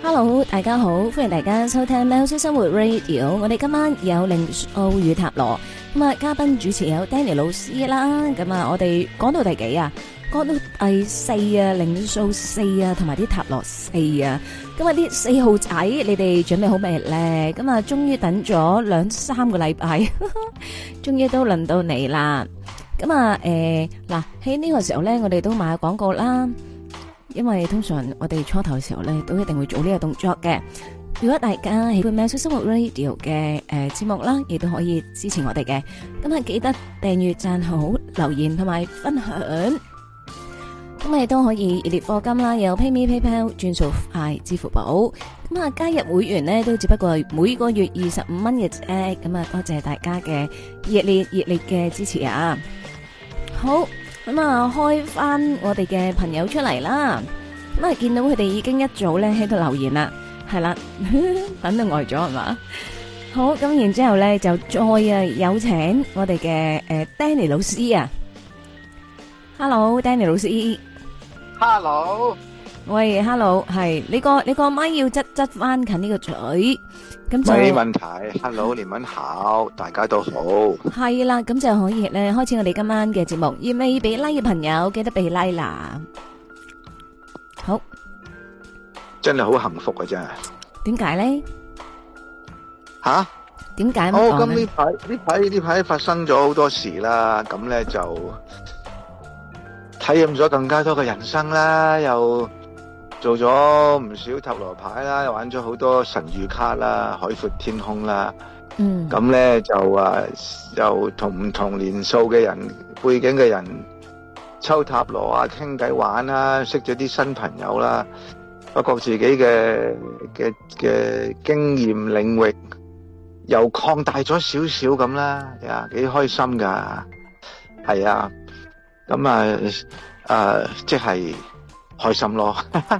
Hello，大家好，歡迎大家收聽《喵式生活 Radio》。我哋今晚有靈數與塔羅，咁啊，嘉賓主持有 Danny 老師啦。咁啊，我哋講到第幾啊？講到第四啊，靈數四啊，同埋啲塔羅四啊。今日啲四號仔，你哋準備好未咧？咁啊，終於等咗兩三個禮拜，終於都輪到你啦。咁啊，誒，嗱，喺呢個時候咧，我哋都買下廣告啦。因為通常我哋初頭嘅時候咧，都一定會做呢個動作嘅。如果大家喜歡《喵式生活 Radio》嘅誒節目啦，亦都可以支持我哋嘅。咁啊記得訂閱、讚好、留言同埋分享。咁你都可以熱烈課金啦，有 PayMe、PayPal、轉數快、支付寶。咁啊加入會員咧，都只不過係每個月二十五蚊嘅啫。咁啊多謝大家嘅熱烈熱烈嘅支持啊！好。咁啊，開翻我哋嘅朋友出嚟啦！咁啊，見到佢哋已經一早咧喺度留言啦，係啦， 等都呆咗係嘛？好，咁然之後咧就再啊有請我哋嘅誒 Danny 老師啊！Hello，Danny 老師。Hello。Hello. 喂，Hello，係你個你個麥要側側翻近呢個嘴，咁就冇問題。Hello，你哋好，大家都好。係啦，咁就可以咧開始我哋今晚嘅節目。要未俾拉嘅朋友記得俾拉啦。好，真係好幸福嘅真係。點解咧？吓？點解？哦，咁呢排呢排呢排發生咗好多事啦，咁咧就體驗咗更加多嘅人生啦，又。做咗唔少塔羅牌啦，玩咗好多神諭卡啦，海闊天空啦，嗯，咁咧就啊，又同唔同年數嘅人，背景嘅人抽塔羅啊，傾偈玩啦，識咗啲新朋友啦，不過自己嘅嘅嘅經驗領域又擴大咗少少咁啦，啊，幾開心噶，係啊，咁啊，誒，啊，即係。開心咯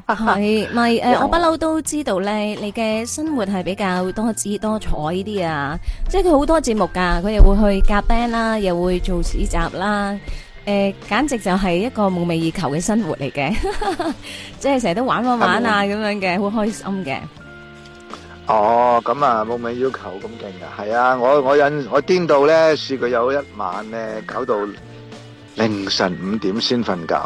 係咪？誒，我不嬲都知道咧，你嘅生活係比較多姿多彩啲啊！即係佢好多節目噶佢又會去夾 band 啦，又會做市集啦，誒，簡直就係一個夢寐以求嘅生活嚟嘅，即係成日都玩玩玩啊，咁樣嘅，好開心嘅。哦，咁啊，夢寐要求咁勁噶係啊！我我忍我癲到咧，試過有一晚咧，搞到凌晨五點先瞓覺。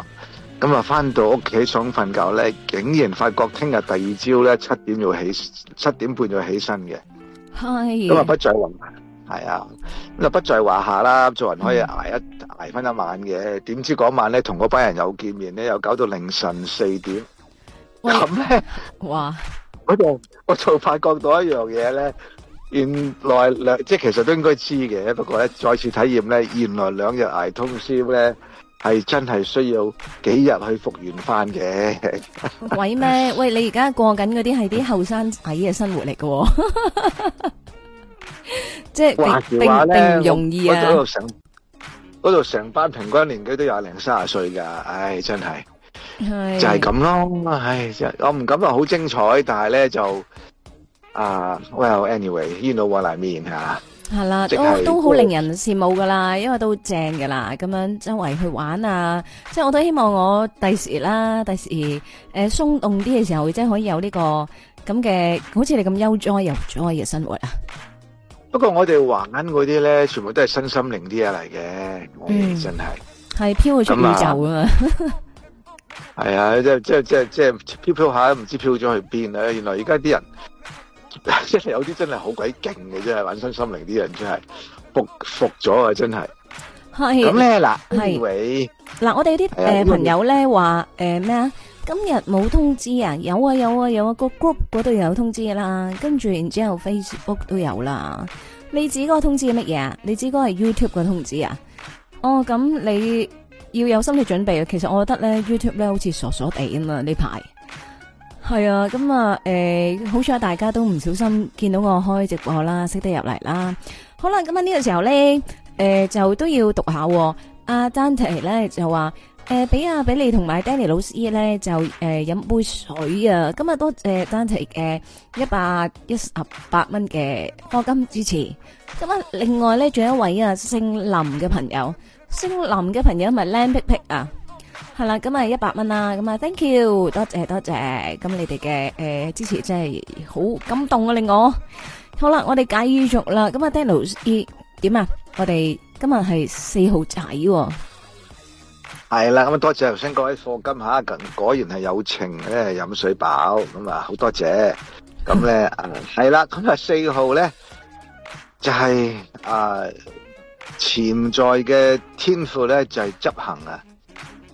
咁啊，翻到屋企想瞓覺咧，竟然發覺聽日第二朝咧七點要起，七點半要起身嘅。係咁啊，不在話下，係啊，咁啊不在話下啦。做人可以捱一捱翻、嗯、一晚嘅，點知嗰晚咧同嗰班人又見面咧，又搞到凌晨四點。咁咧、oh. 哇！嗰度我就發覺到一樣嘢咧，原來兩即係其實都應該知嘅，不過咧再次體驗咧，原來兩日捱通宵咧。係真係需要幾日去復原翻嘅。喂咩？喂，你而家過緊嗰啲係啲後生仔嘅生活嚟嘅，即係話話咧，唔容易啊！嗰度成嗰度成班平均年紀都廿零卅歲噶，唉，真係就係咁咯。唉，就我唔敢話好精彩，但係咧就啊，Well anyway，you know what I mean 吓。係啦、啊，都都好令人羨慕噶啦，因為都正噶啦，咁樣周圍去玩啊，即係我都希望我第時啦，第時誒鬆、呃、動啲嘅時候，即係可以有呢、這個咁嘅，好似你咁悠哉悠哉嘅生活啊。不過我哋玩嗰啲咧，全部都係身心靈啲嘢嚟嘅，我哋、嗯、真係係飄出宇宙、嗯、啊！係 啊，即係即係即係即係飄飄下唔知飄咗去邊啊。原來而家啲人。即係 有啲真係好鬼勁嘅，真係玩身心靈啲人真係服服咗啊！真係咁咧嗱，嗱我哋啲誒朋友咧話誒咩啊？今日冇通知啊？有啊！有啊有啊有啊！個 group 嗰度有通知啦，跟住然之後 facebook 都有啦。你指嗰個通知係乜嘢啊？你指嗰係 youtube 嘅通知啊？哦，咁你要有心理準備啊！其實我覺得咧 youtube 咧好似傻傻地啊嘛呢排。係啊，咁啊，誒，好彩大家都唔小心見到我開直播啦，識得入嚟啦。好啦，咁啊呢個時候咧，誒，就都要讀下阿丹提咧就話，誒，俾阿俾你同埋 Danny 老師咧就誒飲杯水啊。咁啊多謝丹提嘅一百一十八蚊嘅課金支持。咁啊，另外咧仲有一位啊姓林嘅朋友，姓林嘅朋友咪靚皮皮啊。係啦，咁啊一百蚊啦，咁啊 thank you，多謝多謝，咁你哋嘅誒支持真係好感動啊，令我。好啦，我哋繼續啦，咁啊 Daniel 點啊？我哋今日係四號仔，係啦，咁啊多謝頭先各位課金吓，果然係有情咧，飲水飽，咁啊好多謝，咁咧啊係啦，咁啊四號咧就係啊潛在嘅天賦咧就係執行啊。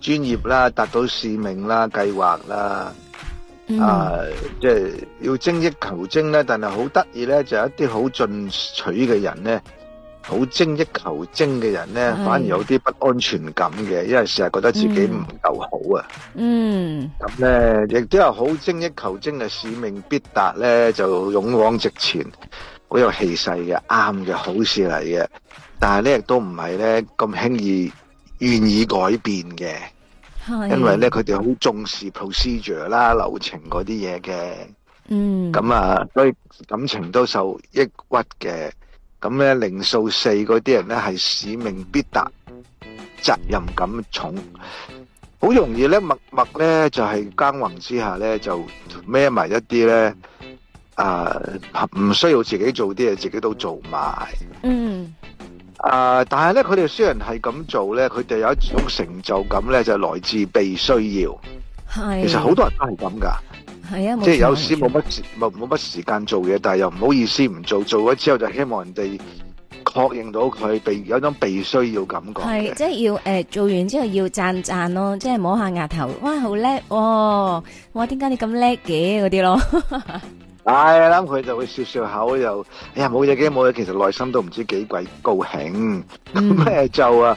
專業啦，達到使命啦，計劃啦，啊、mm. 呃，即、就、係、是、要精益求精咧。但係好得意咧，就有一啲好進取嘅人咧，好精益求精嘅人咧，mm. 反而有啲不安全感嘅，因為成日覺得自己唔夠好啊。嗯、mm. mm.，咁咧亦都有好精益求精嘅使命必達咧，就勇往直前，好有氣勢嘅，啱嘅好事嚟嘅。但係咧亦都唔係咧咁輕易。願意改變嘅，是因為咧佢哋好重視 procedure 啦、流程嗰啲嘢嘅。嗯，咁啊，所以感情都受抑鬱嘅。咁咧，靈數四嗰啲人咧係使命必達，責任感重，好容易咧默默咧就係、是、耕耘之下咧就孭埋一啲咧啊，唔、呃、需要自己做啲嘢，自己都做埋。嗯。誒、呃，但係咧，佢哋雖然係咁做咧，佢哋有一種成就感咧，就係、來自被需要。係、啊。其實好多人都係咁噶。係啊，即係有時時時事冇乜時冇冇乜時間做嘢，但係又唔好意思唔做，做咗之後就希望人哋確認到佢被有一種被需要感覺。係，即係要誒、呃，做完之後要讚讚咯，即係摸下額頭，哇，好叻喎、哦！哇，點解你咁叻嘅？嗰啲咯。 係，諗佢就會笑笑口，又哎呀冇嘢嘅，冇嘢。其實內心都唔知幾鬼高興。咩就啊？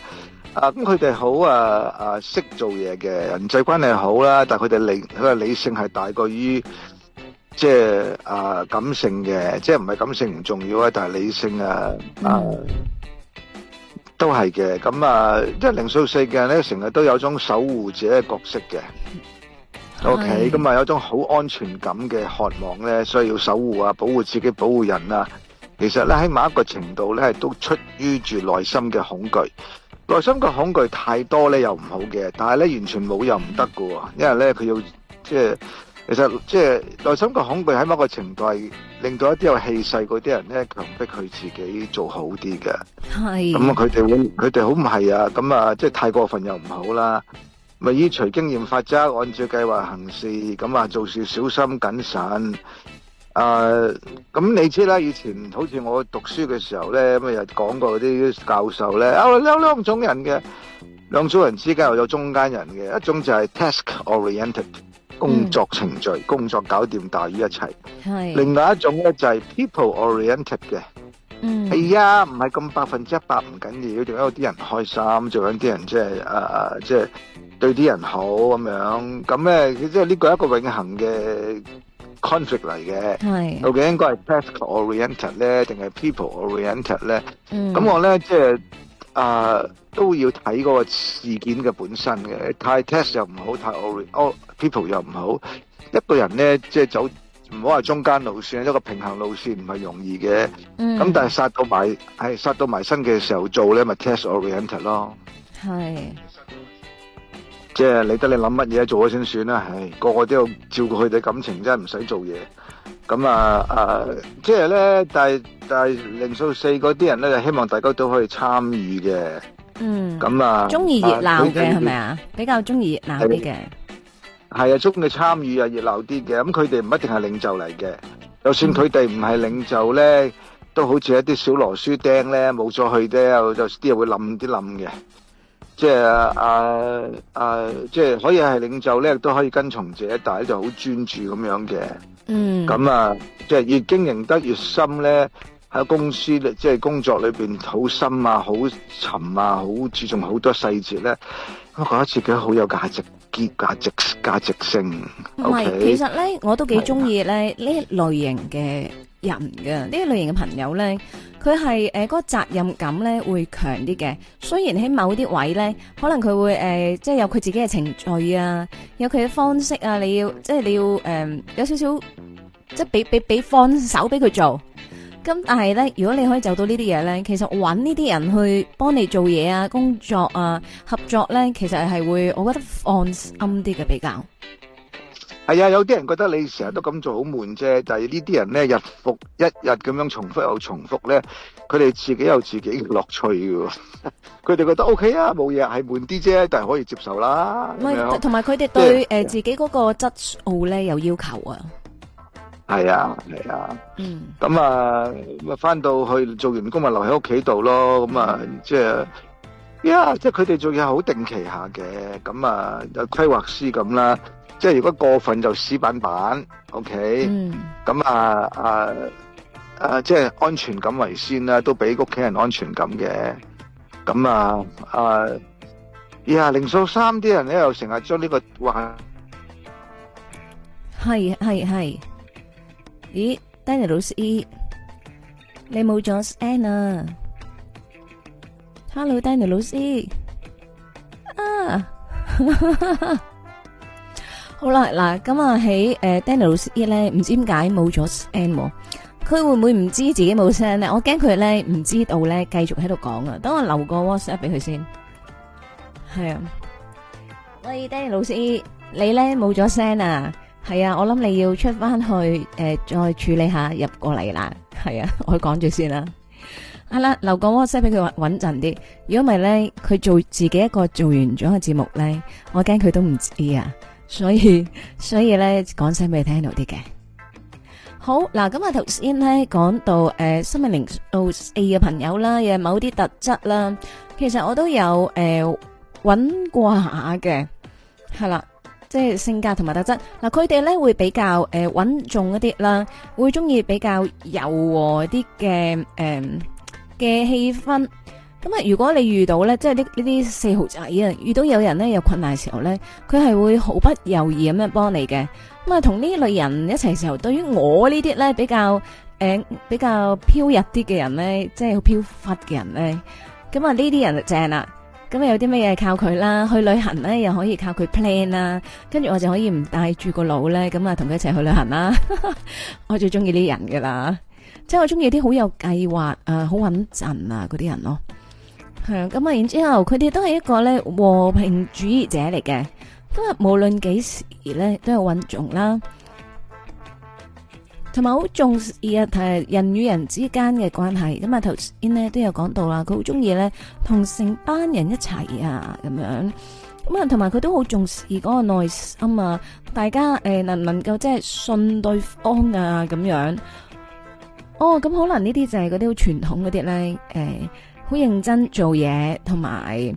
啊咁佢哋好啊啊，識做嘢嘅，人際關係好啦。但係佢哋理佢嘅理性係大過於即係啊感性嘅，即係唔係感性唔重要啊，但係理性啊啊都係嘅。咁啊，即係靈數四嘅人咧，成日都有種守護者嘅角色嘅。O K，咁啊有一種好安全感嘅渴望咧，所以要守護啊，保護自己，保護人啊。其實咧喺某一個程度咧，都出於住內心嘅恐懼。內心嘅恐懼太多咧又唔好嘅，但係咧完全冇又唔得嘅喎，因為咧佢要即係，其實即係內心嘅恐懼喺某一個程度係令到一啲有氣勢嗰啲人咧，強迫佢自己做好啲嘅。係是。咁、嗯、啊，佢哋會佢哋好唔係啊，咁啊，即係太過分又唔好啦。咪依隨經驗法則，按照計劃行事，咁啊做事小心謹慎。誒，咁你知啦，以前好似我讀書嘅時候咧，咁啊又講過啲教授咧，啊有兩種人嘅，兩種人之間又有中間人嘅，一種就係 task-oriented 工作程序，工作搞掂大於一切。係。另外一種咧就係 people-oriented 嘅。嗯。係啊，唔係咁百分之一百唔緊要，點解啲人開心，仲有啲人即係誒誒，即係。對啲人好咁樣，咁咧佢即係呢個係一個永恆嘅 conflict 嚟嘅。是究竟應該係 test oriented 咧，定係 people oriented 咧？咁、嗯、我咧即係啊、呃、都要睇嗰個事件嘅本身嘅。太 test 又唔好，太 ori 哦 people 又唔好。一個人咧即係走唔好話中間路線，一個平衡路線唔係容易嘅。咁、嗯、但係殺到埋係殺到埋身嘅時候做咧，咪、就是、test oriented 咯。係。即係你得你諗乜嘢做咗先算啦，唉，個個都要照顧佢哋感情，真係唔使做嘢。咁啊，誒，即係咧，但係但係靈數四嗰啲人咧，就希望大家都可以參與嘅。嗯。咁、嗯、啊。中意熱鬧嘅係咪啊？比較中意熱鬧啲嘅。係啊、嗯，中意參與啊，熱鬧啲嘅。咁佢哋唔一定係領袖嚟嘅，就算佢哋唔係領袖咧、嗯，都好似一啲小螺絲釘咧，冇咗去啫，有啲人會冧啲冧嘅。即係啊啊，即係可以係領袖咧，都可以跟從者，但係就好專注咁樣嘅。嗯，咁啊，即係越經營得越深咧，喺公司即係工作裏邊好深啊，好沉啊，好注重好多細節咧。我覺得自己好有價值，價值價值性。唔係是，okay? 其實咧，我都幾中意咧呢一類型嘅人嘅，呢的一類型嘅朋友咧。佢係誒嗰個責任感咧會強啲嘅，雖然喺某啲位咧，可能佢會誒、呃、即係有佢自己嘅情緒啊，有佢嘅方式啊，你要即係你要誒、呃、有少少即係俾俾俾放手俾佢做，咁但係咧如果你可以做到呢啲嘢咧，其實搵呢啲人去幫你做嘢啊、工作啊、合作咧，其實係會我覺得放心啲嘅比較。係啊，有啲人覺得你成日都咁做好悶啫，但係呢啲人咧日復一日咁樣重複又重複咧，佢哋自己有自己嘅樂趣噶，佢 哋覺得 OK 啊，冇嘢，係悶啲啫，但係可以接受啦。唔係喂，同埋佢哋對誒 Yeah, yeah. 自己嗰個質素咧有要求啊。係啊，係啊。嗯。咁啊，咁啊，翻到去做完工咪留喺屋企度咯。咁啊，即係呀，即係佢哋做嘢好定期下嘅。咁啊，有規劃師咁啦。即係如果過分就死板板，OK，咁啊啊啊！即係安全感為先啦，都俾屋企人安全感嘅。咁啊啊！而家靈數三啲人咧又成日將呢個話係係係。咦，Danny 老師，你冇咗 S N 啊？Hello，Danny 老師，啊！好啦，嗱咁啊，喺誒 Danny 老師咧，唔知點解冇咗聲。佢會唔會唔知自己冇聲咧？我驚佢咧唔知道咧，繼續喺度講啊。等我留個 WhatsApp 俾佢先。係啊，喂，Danny 老師，你咧冇咗聲啊？係啊，我諗你要出翻去誒，再處理下入過嚟啦。係啊，我講住先啦。啊啦，留個 WhatsApp 俾佢穩陣啲。如果唔係咧，佢做自己一個做完咗嘅節目咧，我驚佢都唔知啊。所以所以咧，講聲俾你聽到啲嘅。好，嗱咁啊，頭先咧講到誒，生命靈數四嘅朋友啦，有某啲特質啦。其實我都有誒，揾過下嘅，係啦，即係性格同埋特質。嗱，佢哋咧會比較誒穩重一啲啦，會中意比較柔和啲嘅誒嘅氣氛。咁啊，如果你遇到咧，即係呢呢啲四號仔啊，遇到有人咧有困難嘅時候咧，佢係會毫不猶豫咁樣幫你嘅。咁啊，同呢類人一齊時候，對於我呢啲咧比較誒、呃、比較飄逸啲嘅人咧，即係好飄忽嘅人咧，咁啊呢啲人就正啦。咁啊有啲咩嘢靠佢啦？去旅行咧又可以靠佢 plan 啦，跟住我就可以唔帶住個腦咧，咁啊同佢一齊去旅行啦。 我最中意呢啲人噶啦，即係我中意啲好有計劃啊，好、呃、穩陣啊嗰啲人咯。係咁啊，然之後佢哋都係一個咧和平主義者嚟嘅，今日無論幾時咧都有穩重啦，同埋好重視誒人與人之間嘅關係。咁啊，頭先咧都有講到啦，佢好中意咧同成班人一齊啊，咁樣。咁啊，同埋佢都好重視嗰個內心啊，大家誒能唔能夠即係信對方啊，咁樣。哦，咁、嗯、可能呢啲就係嗰啲好傳統嗰啲咧，誒、哎。好認真做嘢，同埋，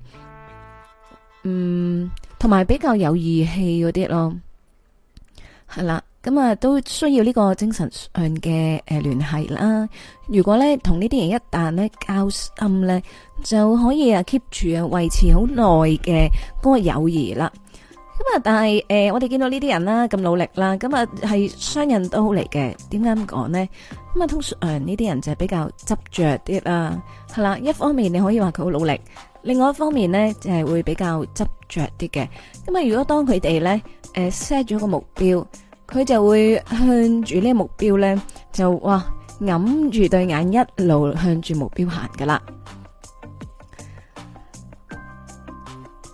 嗯，同埋比較有義氣嗰啲咯，係啦，咁啊都需要呢個精神上嘅誒聯繫啦。如果咧同呢啲人一旦呢交心咧，就可以啊 keep 住啊維持好耐嘅嗰個友誼啦。咁啊，但係誒，我哋見到呢啲人啦，咁努力啦，咁啊係雙刃刀嚟嘅。點解咁講呢？咁啊，通常誒呢啲人就係比較執着啲啦，係啦。一方面你可以話佢好努力，另外一方面呢就係會比較執着啲嘅。咁啊，如果當佢哋呢誒 set 咗個目標，佢就會向住呢個目標呢就哇揞住對眼，一路向住目標行噶啦。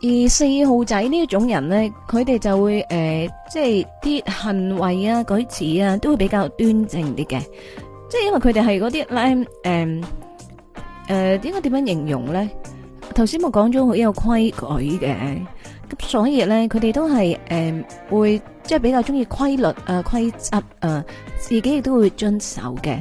而四號仔呢一種人咧，佢哋就會誒，即係啲行為啊、舉止啊，都會比較端正啲嘅。即係因為佢哋係嗰啲 like 誒誒，應該點樣形容咧？頭先我講咗好有規矩嘅，咁所以咧，佢哋都係誒、嗯、會即係比較中意規律啊、規則啊，自己亦都會遵守嘅。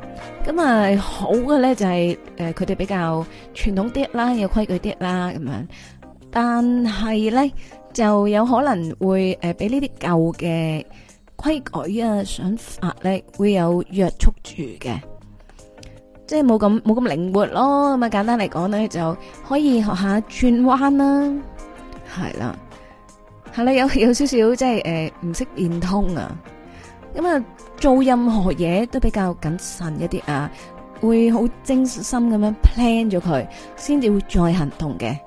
咁啊，好嘅咧就係、是、誒，佢、呃、哋比較傳統啲啦，有規矩啲啦咁樣。但係咧就有可能會誒，俾呢啲舊嘅規矩啊，想法咧會有約束住嘅，即係冇咁冇咁靈活咯。咁啊，簡單嚟講咧就可以學下轉彎啦，係啦，係啦，有有少少即係誒，唔識變通啊。咁啊。做任何嘢都比較謹慎一啲啊，會好精心咁樣 plan 咗佢，先至會再行動嘅。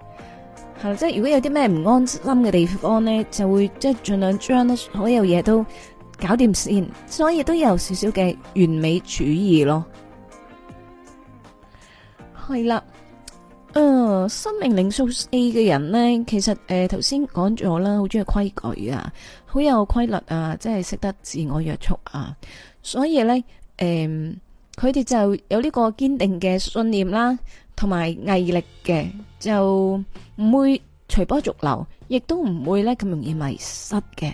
係啦，即係如果有啲咩唔安心嘅地方咧，就會即係盡量將所有嘢都搞掂先，所以都有少少嘅完美主義咯。係啦，誒、呃，生命靈數四嘅人咧，其實誒頭先講咗啦，好中意規矩啊。好有規律啊，即係識得自我約束啊，所以呢，誒、嗯，佢哋就有呢個堅定嘅信念啦，同埋毅力嘅，就唔會隨波逐流，亦都唔會呢咁容易迷失嘅。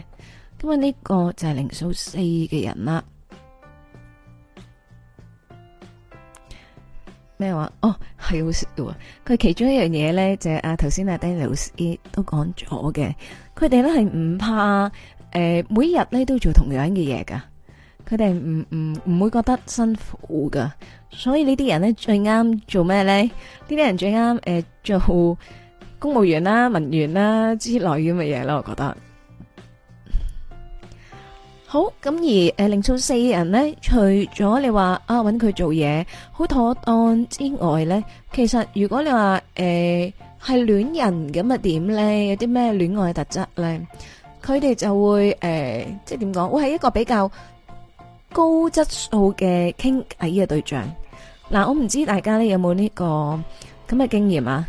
咁啊，呢個就係靈數四嘅人啦。咩話？哦，係好食喎。佢其中一樣嘢咧，就係阿頭先阿 Danny 老師都講咗嘅。佢哋咧係唔怕誒、呃，每日咧都做同樣嘅嘢噶。佢哋唔唔唔會覺得辛苦噶。所以呢啲人咧最啱做咩咧？呢啲人最啱誒做、呃、做公務員啦、文員啦之類咁嘅嘢啦，我覺得。好咁而誒、呃，靈數四人咧，除咗你話啊揾佢做嘢好妥當之外咧，其實如果你話誒係戀人咁啊點咧，有啲咩戀愛特質咧，佢哋就會誒、呃、即係點講，會係一個比較高質素嘅傾偈嘅對象。嗱、呃，我唔知大家咧有冇呢、這個咁嘅經驗啊？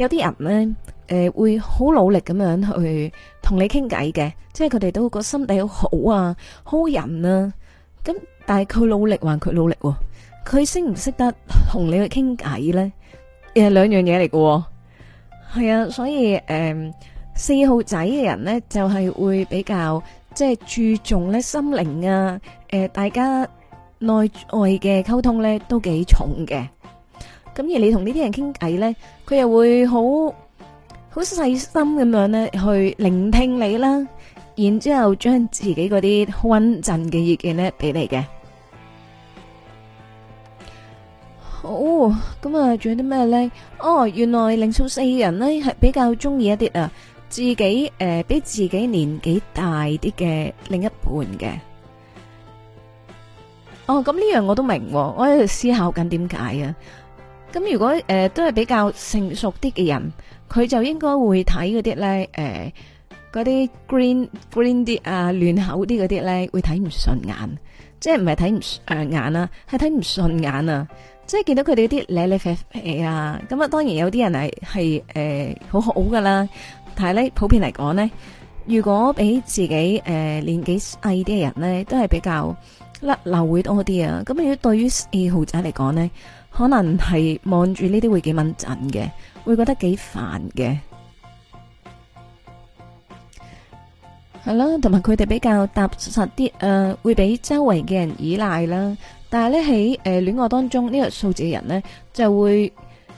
有啲人咧，誒，會好努力咁樣去同你傾偈嘅，即係佢哋都個心地好啊，好人啊。咁但係佢努力還佢努力，佢識唔識得同你去傾偈咧？又係兩樣嘢嚟嘅。係啊，所以誒，四號仔嘅人咧，就係會比較即係注重咧心靈啊，誒，大家內外嘅溝通咧都幾重嘅。咁而你同呢啲人傾偈咧，佢又會好好細心咁樣咧去聆聽你啦，然之後將自己嗰啲好穩陣嘅意見咧俾你嘅。好，咁啊，仲有啲咩咧？哦，原來靈數四人咧係比較中意一啲啊，自己誒比自己年紀大啲嘅另一半嘅。哦，咁呢樣我都明,我喺度思考緊點解啊？咁如果誒都係比較成熟啲嘅人，佢就應該會睇嗰啲咧，誒嗰啲 green green 啲啊，嫩口啲嗰啲咧，會睇唔順眼，即係唔係睇唔誒眼啊，係睇唔順眼啊，即係見到佢哋嗰啲咧咧肥皮啊，咁啊，當然有啲人係係誒好好㗎啦，但係咧普遍嚟講咧，如果俾自己誒年紀細啲嘅人咧，都係比較甩漏會多啲啊，咁如果對於四號仔嚟講咧。可能係望住呢啲會幾穩陣嘅，會覺得幾煩嘅。係啦，同埋佢哋比較踏實啲，誒、呃，會俾周圍嘅人依賴啦。但係咧喺誒戀愛當中，呢、呢個數字嘅人咧就會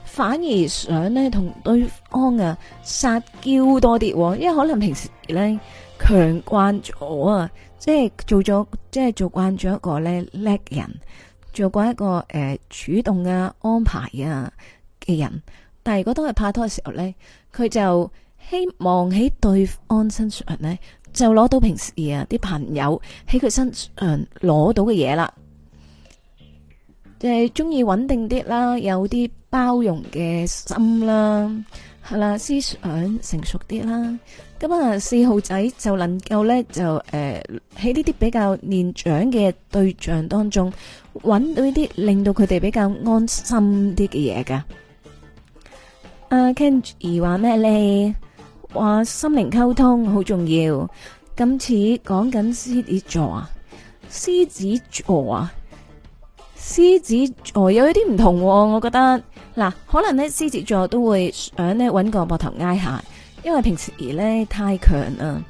反而想咧同對方啊撒嬌多啲，哦，因為可能平時咧強慣咗，啊，即係做咗，即係做慣咗一個咧叻人。做過一個誒、呃、主動啊安排啊嘅人，但係如果當係拍拖嘅時候呢，佢就希望喺對方身上呢，就攞到平時啊啲朋友喺佢身上攞到嘅嘢啦。就係中意穩定啲啦，有啲包容嘅心啦，係啦，思想成熟啲啦。咁、嗯、啊，四號仔就能夠呢，就誒喺呢啲比較年長嘅對象當中搵到一啲令到佢哋比較安心啲嘅嘢噶。阿 k e n i e 話咩咧？話心靈溝通好重要。今次講緊獅子座啊，獅子座啊，獅子座有一啲唔同，啊。我覺得嗱，可能咧獅子座都會想咧搵個膊頭挨下，因為平時咧太強啊。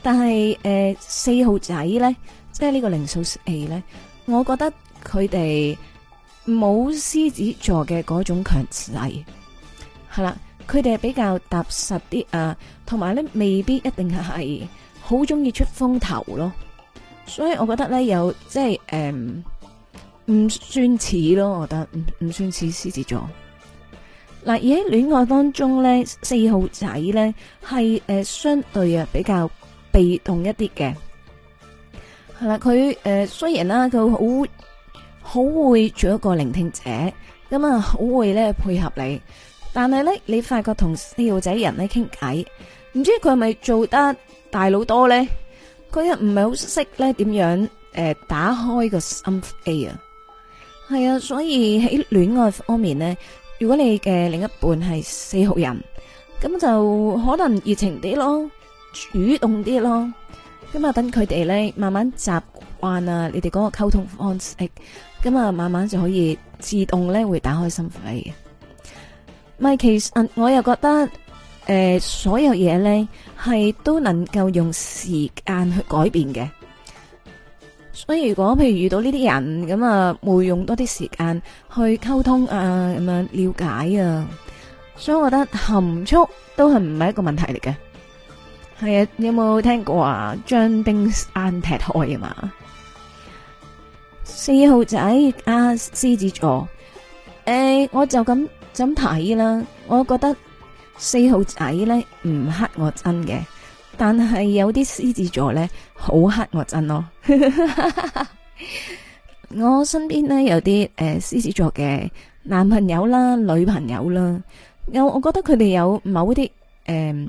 但係誒，呃，四號仔咧，即係呢個零數期咧，我覺得。佢哋冇獅子座嘅嗰種強勢，係啦，佢哋比較踏實啲啊，同埋咧未必一定係好中意出風頭咯，所以我覺得咧有即係誒，唔、嗯、算似咯，我覺得唔唔算似獅子座。嗱，而喺戀愛當中咧，四號仔咧係誒相對啊比較被動一啲嘅，係啦，佢誒、呃、雖然啦佢好。好會做一個聆聽者，咁啊好會咧配合你，但係咧你發覺同四號仔人咧傾偈，唔知佢係咪做得大佬多咧？佢又唔係好識咧點樣誒打開個心扉啊？係啊，所以喺戀愛方面咧，如果你嘅另一半係四號人，咁就可能熱情啲咯，主動啲咯。咁啊，等佢哋咧慢慢習慣啊，你哋嗰個溝通方式，咁啊，慢慢就可以自動咧會打開心扉嘅。咪其實我又覺得，誒，所有嘢咧係都能夠用時間去改變嘅。所以如果譬如遇到呢啲人，咁啊，會用多啲時間去溝通啊，咁樣了解啊，所以我覺得含蓄都係唔係一個問題嚟嘅。係啊，有冇聽過啊？將冰山劈開啊嘛！四號仔啊，獅子座，誒、欸，我就咁咁睇啦。我覺得四號仔咧唔黑我真嘅，但係有啲獅子座咧好黑我真咯。 我身邊咧有啲誒獅子座嘅男朋友啦、女朋友啦，我我覺得佢哋有某啲誒。呃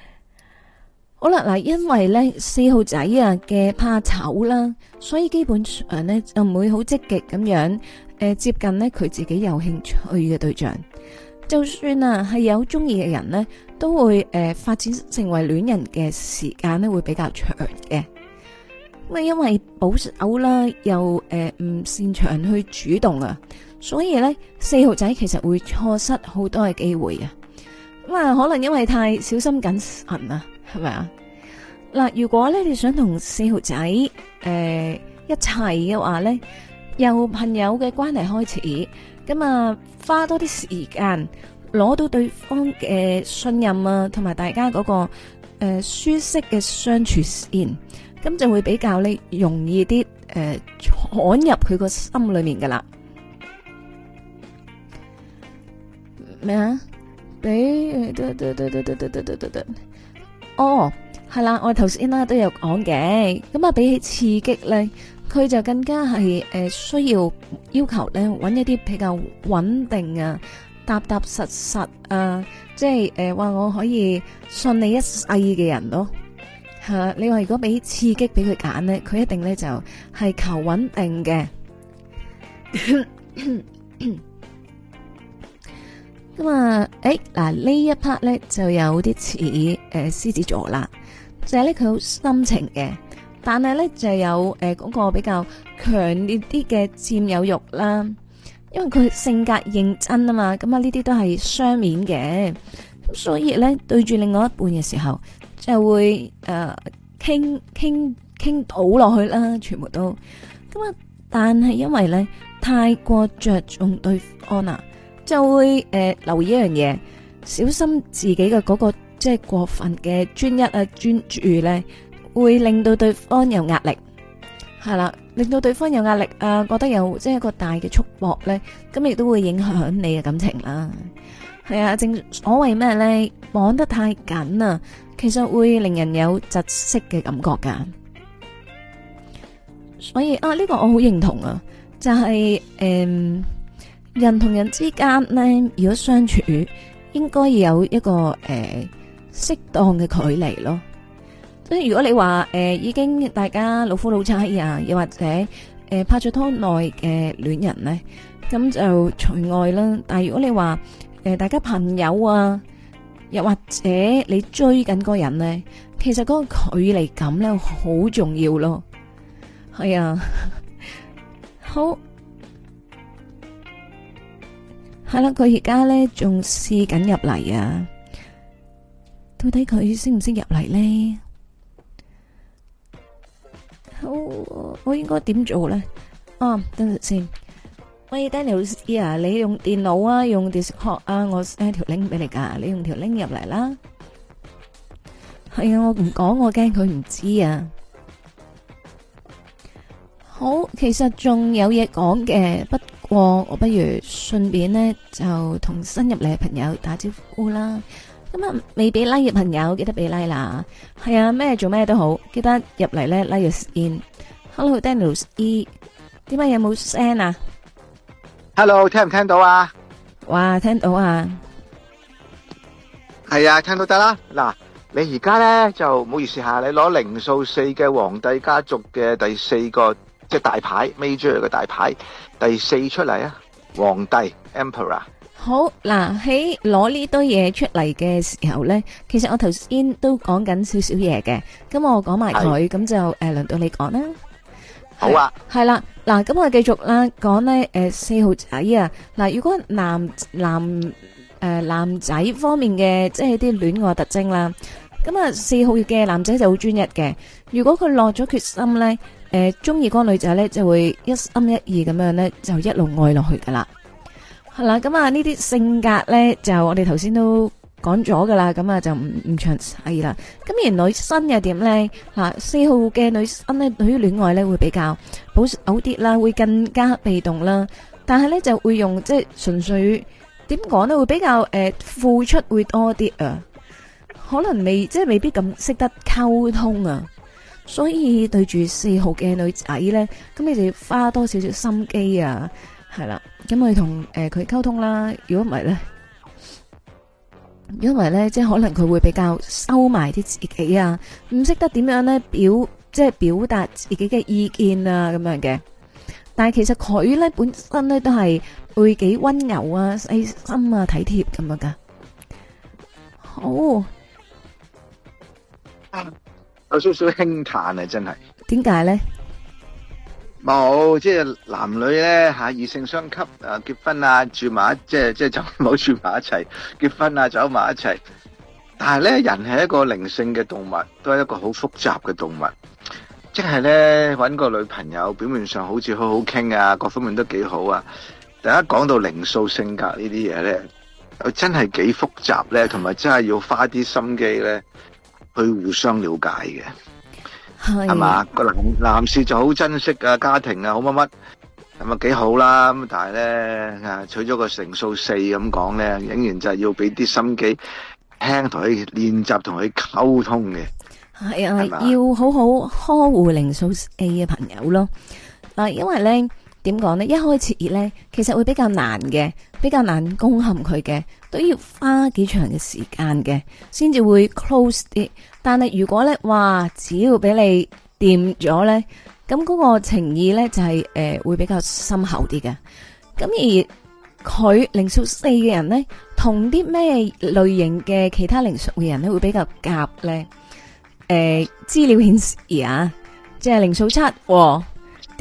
好啦，嗱，因為咧四號仔啊嘅怕醜啦，所以基本上咧就唔會好積極咁樣誒接近咧佢自己有興趣嘅對象。就算啊係有中意嘅人咧，都會誒發展成為戀人嘅時間咧會比較長嘅。咁因為保守啦，又誒唔擅長去主動啊，所以咧四號仔其實會錯失好多嘅機會啊咁啊，可能因為太小心謹慎啊。係咪啊？嗱，如果咧你想同四號仔誒一齊嘅話咧，由朋友嘅關係開始，咁啊花多啲時間攞到對方嘅信任啊，同埋大家嗰、那個誒、呃、舒適嘅相處先，咁就會比較咧容易啲誒闖入佢個心裏面噶啦。咩啊？俾得得得得得得得得得得。得得得得得得哦，係啦，我哋頭先啦都有講嘅，咁啊比起刺激咧，佢就更加係誒、呃、需要要求咧，揾一啲比較穩定啊、踏踏實實啊，即係誒話我可以信你一世嘅人咯。吓、啊，你話如果俾刺激俾佢揀咧，佢一定咧就係、是、求穩定嘅。 咁啊，誒、嗯，嗱、欸、呢一 part 咧，就有啲似誒獅子座啦，就係咧佢好深情嘅，但係咧就有誒嗰、呃那個比較強烈啲嘅佔有欲啦，因為佢性格認真啊嘛，咁啊呢啲都係雙面嘅，咁所以咧對住另外一半嘅時候就會誒傾傾傾倒落去啦，全部都，咁、嗯、啊但係因為咧太過着重對方啊。就會誒留意一樣嘢，小心自己嘅嗰個即係過分嘅專一啊專注咧，會令到對方有壓力，係啦，令到對方有壓力啊，覺得有即係一個大嘅束縛咧，咁亦都會影響你嘅感情啦。係啊，正所謂咩咧，綁得太緊啊，其實會令人有窒息嘅感覺噶。所以啊，呢個我好認同啊，就係誒。人同人之間咧，如果相處應該有一個誒適當嘅距離咯。所以如果你話誒已經大家老夫老妻啊，又或者誒拍咗拖內嘅戀人咧，咁就除外啦。但係如果你話誒大家朋友啊，又或者你追緊個人咧，其實嗰個距離感咧好重要咯。係啊，好。係啦，佢而家呢仲試緊入嚟啊！到底佢識唔識入嚟呢？好，我我應該點做呢？啊，等陣先。喂，Danny 老師啊，你用電腦啊，用電視殼啊，我 send 條 link 俾你噶，你用條 link 入嚟啦。係啊，我唔講我驚佢唔知啊。好，其實仲有嘢講嘅不。我、哦、我不如順便咧就同新入嚟嘅朋友打招呼啦。咁啊未俾拉嘅朋友，記得俾拉啦。係啊，咩做咩都好，記得入嚟咧拉入 in。 Hello Daniel s, E，點解有冇聲啊？Hello，聽唔聽到啊？哇，聽到啊！係啊，聽到得啦。嗱，你而家咧就唔好意思下，你攞靈數四嘅皇帝家族嘅第四個。即係大牌 Major 嘅大牌第四出嚟啊，皇帝 Emperor 好。嗱，喺攞呢堆嘢出嚟嘅時候咧，其實我頭先都講緊少少嘢嘅，咁我講埋佢，咁就誒輪到你講啦。好啊，係啦。嗱，咁我繼續啦，講咧誒四號仔啊。嗱，如果男男誒男仔方面嘅即係啲戀愛特徵啦，咁啊四號嘅男仔就好專一嘅，如果佢落咗決心咧。誒，中意嗰個女仔咧，就會一心一意咁樣咧，就一路愛落去噶啦。係啦，咁啊呢啲性格咧，就我哋頭先都講咗噶啦，咁啊就唔唔詳細啦。咁而女生又點咧？吓四號嘅女生咧，對於戀愛咧會比較保守啲啦，會更加被動啦。但係咧就會用即係純粹點講咧，會比較誒付出會多啲啊，可能未即係未必咁識得溝通啊。所以對住四號嘅女仔呢，咁你哋要花多少少心機啊。係啦，咁去同誒佢溝通啦。如果唔係呢，因為呢，即係可能佢會比較收埋啲自己啊，唔識得點樣呢表，即係表達自己嘅意見啊咁樣嘅。但係其實佢呢本身呢，都係會幾溫柔啊、細心啊、體貼咁樣噶。好、嗯有少少輕嘆啊，真係點解呢？冇，即係男女呢，吓，異性相吸，啊，結婚啊，住埋，即係即係就冇住埋一齊，結婚啊，走埋一齊。但係呢，人係一個靈性嘅動物，都係一個好複雜嘅動物。即係呢，搵個女朋友，表面上好似好好傾啊，各方面都幾好啊。大家講到靈數性格呢啲嘢呢，真係幾複雜呢，同埋真係要花啲心機呢。對互相了解嘅，係，係嘛？個男士就好珍惜啊，家庭啊，好乜乜，係咪幾好啦？咁但係咧，取咗個成數四咁講咧，仍然就係要俾啲心機，聽同佢練習，同佢溝通嘅，係嘛？要好好呵護靈數4嘅朋友咯。嗱，因為咧點講咧，一開始咧，其實會比較難嘅，比較難攻陷佢嘅，都要花幾長嘅時間嘅，先至會 close 啲。但係如果咧，哇！只要俾你掂咗咧，咁嗰個情意咧就係誒會比較深厚啲嘅。咁而佢零數四嘅人咧，同啲咩類型嘅其他零數嘅人咧會比較夾咧？誒，資料顯示啊，即係零數七。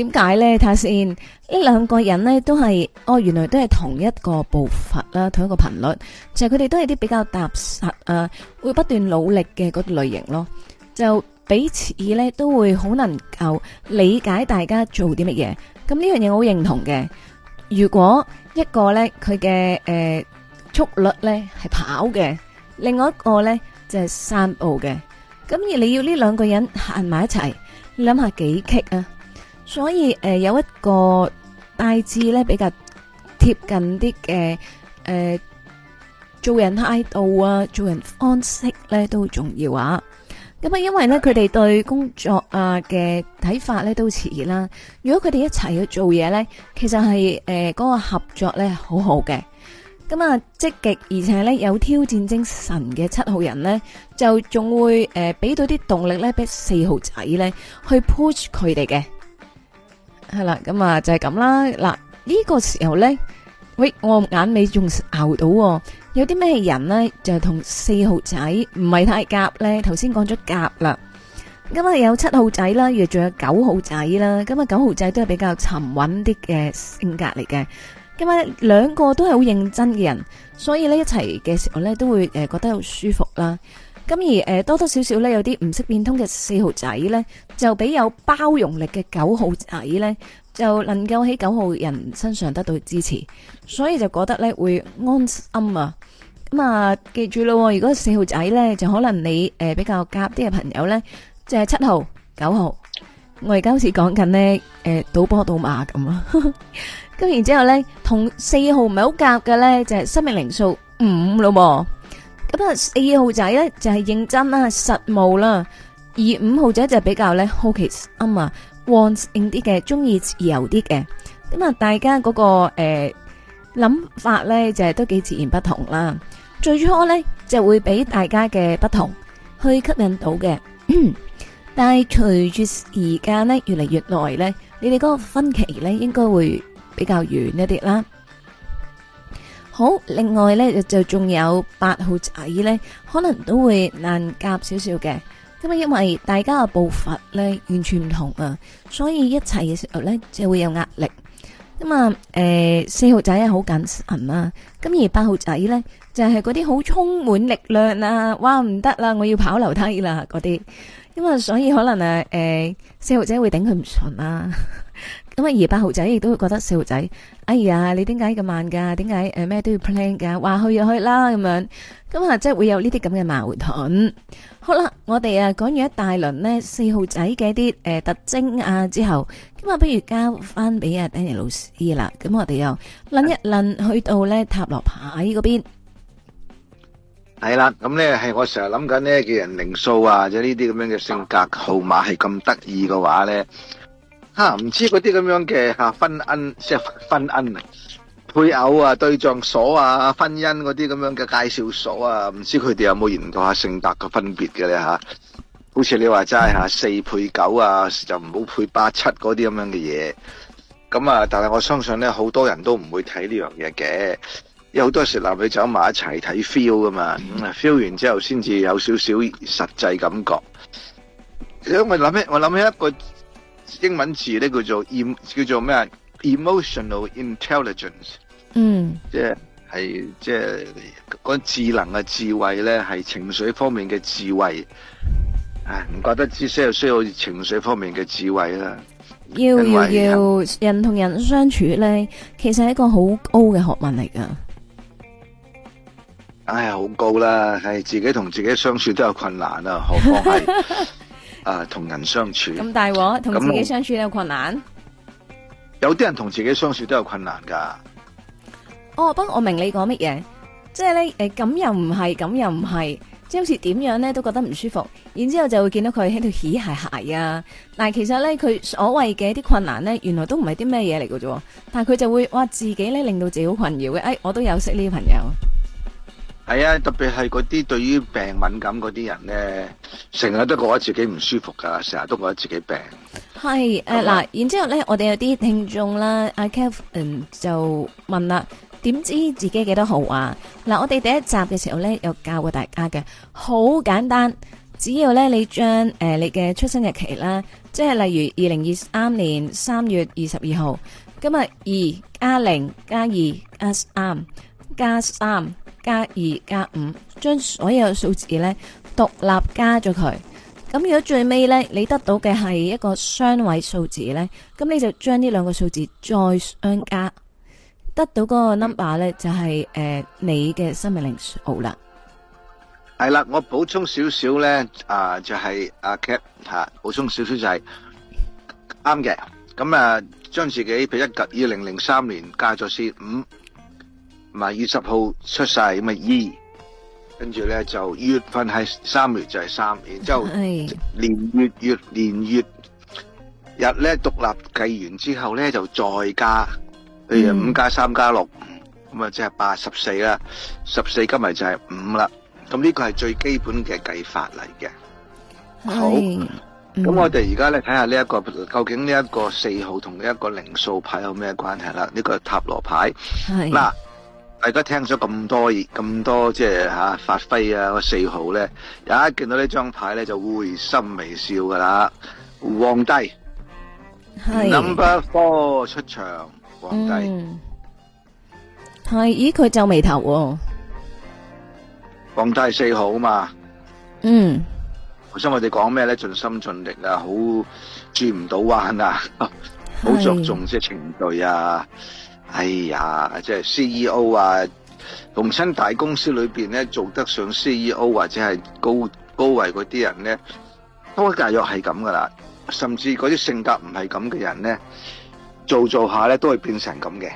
點解呢？睇下先，呢兩個人呢都係哦，原來都係同一個步伐啦，同一個頻率。就係佢哋都係啲比較踏實啊，會不斷努力嘅嗰類型咯。就彼此呢都會好能夠理解大家做啲乜嘢。咁呢樣嘢我好認同嘅。如果一個呢佢嘅誒速率呢係跑嘅，另外一個呢就係散步嘅，咁而你要呢兩個人行埋一齊，你諗下幾棘啊？所以誒、呃，有一個大致咧，比較貼近啲嘅誒做人態度啊，做人方式咧都好重要啊。咁、嗯、啊，因為咧，佢哋對工作啊嘅睇法咧都似啦。如果佢哋一齊去做嘢咧，其實係誒嗰個合作咧好好嘅。咁、嗯、啊，積極而且咧有挑戰精神嘅七號人咧，就仲會誒俾、呃、到啲動力咧俾四號仔咧去 push 佢哋嘅。係啦，咁啊就係咁啦。嗱呢個時候咧，喂我眼尾仲熬到，有啲咩人咧就同四號仔唔係太夾咧。頭先講咗夾啦，咁啊有七號仔啦，亦仲有九號仔啦。咁啊九號仔都係比較沉穩啲嘅性格嚟嘅。咁啊兩個都係好認真嘅人，所以咧一齊嘅時候咧都會誒覺得好舒服啦。咁而誒多多少少咧有啲唔識變通嘅四號仔咧，就俾有包容力嘅九號仔咧，就能夠喺九號人身上得到支持，所以就覺得咧會安心啊！咁啊，記住咯，如果四號仔咧就可能你誒比較夾啲嘅朋友咧，就係七號、九號。我而家好似講緊咧誒，賭波賭馬咁啊！咁然之後咧，同四號唔係好夾嘅咧，就係生命靈數五咯喎。咁啊，四號仔咧就係、是、認真啦、實務啦，而五號仔就比較咧好奇心啊、旺盛啲嘅，中意自由啲嘅。咁啊，大家嗰、那個誒諗、呃、法咧就係都幾自然不同啦。最初咧就會俾大家嘅不同去吸引到嘅， 但係隨住時間咧越嚟越耐咧，你哋嗰個分歧咧應該會比較遠一啲啦。好，另外呢，就仲有八號仔呢，可能都會難夾少少嘅。咁啊，因為大家嘅步伐呢，完全唔同啊，所以一齊嘅時候呢就會有壓力。咁啊，誒、呃，四號仔係好謹慎啊，咁而八號仔呢，就係嗰啲好充滿力量啊，哇唔得啦，我要跑樓梯啦嗰啲。咁啊，因為所以可能啊，誒、呃，四號仔會頂佢唔順啊。咁啊，而八號仔亦都會覺得四號仔，哎呀，你點解咁慢噶？點解誒咩都要 plan 噶？話去就去啦咁樣。咁啊，即係會有呢啲咁嘅矛盾。好啦，我哋啊講完一大輪咧四號仔嘅一啲誒特徵啊之後，咁啊不如交翻俾阿 Danny 老師啦。咁我哋又諗一諗去到咧塔羅牌嗰邊。係啦，咁咧係我成日諗緊咧叫人靈數啊，即係呢啲咁樣嘅性格號碼係咁得意嘅話咧。吓唔知嗰啲咁樣嘅吓、啊、婚姻即係婚姻啊，配偶啊，對象所啊，婚姻嗰啲咁樣嘅介紹所啊，唔知佢哋有冇研究下性格嘅分別嘅咧吓？好似你話齋吓四配九啊，就唔好配八七嗰啲咁樣嘅嘢。咁啊，但係我相信咧，好多人都唔會睇呢樣嘢嘅，有好多時男女走埋一齊睇 feel 噶嘛，feel 完之後先至有少少實際感覺。我諗一，我諗起一個。英文字咧叫做 em 叫做咩啊？emotional intelligence，嗯，即係即係嗰智能嘅智慧咧，係情緒方面嘅智慧，唉，唔怪得之需要需要情緒方面嘅智慧啦要，要要人同人相處咧，其實係一個好高嘅學問嚟㗎，唉，好高啦，係自己同自己相處都有困難啦、啊，何況係。 啊，同人相處咁大鑊，同自己相處有困難。有啲人同自己相處都有困難噶。難哦，不過我明你講乜嘢，即係咧誒，咁、呃、又唔係，咁又唔係，即係好似點樣咧都覺得唔舒服，然之後就會見到佢喺度起鞋鞋啊。但係其實咧，佢所謂嘅啲困難咧，原來都唔係啲咩嘢嚟嘅啫。但係佢就會話自己咧令到自己好困擾嘅。誒、哎，我都有識呢啲朋友。係啊，特別係嗰啲對於病敏感嗰啲人呢，成日都覺得自己唔舒服噶，成日都覺得自己病。係誒嗱是樣、啊，然之後呢，我哋有啲聽眾啦，阿 Kevin 就問啦，點知自己幾多號啊？嗱，我哋第一集嘅時候呢，有教過大家嘅，好簡單，只要呢，你將、呃、你嘅出生日期啦，即係例如二零二三年三月二十二號，今日二加零加二啱加三。加二加五，將所有的數字咧獨立加咗佢，咁如果最尾咧你得到嘅係一個雙位數字咧，咁你就將呢兩個數字再相加，得到嗰個 number 咧就係、是、誒、呃、你嘅生命靈數啦。係啦，我補充少少咧，啊就係阿 Cap 吓，補充少少就係啱嘅。咁啊，將自己譬如一二零零三年加咗先五。咪二十號出世咪二，跟住咧就月份係三月就係三，然之後年月月年月，年月日咧獨立計完之後咧就再加，譬如五、mm. 加三加六，咁啊即係八十四啦，十四加埋就係五啦。咁呢個係最基本嘅計法嚟嘅。好，咁、mm. 我哋而家咧睇下呢一、這個究竟呢一個四號同呢一個靈數牌有咩關係啦？呢、這個塔羅牌，嗱、mm.。大家聽咗咁多、咁多即係吓發揮啊，揮啊我四號咧，有一見到張呢張牌咧就會心微笑噶啦。皇帝是，Number Four 出場，皇帝。係、嗯，咦，佢皺眉頭、哦。皇帝四號啊嘛。嗯。我想我哋講咩咧？盡心盡力啊，好轉唔到彎啊，是 好着重即係程序啊。哎呀，即係 C E O 啊，逢親大公司裏邊咧做得上 C E O 或者係高高位嗰啲人咧，都大約係咁噶啦。甚至嗰啲性格唔係咁嘅人咧，做做下咧都係變成咁嘅。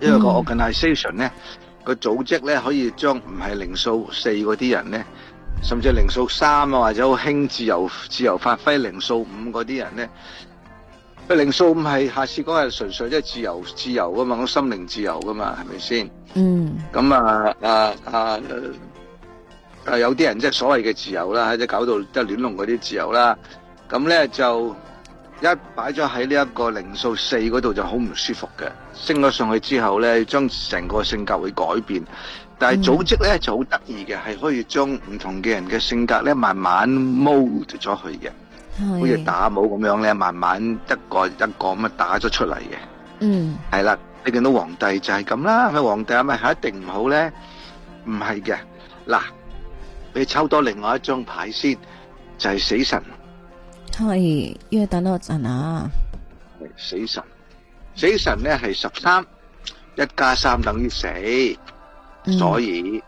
因為個 organization 咧，個、mm hmm. 組織咧可以將唔係零數四嗰啲人咧，甚至零數三啊或者好輕自由自由發揮零數五嗰啲人咧。佢靈數唔係，下次講係純粹即係自由、自由噶嘛，我心靈自由噶嘛，係咪先？嗯。咁啊啊啊，啊有啲人即係所謂嘅自由啦，即、就、係、是、搞到即係亂龍嗰啲自由啦。咁咧就一擺咗喺呢一個靈數四嗰度就好唔舒服嘅，升咗上去之後咧，將成個性格會改變。但係組織咧就好得意嘅，係可以將唔同嘅人嘅性格咧慢慢 mold 咗去嘅。好似是打舞咁樣咧，慢慢一個一個咁啊打咗出嚟嘅。嗯，係啦，你見到皇帝就係咁啦。咪皇帝係咪一定唔好咧？唔係嘅，嗱，你抽多另外一張牌先，就係、是、死神。係要等多陣啊。係死神，死神咧，係十三，一加三等於四，4，所以、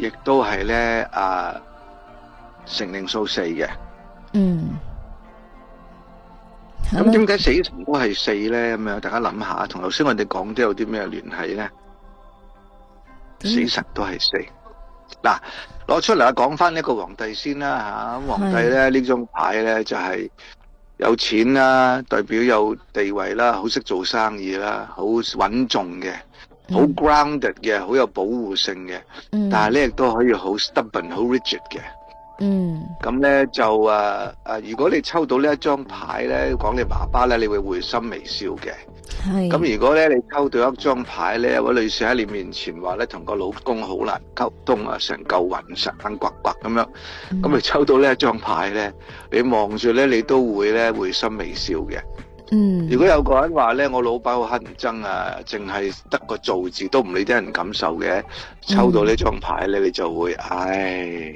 嗯、亦都係咧啊，成靈數四嘅。嗯，咁點解死神都係四咧？咁樣大家諗下，同頭先我哋講都有啲咩聯繫咧？死神都係四，嗱，攞出嚟啊！講翻呢個皇帝先啦吓，皇帝咧呢張牌咧就係有錢啦，代表有地位啦，好識做生意啦，好穩重嘅，好 grounded 嘅，好有保護性嘅，但係咧亦都可以好 stubborn、好 rigid 嘅。嗯，咁咧就啊如果你抽到呢一張牌咧，講你爸爸咧，你會會心微笑嘅。係、啊。咁如果咧你抽到一張牌咧，有位女士喺你面前話咧，同個老公好難溝通啊，成嚿雲石崩刮刮咁樣。咁你抽到呢一張牌咧，你望住咧，你都會咧會心微笑嘅。嗯。如果有個人話咧，我老闆好乞人憎啊，淨係得個做字都唔理啲人感受嘅，抽到呢張牌咧，你就會、嗯、唉。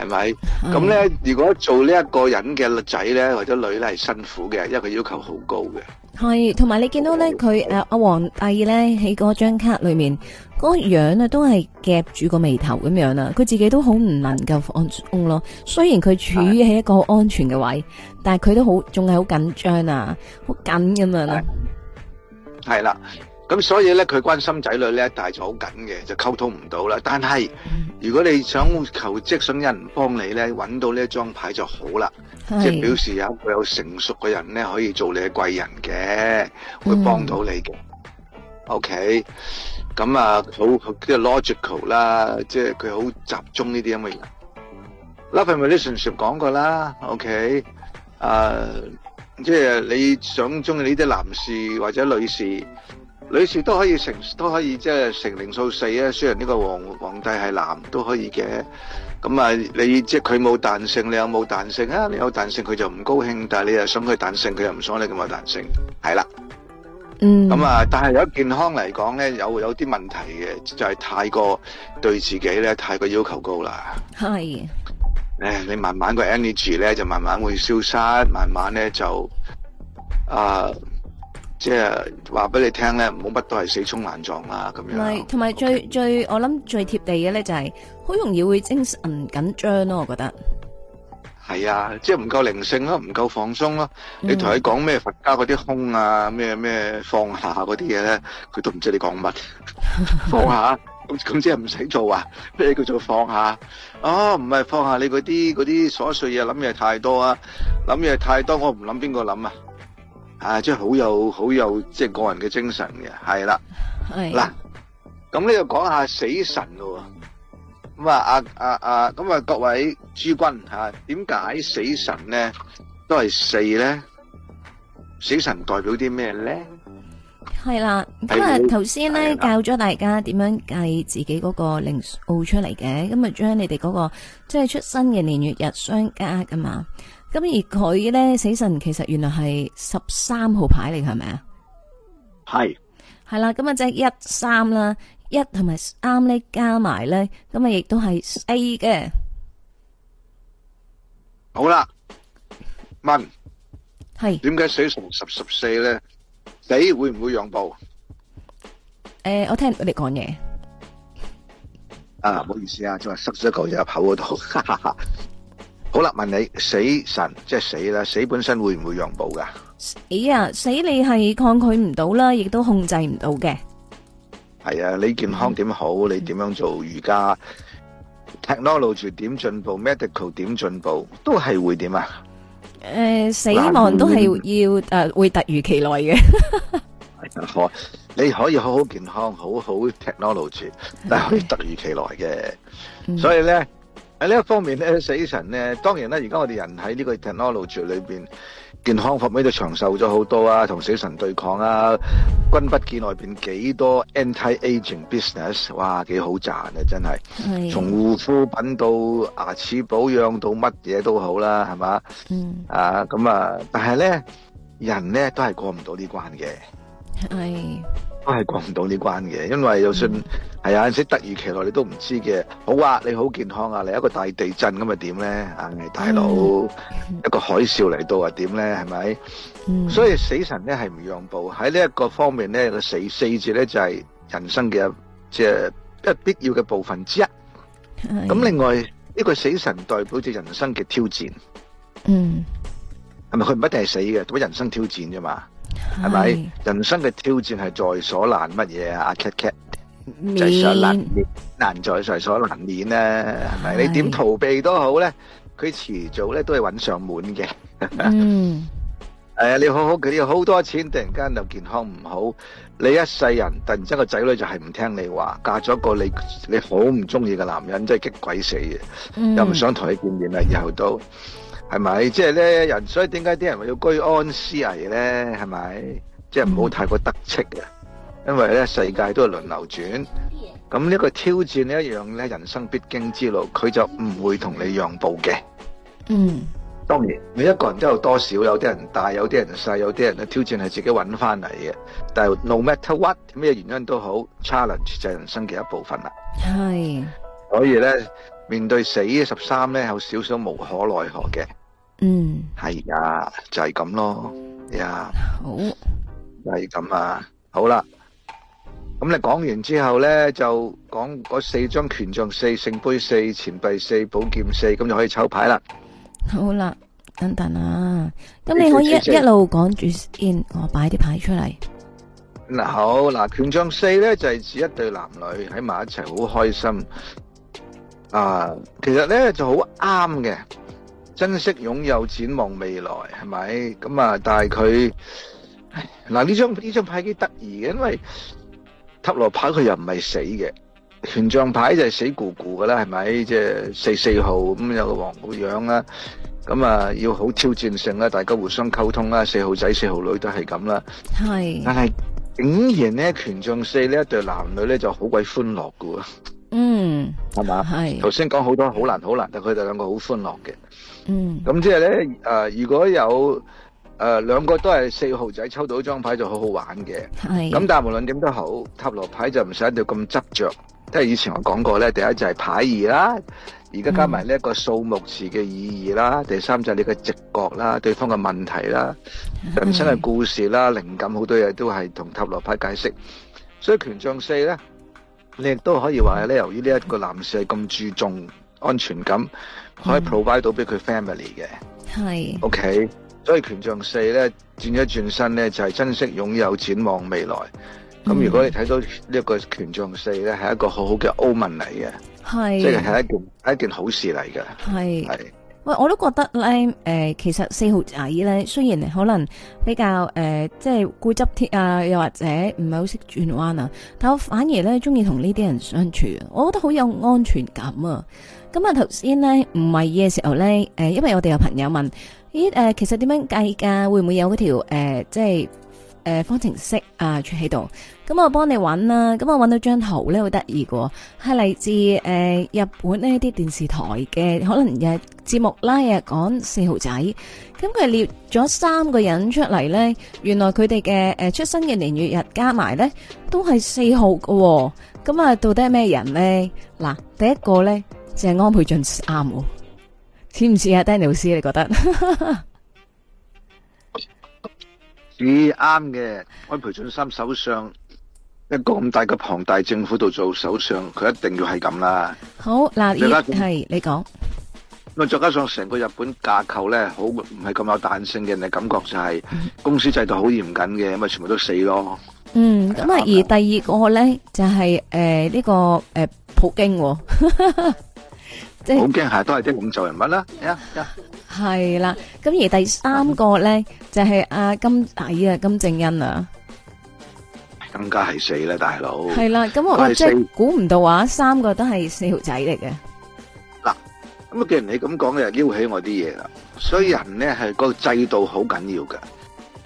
係咪？咁咧是，如果做呢一個人嘅仔咧，或者女咧，係辛苦嘅，因為佢要求好高嘅。係，同埋你見到咧，佢、誒，皇帝咧喺嗰張卡裏面，嗰個樣啊，都係夾住個眉頭咁樣啦。佢自己都好唔能夠放鬆咯。雖然佢處於喺一個好安全嘅位，的但係佢都好，仲係好緊張啊，好緊咁樣啦。係啦。是咁、嗯、所以咧，佢關心仔女呢大咗好緊嘅，就溝通唔到啦。但係，如果你想求職，想有人幫你咧，揾到呢一張牌就好啦，是即係表示有一個成熟嘅人咧，可以做你嘅貴人嘅，會幫到你嘅。嗯、OK，咁啊，好好即係 logical 啦，即係佢好集中呢啲咁嘅人。Love and Relationship 講過啦。OK，啊、uh，即係你想中意呢啲男士或者女士。女士都可以成都可以即係生命靈數四啊，雖然呢個皇皇帝係男都可以嘅。咁、嗯、啊，你即係佢冇彈性，你有冇彈性啊！你有彈性佢就唔高興，但係你又想佢彈性，佢又唔想你咁有彈性。係啦、嗯嗯，嗯。咁啊，但係有健康嚟講咧，有有啲問題嘅，就係、是、太過對自己咧，太過要求高啦。係是。唉，你慢慢個 energy 咧就慢慢會消失，慢慢咧就啊。呃即係話俾你聽咧，冇乜都係死衝爛撞啊咁樣。係，同埋最 Okay. 最我諗最貼地嘅咧、就係，就係好容易會精神緊張咯，我覺得。係啊，即係唔夠靈性咯、啊，唔夠放鬆咯、啊。嗯、你同佢講咩佛家嗰啲空啊，咩咩放下嗰啲嘢咧，佢都唔知你講乜。 放下咁咁即係唔使做啊？咩叫做放下？哦，唔係放下你嗰啲嗰啲瑣碎嘢，諗嘢太多啊，諗嘢太多，我唔諗，邊個諗啊？啊，即係好有好有即係個人嘅精神嘅。係啦，嗱，咁咧就講下死神咯，咁啊，阿阿阿，咁啊，各位諸君吓，點解死神咧都係四咧？死神代表啲咩咧？係啦，咁啊，頭先咧教咗大家點樣計自己嗰個靈數出嚟嘅，咁啊，將你哋嗰個即係出生嘅年月日相加噶嘛。咁而佢咧，死神其實原來係十三號牌嚟，係咪啊？係係是啦，咁啊即係一三啦，一同埋三咧加埋咧，咁啊亦都係四嘅。好啦，問係點解死神十十四咧？你會唔會讓步？誒、呃，我聽我哋講嘢。啊，唔好意思啊，就係塞咗嚿嘢喺我度，哈哈哈。 好啦，問你死神即係死啦，死本身會唔會讓步噶？死啊，死你係抗拒唔到啦，亦都控制唔到嘅。係啊，你健康點好，嗯、你點樣做瑜伽、嗯、，technology 點進步，medical 點進步，都係會點啊？誒、呃，死亡都係要誒惰、啊，會突如其來嘅、 啊。你可以，好好健康，好好 technology，但係會突如其來嘅。嗯、所以咧。喺呢一方面咧，死神咧，當然啦。而家我哋人喺呢個 technology 裏邊，健康福美都長壽咗好多啊，同死神對抗啊，君不見外邊幾多 anti-aging business，哇，幾好賺啊，真係。係是。從護膚品到牙齒保養到乜嘢都好啦，係嘛？嗯。啊，咁啊，但係咧，人咧都係過唔到呢關嘅。係。都係過唔到呢關嘅，因為就算係啊，嗯、係有陣時突如其來你都唔知嘅。好啊，你好健康啊，你一個大地震咁咪點咧？啊，你大佬，一個海嘯嚟到啊，點咧？係咪、嗯？所以死神咧係唔讓步喺呢一個方面咧，個死四字咧就係、係、人生嘅即係一必要嘅部分之一。咁、嗯、另外呢、這個死神代表住人生嘅挑戰。嗯，係咪佢唔一定係死嘅，都係人生挑戰啫嘛。係咪，是人生嘅挑戰係在所難乜嘢啊？阿 cat cat 在所難免，難在在所難免咧、啊，係咪？是你點逃避都好咧，佢遲早咧都係揾上門嘅。 嗯，誒、哎，你好好，佢你好多錢突然間就健康唔好，你一世人突然之間個仔女就係唔聽你話，嫁咗個你你好唔中意嘅男人，真係激鬼死嘅，嗯、又唔想同你見面啦，以後都。係咪？即係咧人，所以點解啲人要居安思危咧？係咪？即係唔好太過得戚啊！嗯、因為咧世界都係輪流轉，咁呢個挑戰呢一樣咧，人生必經之路，佢就唔會同你讓步嘅。嗯，當然，每一個人都有多少，有啲人大，有啲人細，有啲人嘅挑戰係自己揾翻嚟嘅。但係 no matter what，咩原因都好，challenge 就係人生嘅一部分啦。係，所以咧面對死十三咧，有少少無可奈何嘅。嗯，係啊，就係咁咯，呀，好，就係咁啊，好啦，咁你講完之後呢，就講嗰四張權杖四、聖杯四、錢幣四、寶劍四，咁就可以抽牌啦。好啦，等等啊，咁你可以一路講住先，我擺啲牌出嚟。嗱好，嗱權杖四呢，就係指一對男女喺埋一齊，好開心。啊，其實呢，就好啱嘅。珍惜擁有，展望未來，係咪？咁啊，但係佢，嗱呢張呢張牌幾得意嘅，因為塔羅牌佢又唔係死嘅，權杖牌就係死咕咕㗎喇，係咪？即係四四號咁有個王個樣啦，咁啊要好挑戰性啦，大家互相溝通啦，四號仔四號女都係咁啦，係是。但係竟然咧，權杖四呢一對男女咧就好鬼歡樂嘅。嗯，係嘛吧？係頭先講好多好難好難，但佢哋兩個好歡樂嘅。嗯，咁即係咧誒，如果有誒、呃、兩個都係四號仔抽到張牌就好好玩嘅。係是。咁但係無論點都好，塔羅牌就唔使一定要咁執着。即係以前我講過咧，第一就係牌意啦，而家加埋呢一個數目詞嘅意義啦，第三就係你嘅直覺啦，對方嘅問題啦，人是生嘅故事啦，是靈感好多嘢都係同塔羅牌解釋。所以權杖四咧。你亦都可以話咧，由於呢一個男士係咁注重安全感，可以 provide 到俾佢 family 嘅。係是。OK，所以權杖四咧，轉一轉身咧，就係、是、珍惜擁有，展望未來。咁如果你睇到呢一個權杖四咧，係一個好好嘅 omen 嚟嘅，是即係係一件一件好事嚟嘅。係是。喂，我都覺得咧、呃，其實四號仔咧，雖然可能比較、呃、即係固執啲啊，又或者唔係好識轉彎啊，但我反而咧中意同呢啲人相處，我覺得好有安全感啊。咁、嗯、啊，頭先咧唔係嘅時候咧、呃，因為我哋有朋友問，咦，呃、其實點樣計㗎？會唔會有嗰條、呃、即係、呃、方程式啊，出喺度？咁我幫你揾啦、啊，咁我揾到張圖咧，好得意喎。係嚟自誒、呃、日本呢啲電視台嘅可能日節目啦，日講四號仔，咁佢列咗三個人出嚟咧，原來佢哋嘅誒出生嘅年月日加埋咧都係四號嘅、哦，咁啊，到底係咩人咧？嗱，第一個咧就係、是、安倍晉三啱喎、哦，似唔似啊，Danny 老師，你覺得？似啱嘅，安倍晉三首相。手一個咁大嘅龐大政府度做首相，佢一定要係咁啦。好，嗱，而家係你講，咁啊，再加上成個日本架構咧，好唔係咁有彈性嘅，你感覺就係公司制度好嚴謹嘅，咁啊，全部都死咯。嗯，咁啊，而第二個咧就係誒呢個誒普京，即係普京係都係啲咁做人物啦。係啦，咁而第三個咧就係阿金哎呀啊，金正恩啊。更加係四啦，大佬係啦，咁我即係估唔到話四三個都係四號仔嚟嘅。嗱，咁啊，既然你咁講嘅，又撩起我啲嘢啦。所以人咧係個制度好緊要噶。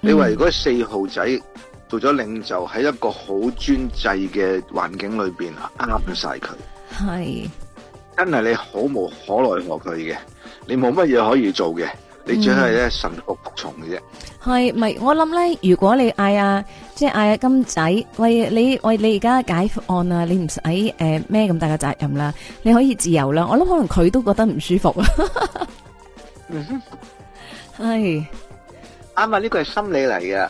嗯、你話如果四號仔做咗領袖，喺一個好專制嘅環境裏邊，啱晒佢係，真係是你好無可奈何佢嘅，你冇乜嘢可以做嘅。你只係一神服服從嘅啫，係咪、嗯？我諗咧，如果你嗌阿、啊、即係嗌阿金仔，喂你喂你而家解案，啊，你唔使誒咩咁大嘅責任啦，你可以自由啦。我諗可能佢都覺得唔舒服啊。係啱啊！呢個係心理嚟嘅，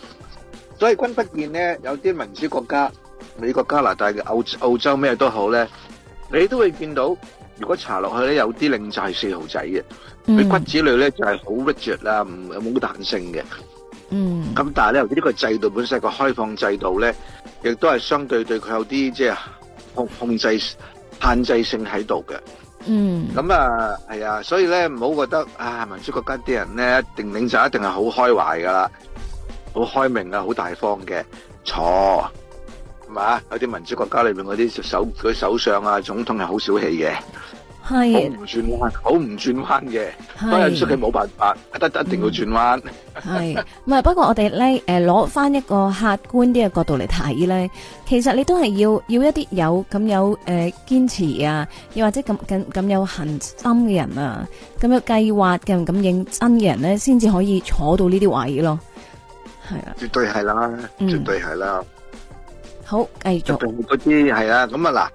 所以君不見呢，有啲民主國家，美國、加拿大嘅澳澳洲咩都好咧，你都會見到。如果查落去咧，有啲領袖係四號仔嘅，佢骨子裏咧就係好 rigid 啦，唔冇彈性嘅。嗯，咁但係咧，由於呢個制度本身係個開放制度咧，亦都係相對對佢有啲即係控控制限制性喺度嘅。嗯，咁啊係啊，所以咧，唔好覺得啊，民主國家啲人咧，一定領袖一定係好開懷㗎啦，好開明啊，好大方嘅。錯。係嘛？有啲民主國家裏邊嗰啲首首相啊、總統係好小氣嘅，係好唔轉彎，好唔轉彎嘅，所以佢冇辦法，得一定要轉彎。係唔係？不過我哋咧，誒、呃，攞翻一個客觀啲嘅角度嚟睇咧，其實你都係要要一啲有咁有誒堅、呃、持啊，又或者咁咁咁有恒心嘅人啊，咁有計劃嘅咁認真嘅人咧，先至可以坐到呢啲位咯。係啊，絕對係啦，嗯、絕對係啦。.好繼續嗰啲係啊，咁、嗯、啊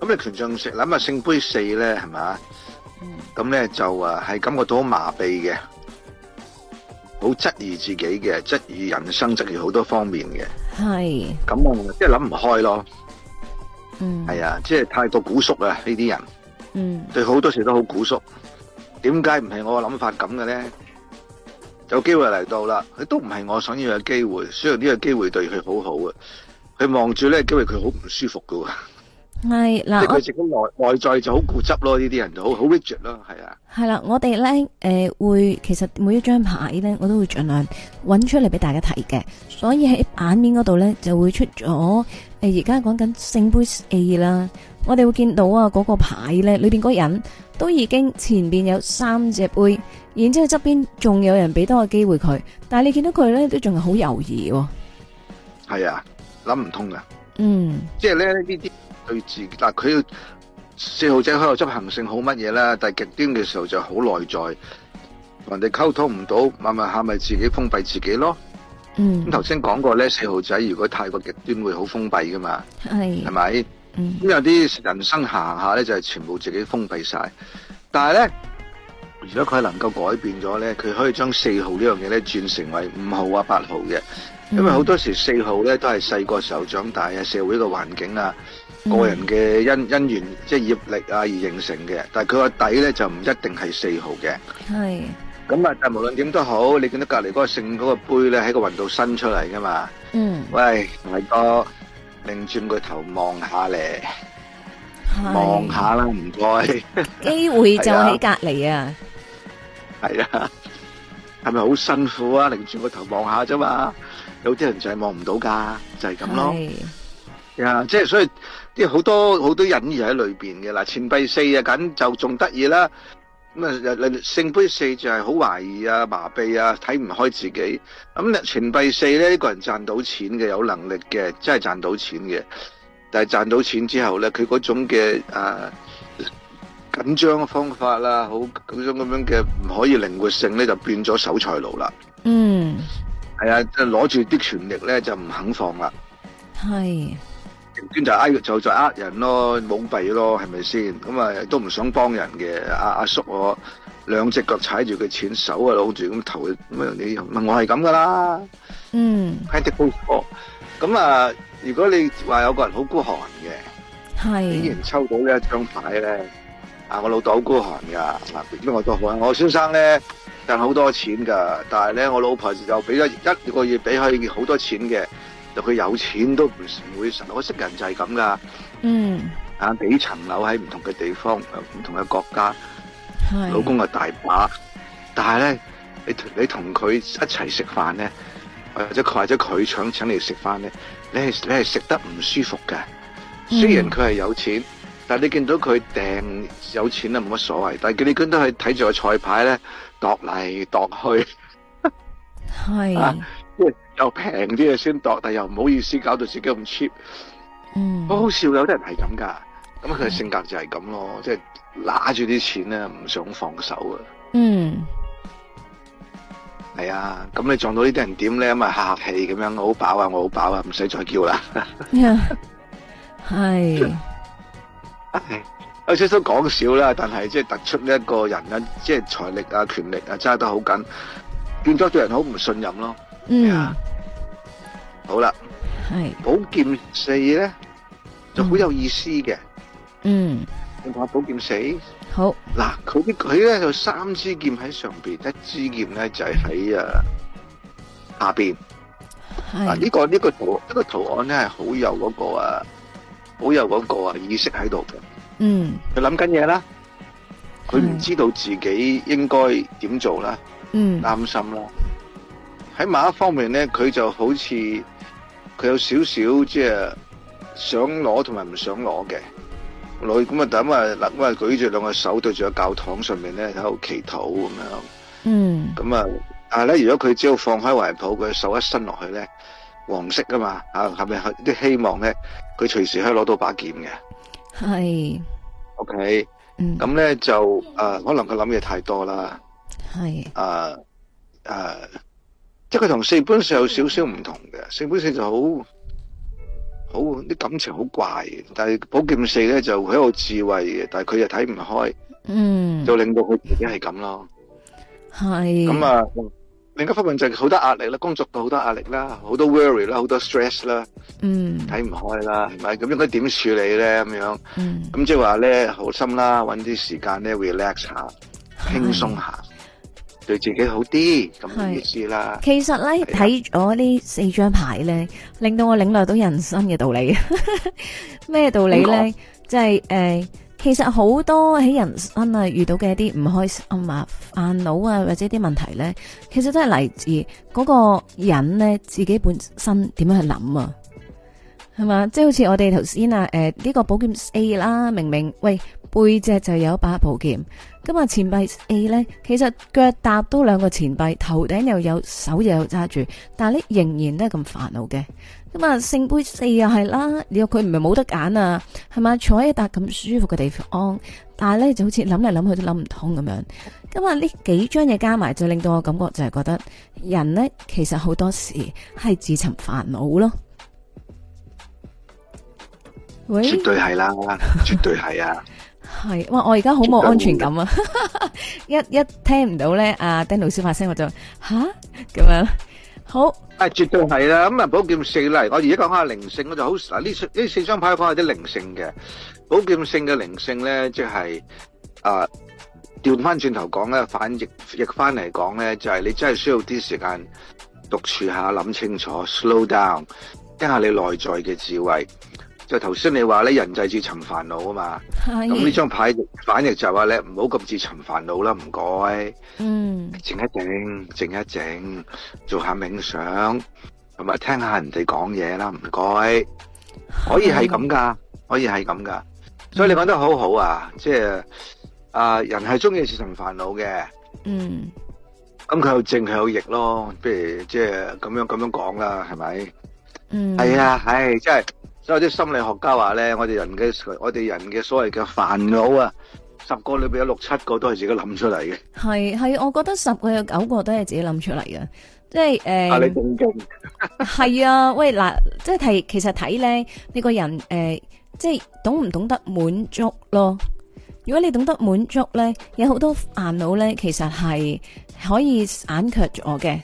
嗱，咁、嗯、你權杖四，諗下聖杯四咧係咪？咁咧、嗯嗯、就啊係感覺到好麻痹嘅，好質疑自己嘅，質疑人生，質疑好多方面嘅，係咁啊，即係諗唔開咯，嗯，係啊，即、就、係、是、太過古縮，啊呢啲人，嗯，對好多事都好古縮，點解唔係我嘅諗法咁嘅咧？有機會嚟到啦，佢都唔係我想要嘅機會，雖然呢個機會對佢好好啊。佢望住咧，因為佢好唔舒服噶喎。係嗱的，佢自己內我內在就好固執咯，呢啲人就好好 rigid 咯，係啊。係啦，我哋咧誒會，其實每一張牌咧，我都會盡量揾出嚟俾大家睇嘅。所以喺版面嗰度咧，就會出咗誒而家講緊聖杯 A 啦。我哋會見到啊，嗰、那個牌咧裏邊個人都已經前邊有三隻杯，然之後側邊仲有人俾多個機會佢，但係你見到佢咧都仲係好猶豫，哦。係啊。諗唔通噶，嗯，即係咧呢啲對自己嗱，佢、啊、四號仔喺度執行性好乜嘢啦，但係極端嘅時候就好內在，同人哋溝通唔到，咪咪吓咪自己封閉自己咯，嗯，咁頭先講過咧，四號仔如果太過極端會好封閉噶嘛，係是，係咪吧，嗯，咁有啲人生行下咧就係、是、全部自己封閉晒，但係咧，如果佢係能夠改變咗咧，佢可以將四號呢樣嘢咧轉成為五號啊八號嘅。因為好多時四號咧都係細個時候長大啊，社會個環境啊，個人嘅因因緣即係業力啊而形成嘅。但係佢個底咧就唔一定係四號嘅。係。咁啊，但係無論點都好，你見到隔籬嗰個聖嗰個杯咧喺個雲度伸出嚟噶嘛。嗯。喂，大哥，擰轉個頭望下咧。望下啦，唔該。機會就喺隔籬啊。係啊。係咪好辛苦啊？擰轉個頭望下啫嘛。有啲人就係望唔到噶，就係咁咯。呀，即係所以啲好多好多隱喻喺裏邊嘅。嗱，錢幣四啊緊就仲得意啦。咁啊，聖杯四就係好懷疑啊、麻痹啊、睇唔開自己。咁、嗯、錢幣四咧、呢、這個人賺到錢嘅，有能力嘅，真係賺到錢嘅。但係賺到錢之後咧，佢嗰種嘅啊緊張嘅方法啦，好嗰種咁樣嘅唔可以靈活性咧，就變咗守財奴啦。嗯。係啊，攞住啲權力咧，就唔肯放啦。係是，成就挨，就再呃人咯，冇弊咯，係咪先？咁、嗯、啊，都唔想幫人嘅。阿阿叔我兩隻腳踩住佢錢手啊，攞住咁投咁樣你，問我係咁噶啦。嗯 h a 咁啊，如果你話有個人好孤寒嘅，係是，竟然抽到呢一張牌咧，啊，我老豆好孤寒噶，乜我都好啊，我先生咧。但係好多錢噶，但係咧，我老婆就俾咗一個月俾佢好多錢嘅，就佢有錢都唔會成，我識人就係咁噶。嗯，啊，幾層樓喺唔同嘅地方，唔同嘅國家，老公啊大把，是但係咧，你你同佢一齊食飯咧，或者或者佢想請你食飯咧，你係你係食得唔舒服嘅。雖然佢係有錢，嗯、但係你見到佢訂有錢啦，冇乜所謂。但係叫你佢都係睇住個菜牌咧。踱嚟踱去，係，即係又平啲嘅先踱，但係又唔好意思，搞到自己咁 cheap。嗯，好好笑，有啲人係咁噶，咁佢嘅性格就係咁咯，即係揦住啲錢咧，唔想放手啊。嗯，係啊，咁你撞到呢啲人點咧？咪客氣咁樣，我好飽啊，我好飽啊，唔使再叫啦。係。好。有少少講少啦，但係即係突出呢一個人咧，即係財力啊、權力啊揸得好緊，變咗對人好唔信任咯。嗯，嗯。好啦。係是。寶劍四咧就好有意思嘅。嗯。你話寶劍四。好。嗱，佢佢咧有三支劍喺上邊，一支劍咧就喺、是、啊下邊。嗱呢是、啊這個呢、這個圖呢、這個圖案咧，係好有嗰個啊，好有嗰個啊，有個啊意識喺度嘅。嗯，佢諗緊嘢啦，佢唔知道自己應該點做啦，嗯，擔心啦。喺某一方面咧，佢就好似佢有少少即係想攞同埋唔想攞嘅。來咁啊，等啊嗱，咁啊舉住兩個手對住個教堂上面咧喺度祈禱咁樣。嗯，咁啊，但係咧，如果佢只要放開懷抱，佢手一伸落去咧，黃色㗎嘛，係咪？後面啲希望咧，佢隨時可以攞到把劍嘅。係是，OK，咁咧就誒、嗯呃，可能佢諗嘢太多啦。係是，誒誒、呃呃，即係佢同四本四有少少唔同嘅。嗯、四本四就好好啲感情好怪，但係寶劍四咧就好有智慧嘅，但係佢又睇唔開，嗯，就令到佢自己係咁咯。係，咁啊。另一方面就係好多壓力啦，工作到好多壓力啦，好多 worry 啦，好多 stress 啦，嗯，睇唔開啦，係咪？咁應該點處理咧？咁樣，嗯，咁即係話咧，好心啦，搵啲時間咧 relax 下，輕鬆下，對自己好啲，咁嘅意思啦。其實咧睇咗呢四張牌咧，令到我領略到人生嘅道理，咩道理咧？即係誒。其實好多喺人生啊遇到嘅一啲唔開心啊、煩惱啊，啊，啊或者啲問題呢，其實都係嚟自嗰個人呢自己本身點樣去諗啊，係嘛？即係好似我哋頭先啊，誒、呃、呢、這個寶劍 A 啦，明明喂，背脊就有一把寶劍，咁啊錢幣 A 呢，其實腳踏都兩個錢幣，頭頂又有手又有揸住，但係呢，仍然都係咁煩惱嘅。咁啊，聖杯四又係啦，你話佢唔係冇得揀啊，係嘛？坐喺一笪咁舒服嘅地方，但係咧就好似諗嚟諗去都諗唔通咁樣。咁啊，呢幾張嘢加埋，就令到我感覺就係覺得人咧，其實好多時係自尋煩惱咯。喂，絕對係啦， 啦，我話絕對係啊。係， 哇！我而家好冇安全感 啊，一一聽唔到咧，Danny 老師發聲，我就吓咁、啊、樣。好，誒、啊，絕對係啦，咁、嗯、啊，寶劍、嗯、四啦，我而家講下靈性，我就好嗱呢呢四張牌講下啲靈性嘅，寶劍性嘅靈性咧，即係誒，調翻轉頭講咧，反譯譯翻嚟講咧，就係、是、你真係需要啲時間獨處下，諗清楚，slow down，聽下你內在嘅智慧。就頭先你話咧，人就自尋煩惱啊嘛，咁呢張牌反亦就話咧，唔好咁自尋煩惱啦，唔該，嗯，靜一靜，靜一靜，做下冥想，同埋聽下人哋講嘢啦，唔該的，可以係咁噶，可以係咁噶，所以你講得好好啊，嗯、即係啊，人係中意自尋煩惱嘅，嗯，咁佢有正佢有逆咯，不如即係咁樣咁樣講啦，係咪？嗯，係啊，係，即係。所以啲心理學家話咧，我哋人嘅我哋人嘅所謂嘅煩惱啊，十個裏面有六七個都係自己諗出嚟嘅。係係，我覺得十個有九個都係自己諗出嚟嘅，即係誒。係、呃、啊， 啊，喂嗱，即係睇其實睇咧，你個人誒、呃，即係懂唔懂得滿足咯？如果你懂得滿足咧，有好多煩惱咧，其實係可以省卻咗嘅。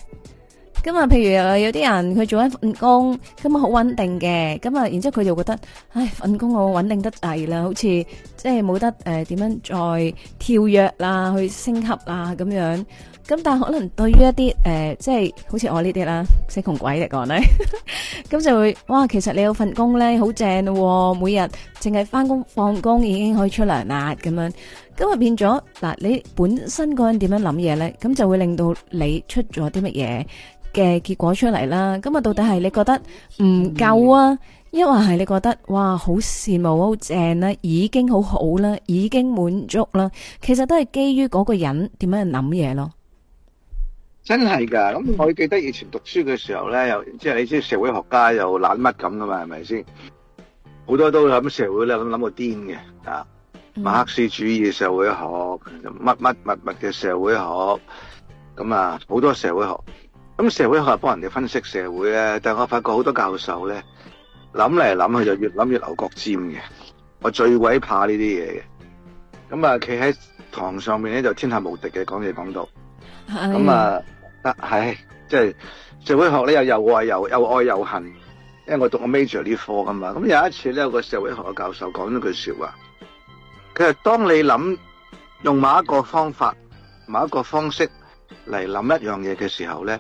咁啊，譬如誒，有啲人佢做一份工，咁啊好穩定嘅。咁啊，然之後佢就覺得，唉，份工我穩定得滯啦，好似即係冇得誒點樣再跳躍啦，去升級啦咁樣。咁但係可能對於一啲誒，即係好似我呢啲啦，死窮鬼嚟講咧，咁就會哇，其實你有份工咧好正咯，每日淨係翻工放工已經可以出糧啦，咁樣。咁啊變咗嗱，你本身個人點樣諗嘢咧，咁就會令到你出咗啲乜嘢嘅結果出嚟啦，咁啊到底係你覺得唔夠啊？抑或係你覺得哇，好羨慕，好正啦，已經好好啦，已經滿足啦。其實都係基於嗰個人點樣去諗嘢咯。真係噶，咁、嗯嗯、我記得以前讀書嘅時候咧，又即係你知社會學家又懶乜咁噶嘛，係咪先？好多都諗社會咧諗諗到癲嘅啊，馬克思主義社會學，乜乜乜乜嘅社會學，咁啊好多社會學。咁社會學幫人哋分析社會咧，但係我發覺好多教授咧諗嚟諗去就越諗越牛角尖嘅。我最鬼怕呢啲嘢嘅。咁啊，企喺堂上面咧就天下無敵嘅，講嘢講到咁、嗯、啊，唉、哎，即、就、係、是、社會學咧又又愛又又愛又恨，因為我讀我 major 呢科噶嘛。咁有一次咧，有個社會學嘅教授講咗句說話，佢話：當你諗用某一個方法、某一個方式嚟諗一樣嘢嘅時候咧。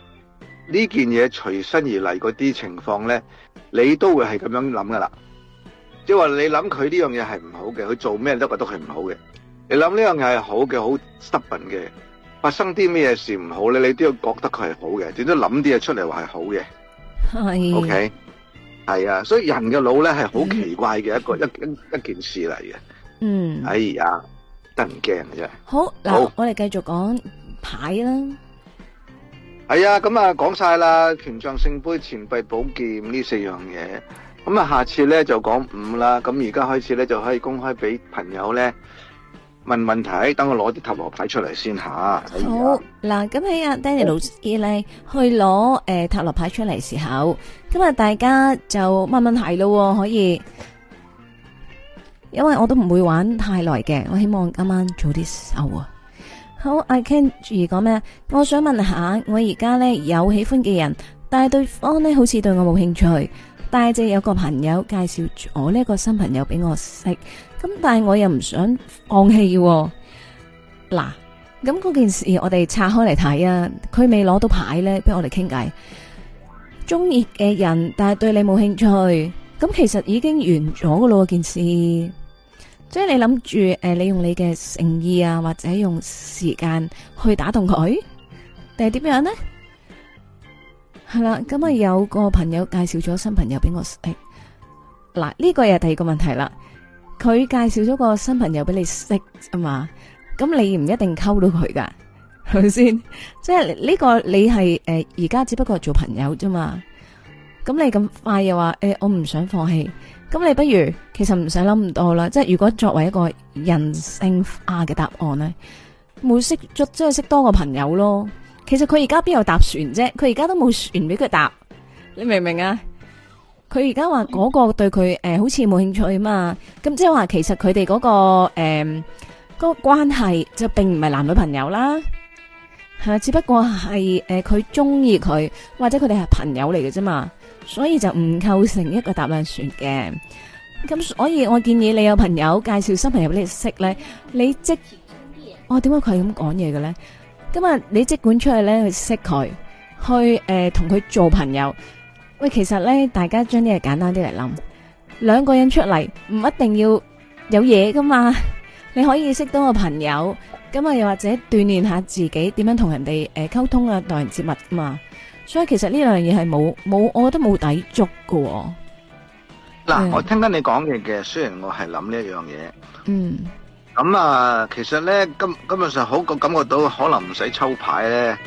呢件嘢隨身而嚟嗰啲情況咧，你都會係咁樣諗噶啦。即係話你諗佢呢樣嘢係唔好嘅，佢做咩都覺得佢唔好嘅。你諗呢樣嘢係好嘅，好 stubborn 嘅，發生啲咩事唔好咧，你都要覺得佢係好嘅。點都諗啲嘢出嚟話係好嘅。係是，OK，係啊，所以人嘅腦咧係好奇怪嘅一個、嗯、一一件事嚟嘅。嗯，哎呀，得唔驚嘅啫。好嗱好，我哋繼續講牌啦。係啊，咁啊講晒啦，權杖、聖杯、錢幣、寶劍呢四樣嘢，咁啊下次咧就講五啦。咁而家開始咧就可以公開俾朋友咧問問題，等我攞啲塔羅牌出嚟先吓。哎、好嗱，咁喺阿 Danny 老師呢去攞誒、呃、塔羅牌出嚟時候，今日大家就問問題咯，可以？因為我都唔會玩太耐嘅，我希望今晚早啲收啊。好，I can 意講咩？我想問下，我而家呢有喜歡嘅人，但係對方呢好似對我冇興趣。但係就有個朋友介紹咗呢個新朋友俾我識，咁但係我又唔想放棄啊。嗱，咁嗰件事我哋拆開嚟睇啊！佢未攞到牌呢，俾我哋傾偈。中意嘅人，但係對你冇興趣，咁其實已經完咗噶啦，件事。即係你諗住誒，你用你嘅誠意啊，或者用時間去打動佢，定係點樣呢？係啦，咁啊有個朋友介紹咗新朋友俾我誒，嗱呢個又係第二個問題啦。佢介紹咗個新朋友俾你識啊嘛，咁你唔一定溝到佢噶，係咪先？即係呢個你係誒而家只不過做朋友啫嘛。咁你咁快又話誒，我唔想放棄。咁你不如，其實唔使諗咁多啦。即係如果作為一個人性化嘅答案咧，冇識即係識多個朋友咯。其實佢而家邊有搭船啫，佢而家都冇船俾佢搭，你明唔明啊？佢而家話嗰個對佢誒、呃、好似冇興趣啊嘛。咁即係話其實佢哋嗰個誒嗰、呃嗰個關係就並唔係男女朋友啦，係、啊、只不過係誒佢中意佢或者佢哋係朋友嚟嘅啫嘛。所以就唔構成一個搭兩船嘅，咁所以我建議你有朋友介紹新朋友畀你識咧，你即，哦點解佢係咁講嘢嘅咧？咁啊，你即管出去咧去識佢，去誒同佢做朋友。喂，其實咧大家將啲嘢簡單啲嚟諗，兩個人出嚟唔一定要有嘢噶嘛，你可以識到個朋友，咁啊又或者鍛煉下自己點樣同人哋誒溝通啊，待人接物嘛。所以其實呢樣嘢係冇冇，我覺得冇抵觸噶、哦。嗱喏，唉我聽緊你講嘢嘅，雖然我係諗呢一樣嘢。嗯。咁啊、嗯，其實咧根本上好我感覺到可能唔使抽牌咧，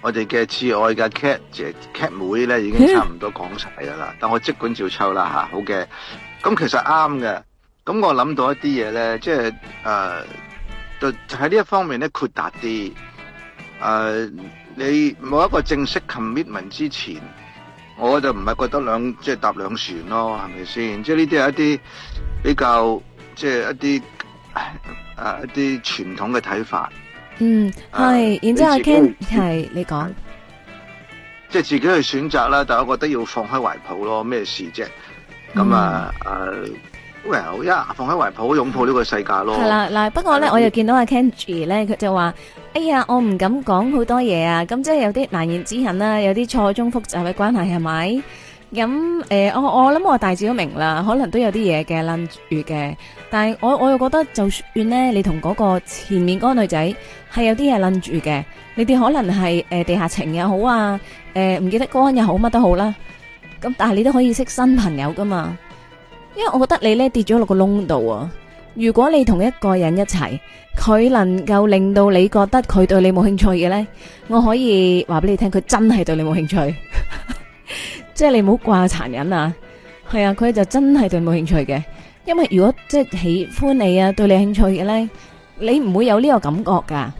我哋嘅摯愛嘅 cat 姐 cat 妹咧已經差唔多講晒噶啦。唉但我即管照抽啦吓、啊，好嘅。咁、嗯、其實啱嘅。咁、嗯、我諗到一啲嘢咧，即係誒，就喺呢一方面咧豁達啲，誒。呃你冇一個正式 commitment 之前，我就唔係覺得兩即係搭兩船咯，係咪先？即係呢啲係一啲比較即係一啲誒、啊、一啲傳統嘅睇法。嗯，係。啊、然之後，阿 Ken 係你講，即係自己去選擇啦。但我覺得要放開懷抱咯，咩事啫？咁啊、嗯、啊！啊喂，一、well, yeah, 放喺懷抱，擁抱呢個世界咯。係啦，嗱，不過咧，嗯、我又見到阿 Kenji 咧，佢就話：哎呀，我唔敢講好多嘢啊！咁即係有啲難言之隱啦、啊，有啲錯綜複雜嘅關係係咪？咁誒、呃，我我諗我大致都明啦，可能都有啲嘢嘅撚住嘅。但係我我又覺得，就算咧，你同嗰個前面嗰個女仔係有啲嘢撚住嘅，你哋可能係誒、呃、地下情又好啊，誒、呃、唔記得幹又好乜都好啦、啊。咁但係你都可以識新朋友㗎嘛。因為我覺得你呢跌咗落個窿度啊！如果你同一個人一齊，佢能夠令到你覺得佢對你冇興趣嘅呢，我可以話俾你聽，佢真係對你冇興趣，即 係你唔好掛殘忍啊！係啊，佢就真係對你冇興趣嘅，因為如果即係、就是、喜歡你啊，對你有興趣嘅呢，你唔會有呢個感覺噶。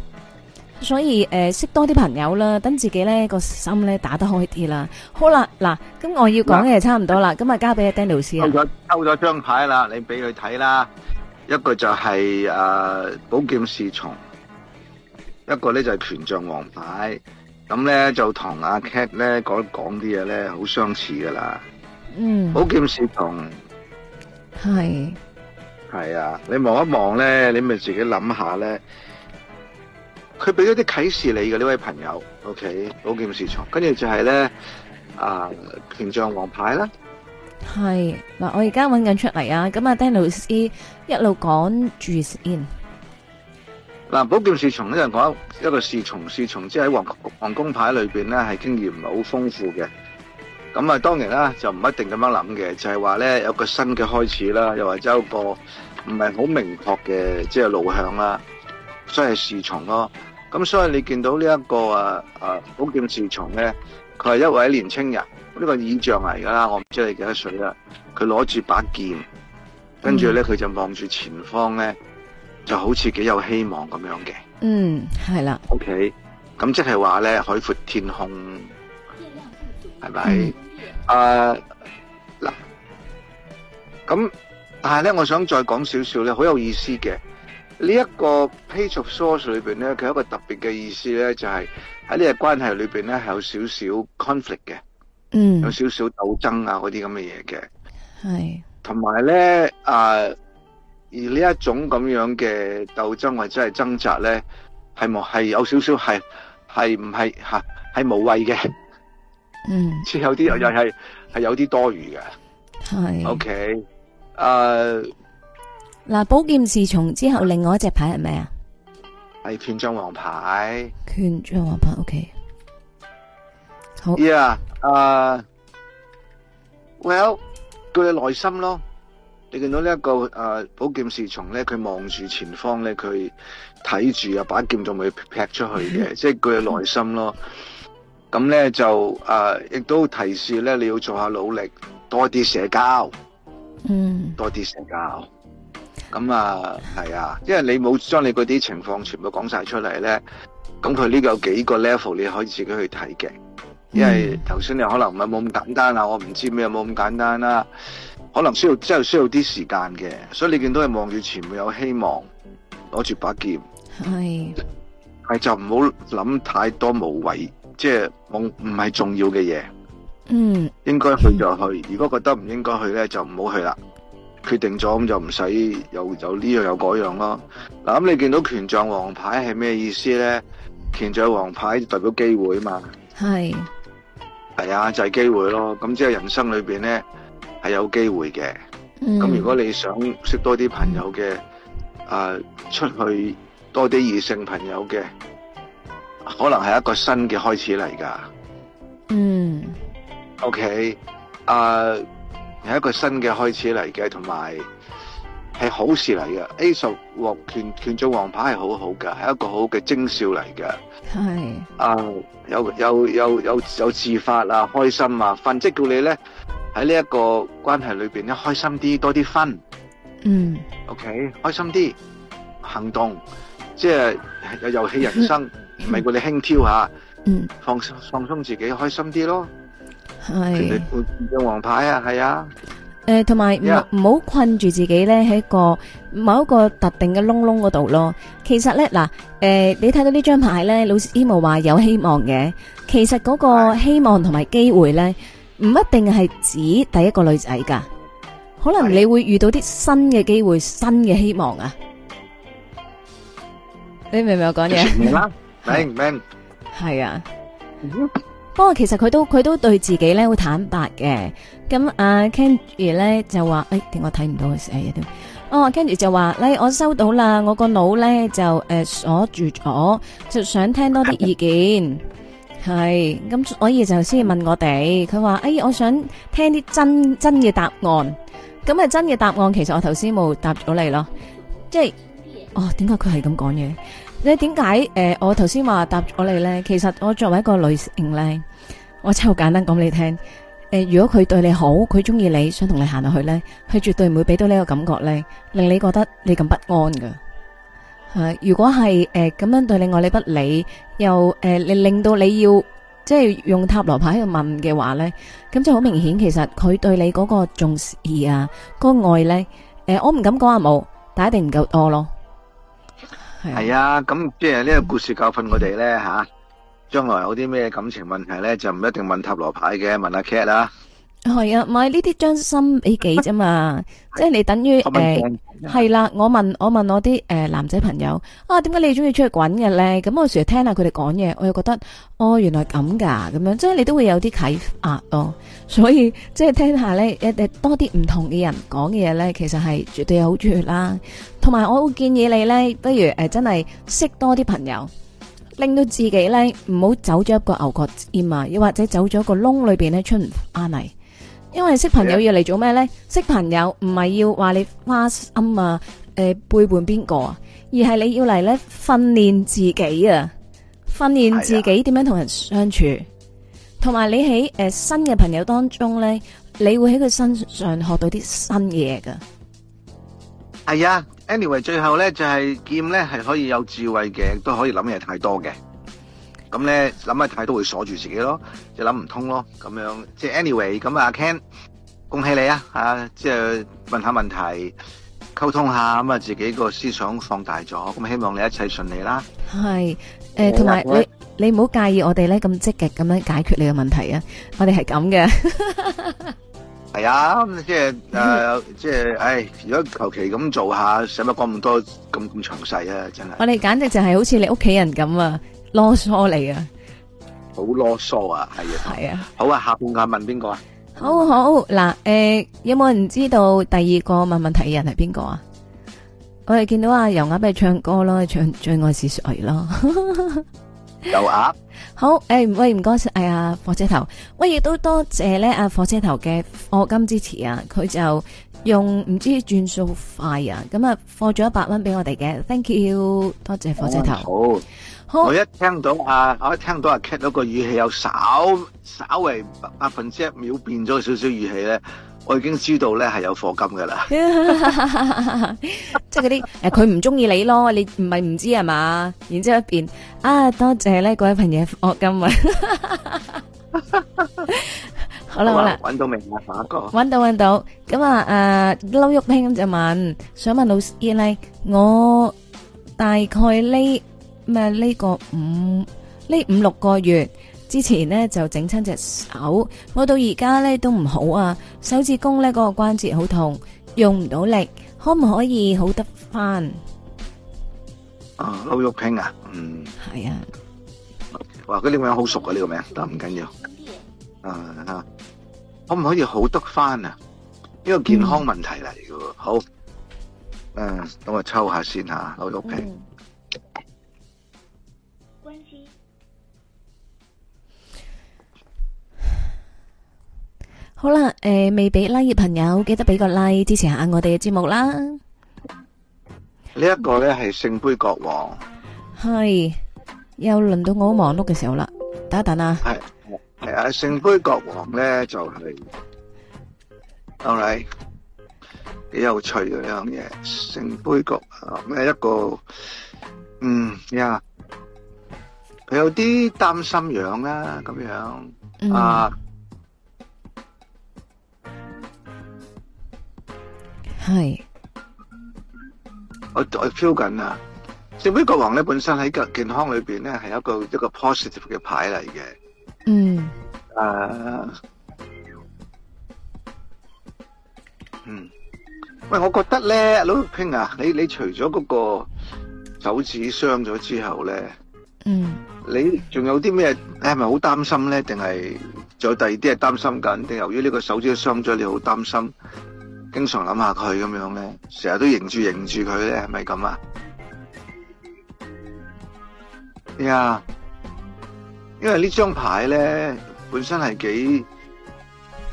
所以誒，呃、識多啲朋友啦，等自己咧個心咧打得開啲啦。好啦，嗱，咁我要講嘅差唔多啦，咁啊了交俾阿 Danny 老師。咗收咗張牌啦，你俾佢睇啦。一個就係誒寶劍侍從，一個咧就係權杖王牌。咁咧就同阿 Cat 咧講講啲嘢咧，好相似噶啦。嗯。寶劍侍從。係是。係啊，你望一望咧，你咪自己諗下咧。佢俾咗啲啟示你嘅呢位朋友，OK？寶劍侍從，跟住就係、是、咧，啊，權杖王牌啦，係嗱，我而家揾緊出嚟啊！咁啊，Danny 老師一路講住 in。嗱，寶劍侍從呢就講一個侍從侍從，即喺皇皇宮牌裏面咧，係經驗唔係好豐富嘅。咁啊，當然啦，就唔、是、一定咁樣諗嘅，就係話咧有個新嘅開始啦，又或者有個唔係好明確嘅即係路向啦，所以侍從咯。咁所以你見到呢一個啊啊，寶劍侍從呢，咧，佢係一位年青人，呢、這個意象嚟㗎啦，我唔知你幾多歲啦。佢攞住把劍，跟住咧佢就望住前方咧，就好似幾有希望咁樣嘅。嗯，係啦。O K，咁即係話咧，海闊天空，係咪？啊、嗯，嗱、uh,，咁但係咧，我想再講少少咧，好有意思嘅。呢一個 Page of Swords 裏邊咧，佢有一個特別嘅意思咧，就係喺呢個關係裏邊咧，係有少少 conflict 嘅，嗯，有少少鬥爭啊嗰啲咁嘅嘢嘅，係，同埋咧啊，而這這呢一種咁樣嘅鬥爭或者係掙扎咧，係冇係有少少係係唔係嚇係冇謂嘅，是是的嗯，即 有啲又又係係有啲多餘嘅，係是，OK，誒、呃。嗱，寶劍侍從之後，另外一隻牌係咩啊？係權杖王牌。權杖王牌，OK。好。依啊，Well，佢嘅耐心咯。你見到、這個 uh, 保呢一個誒寶劍侍從咧，佢望住前方咧，佢睇住啊把劍仲未劈出去嘅，即係佢嘅耐心咯。咁咧 就誒、uh, 亦都提示咧，你要做下努力，多啲社交，嗯，多啲社交。咁啊，係啊，因為你冇將你嗰啲情況全部講晒出嚟咧，咁佢呢個有幾個 level 你可以自己去睇嘅。因為頭先你可能唔係冇咁簡單啦、啊，我唔知咩有冇咁簡單啦、啊，可能需要即係需要啲時間嘅。所以你見到係望住前面有希望，攞住把劍，係係是就唔好諗太多無謂，即係冇唔係重要嘅嘢。嗯，應該去就去，嗯、如果覺得唔應該去咧，就唔好去啦。決定咗咁就唔使有有呢樣有嗰樣咯。嗱咁你見到權杖王牌係咩意思咧？權杖王牌代表機會啊嘛。係係是啊，就係、是、機會咯。咁即係人生裏面咧係有機會嘅。咁、嗯、如果你想識多啲朋友嘅、呃，出去多啲異性朋友嘅，可能係一個新嘅開始嚟噶。嗯。OK 啊、呃。係一個新嘅開始嚟嘅，同埋係好事嚟嘅。A 數獲權拳獎王牌係好好嘅，係一個好嘅徵兆嚟嘅。係啊是、呃，有有有有有，有自發啊，開心啊，份職叫你咧喺呢一個關係裏邊咧開心啲，多啲分。嗯。OK，開心啲，行動，即係有遊戲人生，唔係叫你輕佻下，嗯。放放鬆自己，開心啲咯。係，換換張王牌啊，係啊。誒，同埋唔唔好困住自己咧，喺個某一個特定嘅窿窿嗰度咯。其實咧，嗱，誒，你睇到呢張牌咧，老師希望話有希望嘅。其實嗰個希望同埋機會咧，唔一定係指第一個女仔噶，可能你會遇到啲新嘅機會、新嘅希望啊。你明唔明我講嘢？明啦，明明。係啊。不過其實佢都佢都對自己咧好坦白嘅，咁阿 Ken 姐咧，就話，誒、哎、點我睇唔到佢寫嘢？哦，Ken 姐就話，咧、哎、我收到啦，我個腦咧就誒鎖、呃、住咗，就想聽多啲意見。係， 咁所以就先問我哋，佢話，哎，我想聽啲真真嘅答案。咁啊，真嘅答案，其實我頭先冇答咗你咯，即係，哦、啊，點解佢係咁講嘢？你點解？誒，我頭先話答咗你咧，其實我作為一個女性咧，我真好簡單講俾你聽。誒，如果佢對你好，佢中意你想同你行落去咧，佢絕對唔會俾到呢個感覺咧，令你覺得你咁不安噶。吓，如果係誒咁樣對你愛理不理，又誒令令到你要即係用塔羅牌去問嘅話咧，咁就好明顯，其實佢對你嗰個重視啊，個愛咧，誒，我唔敢講話冇，但係一定唔夠多咯。係啊，咁即係呢個故事教訓我哋咧吓，將、啊、來有啲咩感情問題咧，就唔一定問塔羅牌嘅，問阿、啊、cat 啦、啊。係 啊，唔係呢啲將心比己啫嘛， 即係你等於誒係啦。我問我問我啲誒男仔朋友啊，點解你中意出去滾嘅咧？咁我成日聽下佢哋講嘢，我又覺得哦，原來咁噶，咁樣即係你都會有啲啟發咯、哦。所以即係聽下咧，誒多啲唔同嘅人講嘅嘢咧，其實係絕對有好處啦。同埋我會建議你咧，不如誒、呃、真係識多啲朋友，令到自己咧唔好走咗一個牛角尖啊，又或者走咗個窿裏邊咧出唔啱嚟。啊啊因為識朋友要嚟做咩咧？Yeah. 識朋友唔係要話你花心啊，誒、呃，背叛邊個啊？而係你要嚟咧訓練自己啊，訓練自己點樣同人相處，同埋 Yeah. 你喺誒、呃、新嘅朋友當中咧，你會喺佢身上學到啲新嘢噶。係啊、yeah.，anyway，最後咧就係劍咧係可以有智慧嘅，都可以諗嘢太多嘅。咁咧，諗得太多都會鎖住自己咯，就諗唔通咯。咁樣即係 anyway，咁啊，Ken，恭喜你啊！啊，即係問下問題，溝通下，咁啊，自己個思想放大咗，咁希望你一切順利啦。係，誒，同埋你，你唔好介意我哋咧咁積極咁樣解決你嘅問題啊！我哋係咁嘅。係啊，咁即係誒，即係誒，如果求其咁做下，使乜講咁多咁咁詳細啊？真係。我哋簡直就係好似你屋企人咁啊！囉嗦嚟啊！好囉嗦啊，係啊，係啊，好啊，下半眼問邊個啊？好好嗱，誒、欸，有冇人知道第二個問問題嘅人係邊個啊？我哋見到阿、啊、油鴨咪唱歌咯，唱《最愛是誰》咯， 油鴨鴨。好誒、欸，喂，唔該，係、哎、啊，火車頭，喂，亦都多謝咧，阿火車頭嘅課金支持啊，佢就用唔知轉數快啊，咁啊，課咗一百蚊俾我哋嘅，thank you，多謝火車頭。哦、好。好我一聽到啊，我一聽到啊 cat 嗰個語氣有稍稍微百分之一秒變咗少少語氣咧，我已經知道咧係有課金㗎喇。即係嗰啲誒，佢唔中意你咯，你唔係唔知係嘛？然之後一變啊，多謝咧，各位朋友，嘅課金好啦，好啦，揾到未啊，反哥？揾到揾到，咁啊誒，撈喐聽咁就問，想問老師咧，我大概呢？咩？呢個五呢五六個月之前呢，就整親隻手，我到而家咧都唔好啊，手指公咧嗰個關節好痛，用唔到力，可唔可以好得翻？啊，劉玉平啊，嗯，係啊，哇，嗰、這、啲、個、名好熟啊，呢、這個名，但唔緊要，啊，可唔可以好得翻？啊劉玉平啊，嗯，係啊，佢呢啲名好熟啊，呢個名，但唔緊要啊，可唔可以好得翻？啊呢個健康問題嚟、啊、噶、嗯，這個，好，嗯、啊，等我抽下先吓、啊，劉玉平。嗯。好啦，誒、呃，未俾 like 嘅朋友記得俾個 like 支持下我哋嘅節目啦。呢一個咧係聖杯國王，係又輪到我忙碌嘅時候啦。等一等啊，係係啊，聖杯國王咧就係、是，Alright，幾有趣嘅，這個，呢樣嘢。聖杯國王呢一個，嗯呀，佢有啲擔心樣啦咁樣啊。係是，我我 feel 緊啊！聖杯國王咧本身喺個健康裏邊咧係一個一個 positive 嘅牌嚟嘅。嗯。誒。Uh, 嗯。喂，我覺得咧，阿老平啊，你你除咗嗰個手指傷咗之後咧，嗯，你仲有啲咩？你係咪好擔心咧？定係仲有第二啲係擔心緊？定由於呢個手指傷咗，你好擔心？經常諗下佢咁樣咧，成日都凝住凝住佢咧，係咪咁啊？呀、yeah.，因為呢張牌咧本身係幾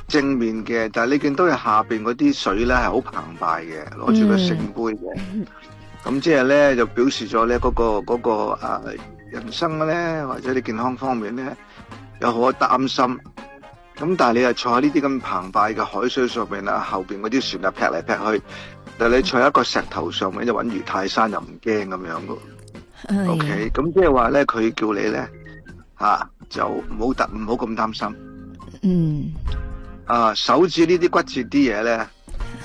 正面嘅，但係你見到嘅下邊嗰啲水咧係好澎湃嘅，攞住個聖杯嘅，咁即係咧就表示咗咧嗰個嗰、嗰個、啊、人生呢，咧，或者啲健康方面咧有好多擔心。咁但係你係坐喺呢啲咁澎湃嘅海水上邊啦，後邊嗰啲船啊劈嚟劈去，但係你坐喺一個石頭上面，就穩如泰山又，又唔驚咁樣噶。O K，咁即係話咧，佢叫你咧，吓、啊、就好特，唔好咁擔心。嗯。啊，手指呢啲骨折啲嘢咧，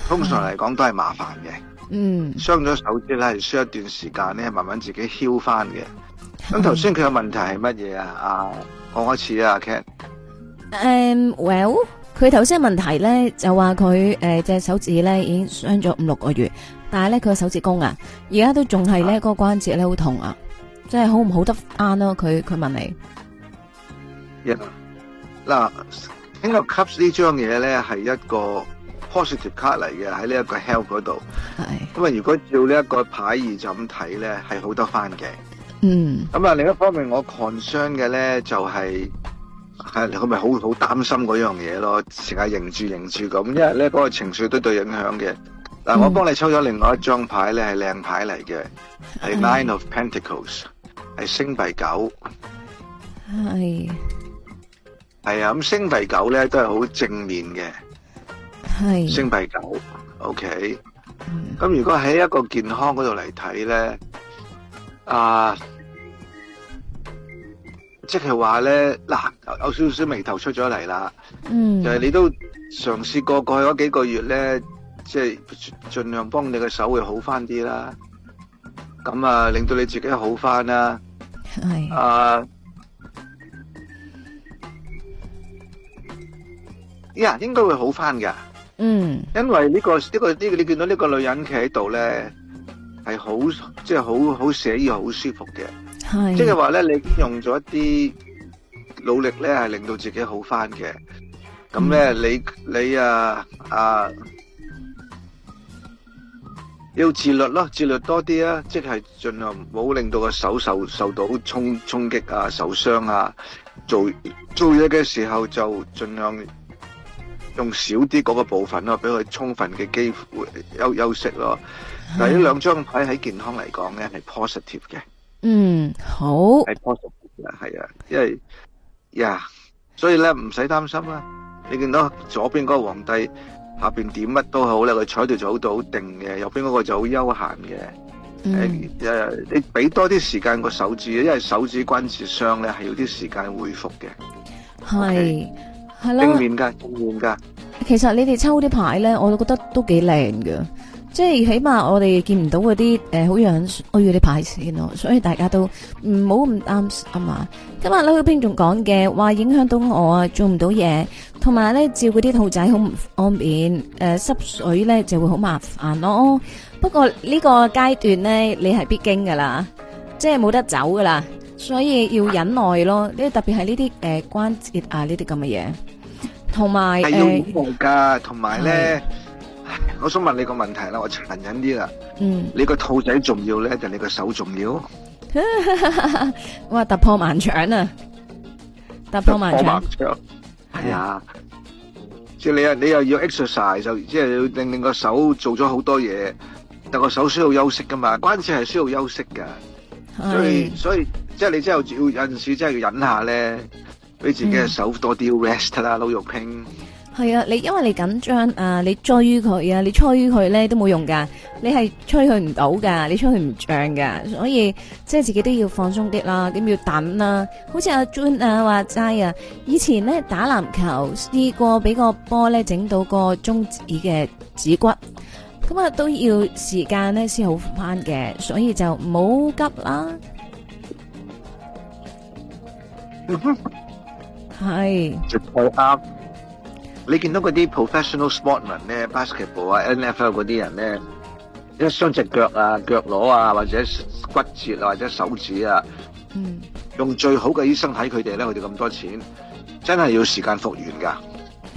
通常嚟講都係麻煩嘅。嗯。傷咗手指咧，係需要一段時間咧，慢慢自己囂翻嘅。咁頭先佢嘅問題係乜嘢啊？啊，講一次啊，Cat。誒、um,，Well，佢頭先嘅問題咧，就話佢誒隻手指咧已經傷咗五六個月，但係咧佢個手指公啊，而家都仲係呢個、啊、個關節咧好痛啊，即係好唔好得啱咯、啊？佢佢問你，嗱、yeah.，呢個 cups 呢張嘢咧係一個 positive card 嚟嘅，喺呢一個 health 嗰度，係是，咁啊如果照呢一個牌意就咁睇咧，係好多翻嘅，嗯，咁啊另一方面我 concern 嘅咧就係、是。係佢咪好好擔心嗰樣嘢咯，成日凝住凝住咁，因為咧嗰個情緒都對影響嘅。嗱，我幫你抽咗另外一張牌咧，係靚牌嚟嘅，係 Nine of Pentacles，係星幣九。係。係啊，咁星幣九咧都係好正面嘅。係。星幣九，OK。咁如果喺一個健康嗰度嚟睇咧，啊。即係話咧，嗱、啊、有，有少少眉頭出咗嚟啦，嗯、就係你都嘗試過過去嗰幾個月咧，即係盡量幫你嘅手會好翻啲啦。咁啊，令到你自己好翻啦。係、哎、啊，呀、yeah，應該會好翻噶。嗯，因為呢、這個呢、這個呢、這個，你見到呢個女人企喺度咧，係好即係好好寫意、好舒服嘅。即係話咧，你用咗一啲努力咧，係令到自己好翻嘅。咁咧、嗯，你你啊啊，要自律咯，自律多啲啊，即係盡量唔好令到個手受受到衝衝擊啊，受傷啊。做做嘢嘅時候就盡量用少啲嗰個部分咯，俾佢充分嘅機會休休息咯。嗱，呢兩張牌喺健康嚟講咧係 positive 嘅。嗯，好係 possible 啦係啊，因為呀，yeah, 所以咧唔使擔心啦。你見到左邊嗰個皇帝下邊點乜都好咧，佢坐度就好好定嘅，右邊嗰個就好悠閒嘅。誒、嗯，誒，uh, 你俾多啲時間個手指，因為手指關節傷咧係要啲時間恢復嘅。係係啦，面噶變面噶。其實你哋抽啲牌咧，我都覺得都幾靚噶。即係起碼我哋見唔到嗰啲誒，好樣人衰啲牌先咯，所以大家都唔好咁啱啊嘛。今日呢小兵仲講嘅話影響到我啊，做唔到嘢，同埋咧照嗰啲兔仔好唔方便，誒、呃、濕水咧就會好麻煩咯。不過個階呢個階段咧你係必經噶啦，即係冇得走噶啦，所以要忍耐咯。呢特別係呢啲誒關節啊呢啲咁嘅嘢，同埋誒。係要忍耐噶，同埋咧。我想問你個問題啦，我殘忍啲啦。嗯，你個兔仔重要咧，定你個手重要？我話，突破萬丈啊！突破萬丈。係啊，即係你又你又要 exercise，就即係令令個手做咗好多嘢，但個手需要休息噶嘛，關節係需要休息噶，所以所以即係你真係要有陣時真係要忍下咧，俾自己嘅手多啲 rest 啦，撈肉拼。係啊，你因為你緊張啊，你追佢啊，你吹佢咧都冇用噶，你係吹佢唔到噶，你吹佢唔漲噶，所以即係自己都要放鬆啲啦，咁要，要等啦、啊。好似阿 John 啊話齋啊，以前咧打籃球試過俾個波咧整到個中指嘅指骨，咁啊都要時間咧先好翻嘅，所以就唔好急啦。係 是，絕對啱。 你見到嗰啲 professional sportsman 咧，basketball 啊，NFL 嗰啲人咧，一雙隻腳啊、腳踝啊，或者骨折啊，或者手指啊，嗯，用最好嘅醫生睇佢哋咧，佢哋咁多錢，真係要時間復原噶。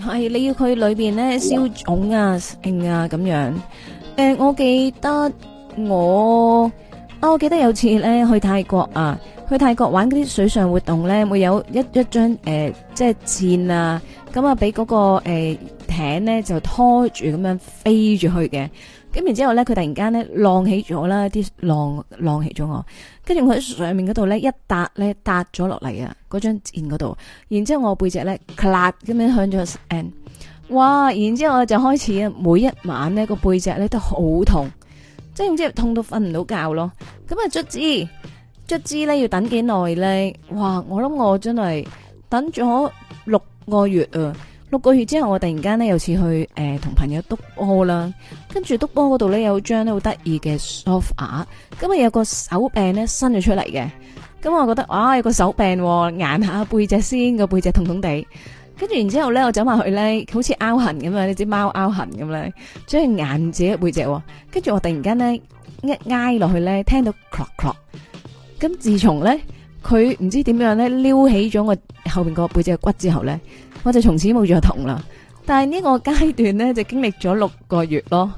係，你要佢裏邊咧消腫啊、靜哇啊咁樣。我記得我啊，我記得有次咧去泰國啊。去泰國玩嗰啲水上活動咧，會有一一張誒、呃、即係箭啊，咁啊俾嗰個、呃、艇咧就拖住咁樣飛住去嘅，咁然之後咧佢突然間咧浪起咗啦，啲浪浪起咗我，跟住佢喺上面嗰度咧一搭咧搭咗落嚟啊，嗰張箭嗰度，然之後我背脊咧，咁樣向咗 end，哇！然之後我就開始啊，每一晚咧個背脊咧都好痛，即係唔知痛到瞓唔到覺咯，咁啊卒之。卒之咧要等幾耐咧？哇！我諗我真係等咗六個月啊。六個月之後，我突然間咧有次去誒同朋友篤波啦。跟住篤波嗰度咧有張好得意嘅梳化，咁啊有個手柄咧伸咗出嚟嘅。咁啊，我覺得哇有個手柄，硬下背脊先個背脊痛痛地。跟住然之後咧，我走埋去咧，好似拗痕咁樣！你知貓拗痕咁咧，將硬自己背脊。跟住我突然間咧一挨落去咧，聽到 croak croak。咁自從咧，佢唔知點樣咧，撩起咗我後邊個背脊嘅骨之後咧，我就從此冇咗痛啦。但係呢個階段咧，就經歷咗六個月咯。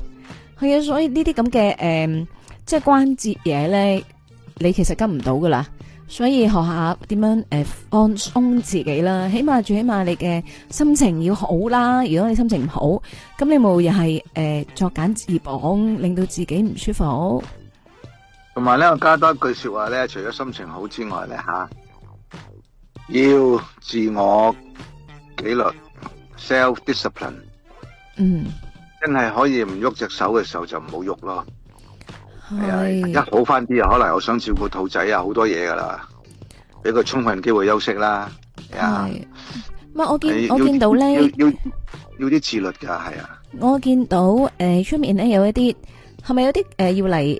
係啊，所以呢啲咁嘅誒，即係關節嘢咧，你其實跟唔到噶啦。所以學下點樣放鬆自己啦。起碼最起碼你嘅心情要好啦。如果你心情唔好，咁你冇又係誒作繭自縛，令到自己唔舒服。同埋咧，我加多一句說話咧，除咗心情好之外咧，吓、啊、要自我紀律 （self discipline）。Dis ine, 嗯，真係可以唔喐隻手嘅時候就唔好喐咯。係是、啊、一好翻啲啊，可能我想照顧兔仔啊，好多嘢噶啦，俾佢充分機會休息啦。係係是？啊、我見要我見到咧，要要啲自律噶，係啊。我見到誒，出、呃、面咧有一啲，係咪有啲誒、呃、要嚟？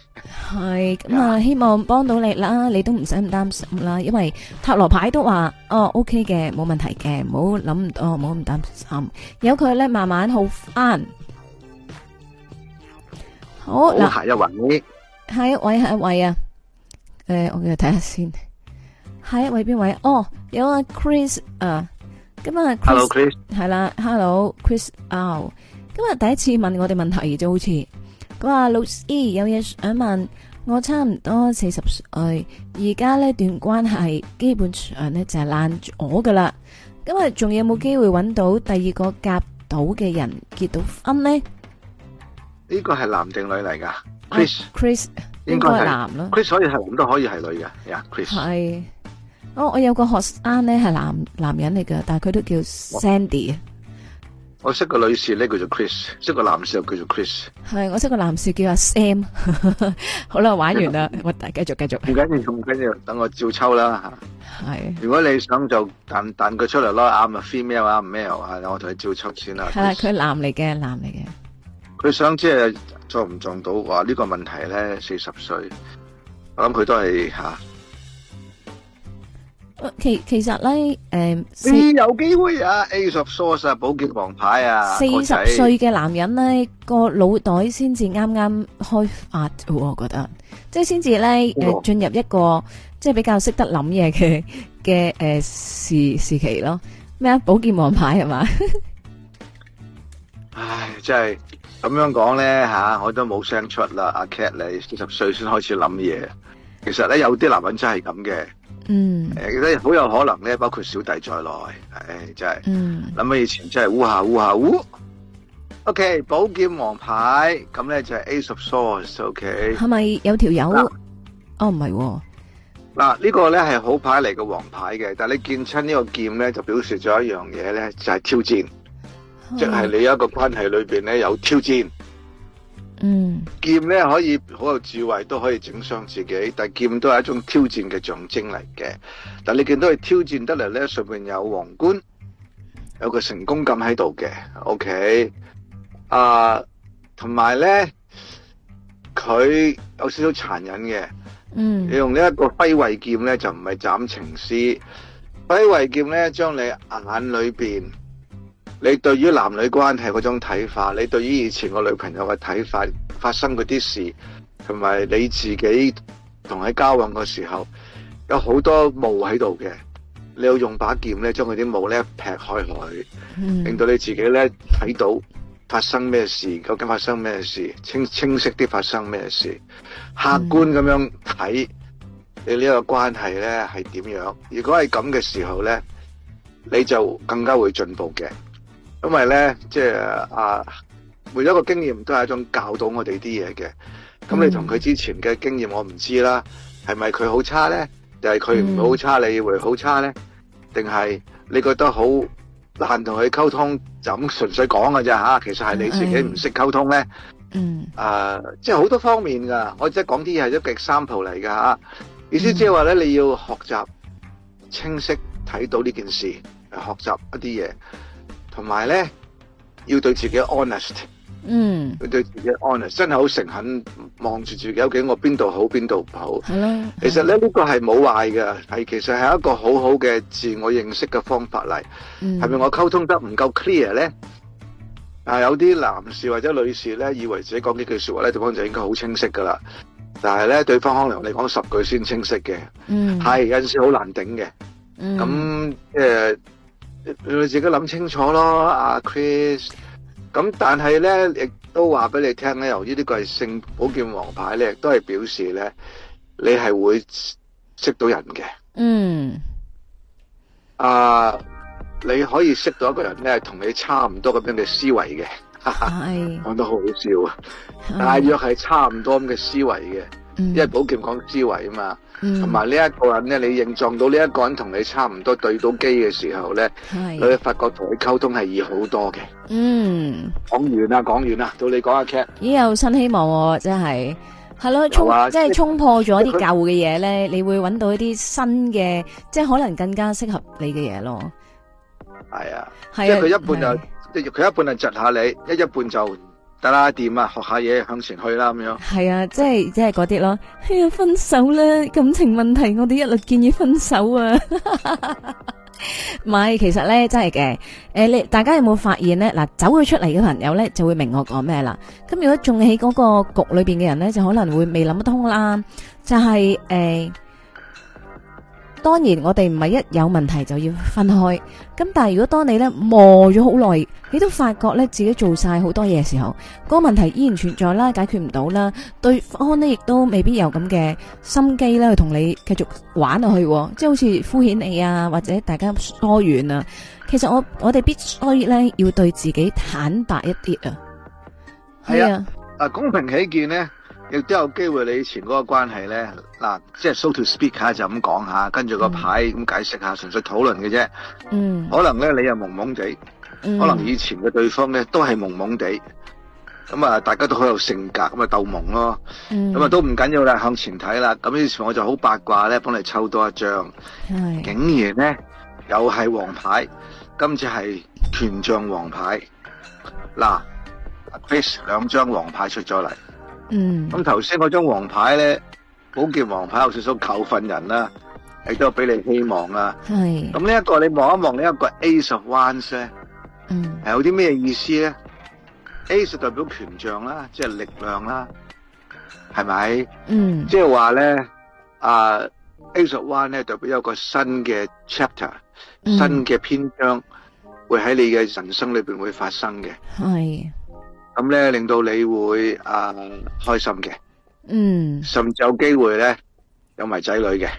係咁啊！希望幫到你啦，你都唔使咁擔心啦，因為塔羅牌都話哦，OK 嘅，冇問題嘅，唔好諗唔哦，唔好咁擔心，由佢咧，慢慢好翻。好嗱，下一位，下一位下一位啊？誒、呃，我嘅睇下先，下一位邊位？哦，有啊 Chris 啊，咁啊 Chris,，Hello Chris，係啦，Hello Chris，啊，今日第一次問我哋問題，就好似。佢話老師有嘢想問我差，差唔多四十歲，而家呢段關係基本上咧就係爛咗噶啦。咁啊，仲有冇機會揾到第二個夾到嘅人結到婚呢？呢個係男定女嚟噶？Chris，Chris、哎、應該係男，Chris 可以係咁都可以係女嘅，係啊，Chris。係、哦，我我有個學生咧係男男人嚟噶，但係佢都叫 Sandy。我識個女士咧，叫做 Chris；識個男士就叫做 Chris。係，我識個男士叫阿 Sam。 好啦，玩完啦，說喂大繼續繼續。唔緊要，唔緊要，等我照抽啦吓。係是。如果你想就彈彈佢出嚟咯，啱咪 female 啊 male 啊，我同佢照抽先啦。係啊，佢男嚟嘅，男嚟嘅。佢想即係撞唔撞到？話呢、這個問題咧，四十歲，我諗佢都係吓。啊其其實咧，誒有機會啊，Ace of Swords 寶劍王牌啊，四十歲嘅男人咧，個腦袋先至啱啱開發嘅，我覺得，即係先至咧，誒的，進入一個即係比較識得諗嘢嘅嘅誒時時期咯。咩啊？寶劍王牌係嘛？是嗎 唉，即係咁樣講咧吓，我都冇聲出啦。阿、啊、Cat 你四十歲先開始諗嘢，其實咧有啲男人真係咁嘅。嗯，誒，其實好有可能咧，包括小弟在內，誒，真、就、係、是，諗、嗯、起以前真係烏下烏下烏。OK，寶劍王牌，咁咧就係 Ace of Swords、okay。OK，係咪有條友？嘆哦，唔係、哦。嗱，呢、這個咧係好牌嚟嘅王牌嘅，但係你見親呢個劍咧，就表示咗一樣嘢咧，就係挑戰，即係、哦、你有一個關係裏邊咧有挑戰。劍咧、嗯、可以好有智慧，都可以整傷自己，但劍都係一種挑戰嘅象徵嚟嘅。但你見到佢挑戰得嚟咧，上面有皇冠，有個成功感喺度嘅。OK，啊、uh,，同埋咧，佢有少少殘忍嘅。嗯，你用劍呢一個揮慧劍咧，就唔係斬情絲，揮慧劍咧，將你眼裏邊。你對於男女關係嗰種睇法，你對於以前個女朋友嘅睇法，發生嗰啲事，同埋你自己同佢交往嘅時候，有好多霧喺度嘅，你要用把劍咧，將佢啲霧咧劈開佢，令到你自己咧睇到發生咩事，究竟發生咩事，清清晰啲發生咩事，客觀咁樣睇你呢個關係咧係點樣？如果係咁嘅時候咧，你就更加會進步嘅。因為咧，即係啊，啊，每一個經驗都係一種教導我哋啲嘢嘅。咁你同佢之前嘅經驗，我唔知啦，係咪佢好差咧？定係佢唔好差，你以為好差咧？定係你覺得好難同佢溝通，就咁純粹講嘅啫吓？其實係你自己唔識溝通咧。嗯。誒、啊，即係好多方面噶。我即係講啲嘢係一極三套嚟噶吓。意思即係話咧，你要學習清晰睇到呢件事，學習一啲嘢。同埋咧，要對自己 honest，嗯，要對自己 honest，真係好誠懇，望住自己究竟我邊度好，邊度唔好，係咯的的。其實咧呢個係冇壞嘅，係其實係一個好好嘅自我認識嘅方法嚟。係咪、嗯、我溝通得唔夠 clear 咧？啊，有啲男士或者女士咧，以為自己講幾句説話咧，對方就應該好清晰噶啦。但係咧，對方可能嚟講十句先清晰嘅，係、嗯、有陣時好難頂嘅。咁誒、嗯。你自己諗清楚咯，阿 Chris。咁但係咧，亦都話俾你聽咧，由於呢個係聖寶劍王牌咧，亦都係表示咧，你係會識到人嘅。嗯。啊，你可以識到一個人咧，同你差唔多咁樣嘅思維嘅。係 I。講得好好笑啊！大約係差唔多咁嘅思維嘅，mm. 因為寶劍講思維啊嘛。同埋呢一個人咧，你認撞到呢一個人同你差唔多對到機嘅時候咧，你發覺同佢溝通係易好多嘅。嗯，講完啦，講完啦，到你講下劇。咦，有新希望真係，係咯，即係衝破咗啲舊嘅嘢咧，你會揾到一啲新嘅，即係可能更加適合你嘅嘢咯。係啊，即係佢一半就，佢佢一半係窒下你，一一半就。得啦，掂啊，學下嘢，向前去啦，咁樣。係啊，即係即係嗰啲咯。哎呀，分手啦，感情問題，我哋一律建議分手啊。唔係，其實咧真係嘅。誒，你大家有冇發現咧？嗱，走咗出嚟嘅朋友咧，就會明我講咩啦。咁如果仲喺嗰個局裏邊嘅人咧，就可能會未諗得通啦。就係誒。當然，我哋唔係一有問題就要分開。咁但係如果當你咧磨咗好耐，你都發覺咧自己做晒好多嘢嘅時候，嗰個問題依然存在啦，解決唔到啦，對方呢亦都未必有咁嘅心機咧去同你繼續玩落去，即係好似敷衍你啊，或者大家疏遠啊。其實我我哋必須咧要，要對自己坦白一啲啊。係啊，啊公平起見呢。亦都有機會，你以前嗰個關係咧，嗱，即係 so to speak 嚇，就咁講下，跟住個牌咁解釋下，純粹討論嘅啫。嗯。可能咧，你又懵懵地，可能以前嘅對方咧都係懵懵地，咁啊，大家都好有性格，咁啊鬥懵咯。嗯。咁啊，都唔緊要啦，向前睇啦。咁於是乎我就好八卦咧，幫你抽多一張。係。竟然咧，又係王牌，今次係權杖王牌。嗱，Chris 兩張王牌出咗嚟。嗯，咁頭先嗰張王牌咧，保健王牌有少少扣分人啦、啊，亦都俾你希望啦、啊，係，咁呢、這個、一個你望一望呢一個 Ace of Wands 先，嗯，係有啲咩意思咧？Ace 代表權杖啦，即係力量啦，係咪？嗯，即係話咧，啊 Ace of Wands 咧代表有個新嘅 chapter，嗯、新嘅篇章會喺你嘅人生裏邊會發生嘅。係。咁咧令到你會啊開心嘅，嗯，甚至有機會咧有埋仔女嘅，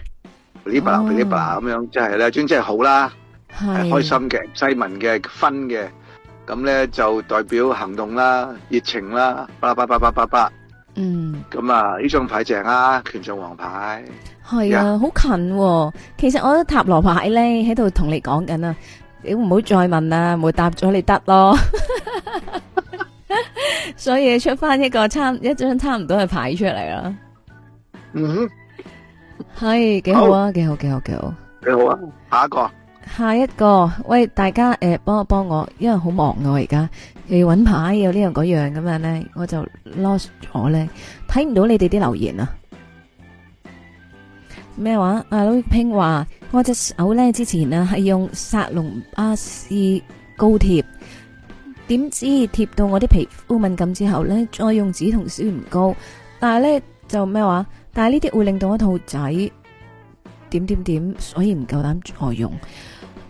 噼里啪啦噼里啪啦咁樣，即係咧專即係好啦，係開心嘅，細文嘅分嘅，咁咧就代表行動啦、熱情啦，啪啦啪啦啪啦啪啦，嗯，咁啊呢張牌正啊，權杖王牌，係啊，好近，其實我塔羅牌咧喺度同你講緊啊，你唔好再問啦，冇答咗你得咯。 所以出翻一個差不一張差唔多嘅牌出嚟啦。嗯、mm，係、hmm. 幾好啊，幾好，幾好，幾好，幾好啊！下一個，下一個，喂，大家誒，幫、呃、我幫我，因為好忙啊，我而家要揾牌，有、這、呢、個、樣嗰樣咁樣咧，我就 lost 咗咧，睇唔到你哋啲留言啊。咩話？阿佬平話我隻手咧之前啊係用薩隆巴斯膏貼。點知貼到我啲皮膚敏感之後咧，再用止痛消炎膏，但係咧就咩話？但係呢啲會令到個肚仔點點點，所以唔夠膽再用。誒、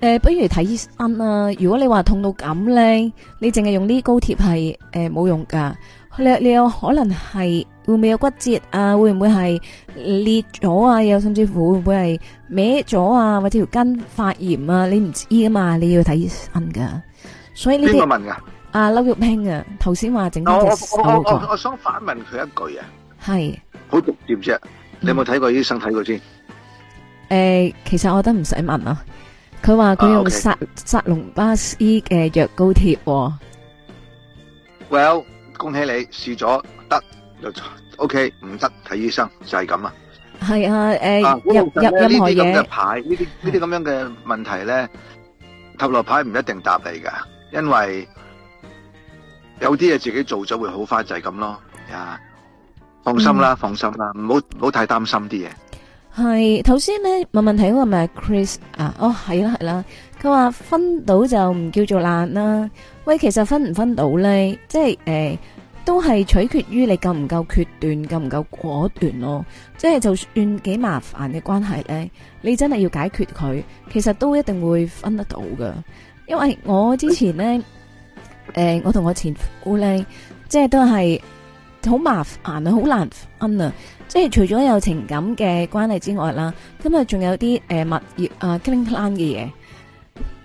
呃，不如睇醫生啊！如果你話痛到咁呢，你淨係用呢膏貼係誒冇用噶，你你有可能係會唔會有骨折啊？會唔會係裂咗啊？又甚至乎會唔會係歪咗啊？或者條筋發炎啊？你唔知噶嘛？你要睇醫生噶。所以呢個問噶？阿劉玉卿啊，頭先話整。我我我我我想反問佢一句啊。係。好直接啫，你有冇睇過醫生？睇過先。誒，其實我覺得唔使問啊。佢話佢用薩薩隆巴斯嘅藥膏貼。Well，恭喜你試咗，得。OK，唔得，睇醫生就係咁啊。係啊，誒，一一任何嘢。牌呢啲呢啲咁樣嘅問題咧，塔羅牌唔一定答你噶。因為有啲嘢自己做咗會好快，就係咁咯。啊，放心啦，放心啦，唔好唔好太擔心啲嘢。係頭先咧問問題嗰個咪 Chris 啊？哦，係啦係啦，佢話分到就唔叫做爛啦。喂，其實分唔分到咧，即係誒，都係取決於你夠唔夠決斷，夠唔夠果斷咯。即係就算幾麻煩嘅關係咧，你真係要解決佢，其實都一定會分得到噶。因為我之前咧，誒、欸，我同我前夫咧，即係都係好麻煩啊，好難分啊，即係除咗有情感嘅關係之外啦，今日仲有啲誒、呃、物業啊 plan 嘅嘢，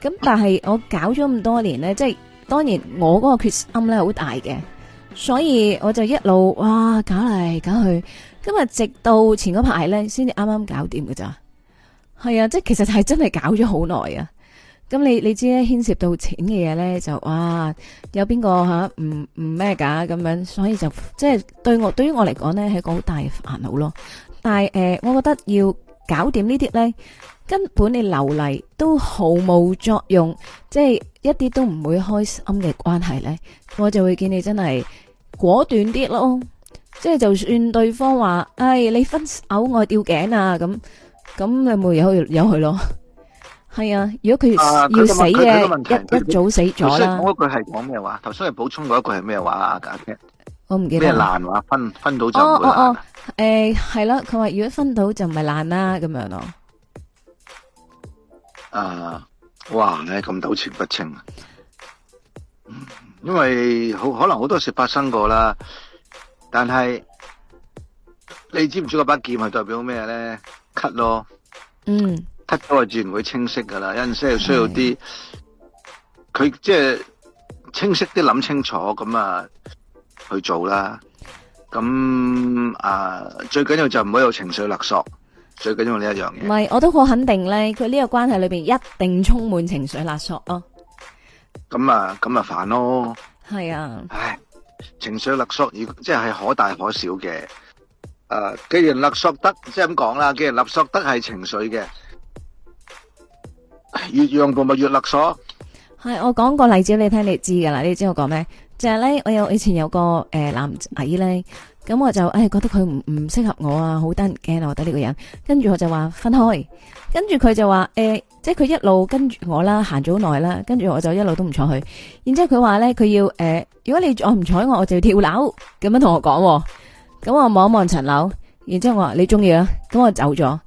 咁但係我搞咗咁多年咧，即係當然我嗰個決心咧好大嘅，所以我就一路哇搞嚟搞去，今日直到前嗰排咧先至啱啱搞掂㗎咋，係啊，即係其實係真係搞咗好耐啊。咁你你知咧，牽涉到錢嘅嘢咧，就哇有邊個吓唔唔咩㗎咁樣，所以就即係對我對於我嚟講咧，係個好大煩惱咯。但係、呃、我覺得要搞掂呢啲咧，根本你留嚟都毫無作用，即係一啲都唔會開心嘅關係咧，我就會見你真係果斷啲咯。即係就算對方話誒、哎、你分手，我吊頸啊咁，咁你冇有去有去咯？係啊，如果佢要死嘅，一早死咗啦。頭先嗰句係講咩話？頭先係補充嗰一句係咩話啊？假設我唔記得咩爛話，分分到就唔會爛。誒，係咯，佢話如果分到就唔係爛啦，咁樣咯。誒，哇，你咁糾纏不清啊！因為好可能好多事發生過啦，但係你知唔知嗰把劍係代表咩咧？咳咯，嗯。睇咗，自然會清晰噶啦。有陣時要需要啲，佢的即係清晰啲諗清楚咁啊，去做啦。咁啊，最緊要就唔好有情緒勒索，最緊要呢一樣嘢。唔係，我都好肯定咧，佢呢個關係裏邊一定充滿情緒勒索哦。咁啊，咁啊，煩咯。係啊的。唉，情緒勒索而即係可大可小嘅。誒、啊，既然勒索得即係咁講啦，既然勒索得係情緒嘅。越讓步咪越勒索。係，我講個例子，你聽你知噶啦，你知我講咩？就係、是、咧，我有以前有個誒、呃、男仔咧，咁、嗯、我就誒、哎、覺得佢唔唔適合我啊，好得人驚啊，我覺得呢個人，跟住我就話分開，跟住佢就話誒、呃，即係佢一路跟住我啦，行咗好耐啦，跟住我就一路都唔睬佢，然之後佢話咧，佢要誒、呃，如果你再唔睬我，我就要跳樓咁樣同我講，咁、嗯嗯嗯嗯、我望一望層樓，然之後我話你中意啊，咁、嗯、我走咗。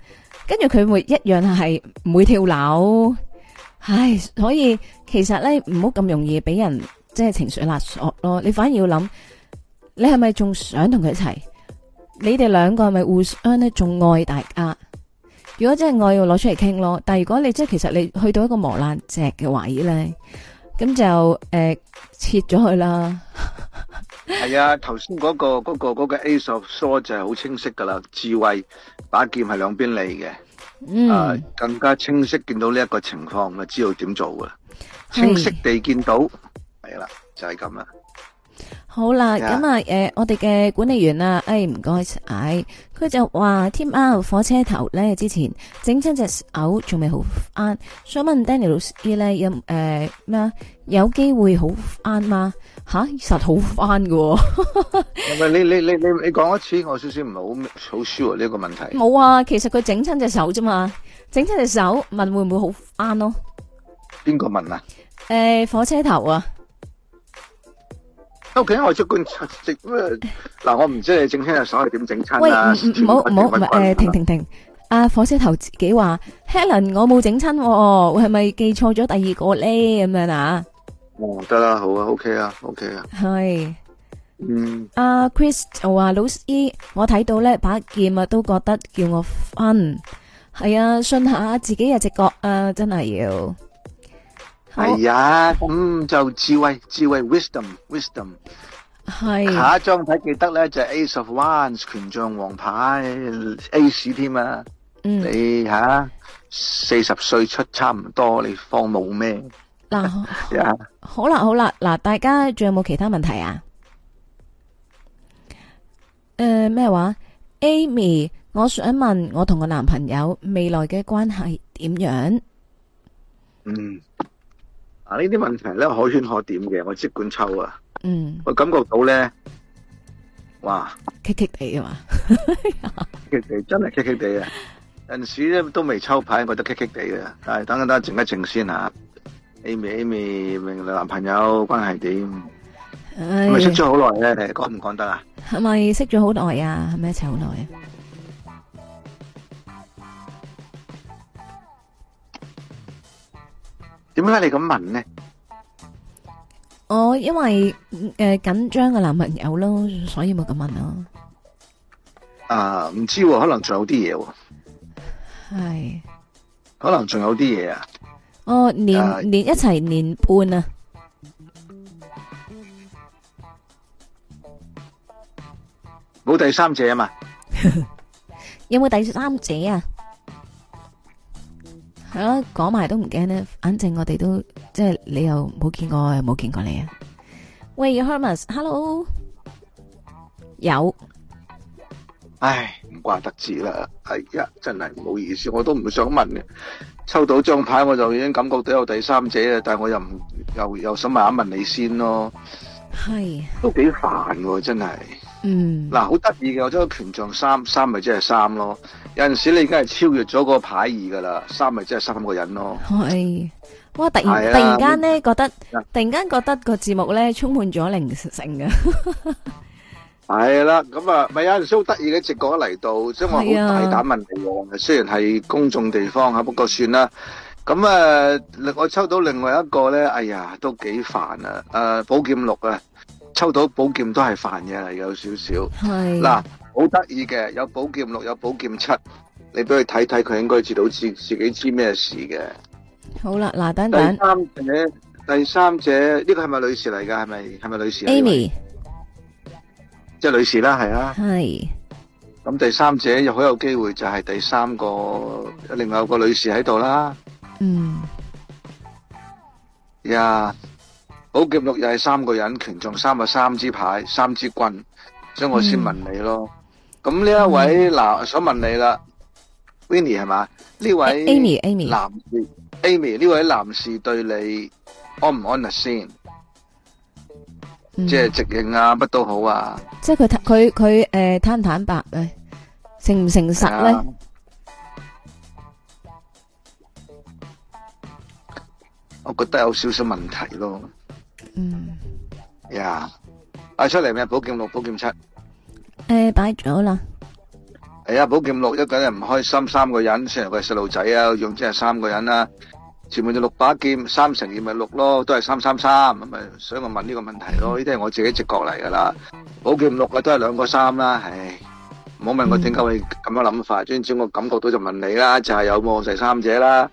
跟住佢會一樣係唔會跳樓，唉，所以其實呢唔好咁容易俾人即係情緒勒索咯。你反而要諗，你係咪仲想同佢一齊？你哋兩個係咪互相呢仲愛大家？如果真係愛，要攞出嚟傾咯。但係如果你即係其實你去到一個磨爛蓆嘅位呢。咁就誒，切咗佢啦。係啊，頭先嗰個、嗰個、嗰個 Ace of Sword 就係好清晰噶啦，智慧把劍係兩邊嚟嘅，啊，更加清晰見到呢一個情況，咁啊知道點做噶啦，清晰地見到，係啦，就係咁啦。好啦，咁啊，誒、啊呃，我哋嘅管理員啊，誒，唔該晒，哎，佢就話 TMR 火車頭咧，之前整親隻手仲未好啱，想問 Danny 老師咧，有誒咩有機會好啱嗎？吓，實好翻噶？唔 係你你你你你講一次，我少少唔係好好 sure 呢個問題。冇啊，其實佢整親隻手啫嘛，整親隻手問會唔會好啱咯？邊個問啊？誒、欸，火車頭啊！都幾好，我出官職咩？嗱，我唔知你正餐又想係點整餐喂，唔好，唔好唔好，誒、呃，停停停，阿火車頭自己話 ，Helen 我冇整親，係咪記錯咗第二個咧？咁樣啊？哦，得啦，好啊，OK 啊，OK 啊。係、OK 啊，是嗯。阿、uh, Chris 就話老師，我睇到咧把劍啊，都覺得叫我翻。」係啊，信下自己嘅直覺啊，真係要。係啊，咁好、哎嗯、就智慧智慧 wisdom wisdom。係。是下一張睇記得呢，就是、Ace of Wands 權杖王牌 Ace 添啊！嗯、你吓四十歲出差唔多，你放冇咩？嗱， 好啦好啦，嗱，大家仲有冇其他問題啊？誒、呃、咩話？Amy，我想問我同我男朋友未來嘅關係點樣？嗯。嗱呢啲問題咧可圈可點嘅，我即管抽啊！嗯，我感覺到咧，哇，棘棘地啊！棘 棘地真係棘棘地啊！陣時咧都未抽牌，我都棘棘地啊！係，等一等，靜一靜先啊。Amy，Amy，明你男朋友關係點？係咪識咗好耐咧？講唔講得啊？係咪識咗好耐啊？係咪一齊好耐？點解你咁問呢？我因為誒緊張嘅男朋友咯，所以冇咁問咯。啊，唔知可能仲有啲嘢。係，可能仲有啲嘢啊。哦，年年一齊年半啊！冇第三者啊嘛？有冇第三者啊？係咯，講埋都唔驚咧，反正我哋都即係你又冇見過，又冇見過你啊！喂，Hermes，Hello，有，唉，唔怪得知啦，哎呀，真係唔好意思，我都唔想問嘅，抽到張牌我就已經感覺到有第三者，但係我又唔又又想問一問你先咯，係，都幾煩嘅，真係。嗯，嗱、啊，好得意嘅，我抽到權杖三，三咪即係三咯。有陣時候你而家係超越咗個牌二噶啦，三咪即係三個人咯。係，哇！突然、啊、突然間咧，啊、覺得突然間覺得個字幕咧充滿咗靈性嘅。係啦，咁啊，唔係啊，好得意嘅直覺嚟到所以我好大膽問你嘅。啊、雖然係公眾地方吓，不過算啦。咁啊，我抽到另外一個咧，哎呀，都幾煩啊！誒，寶劍六啊。抽到寶劍都係煩嘅，嚟有少少。係嗱，好得意嘅，有寶劍六，有寶劍七，你俾佢睇睇，佢應該知道自自己知咩事嘅。好啦，嗱，等等。第三者，第三者，呢個係咪女士嚟噶？係咪係咪女士？Amy，即係女士啦，係啊。係。咁第三者又好有機會就係第三個，另外有個女士喺度啦。嗯。呀。寶劍六又係三個人，權杖三啊，三支牌，三支棍，所以我先問你咯。咁呢、嗯、一位嗱，嗯、想問你啦 Winnie 係嘛？呢、啊、位 Amy，Amy，男 Amy，呢士位男士對你安唔安先？嗯、即係直認啊，乜都好啊。即係佢佢佢誒，坦坦白咧、啊，誠唔誠實咧、啊？我覺得有少少問題咯。嗯呀，擺出嚟咩？寶劍六、寶劍七，誒，擺咗啦。係啊，寶劍六一個人唔開心，三個人，雖然佢係細路仔啊，總之係三個人啦。前面就六把劍，三乘二咪六咯，都係三三三咁咪。所以我問呢個問題咯，呢啲係我自己直覺嚟噶啦。寶劍六啊，都係兩個三啦，唉，唔好問我點解會咁樣諗法。總之我感覺到就問你啦，就係有冇第三者啦。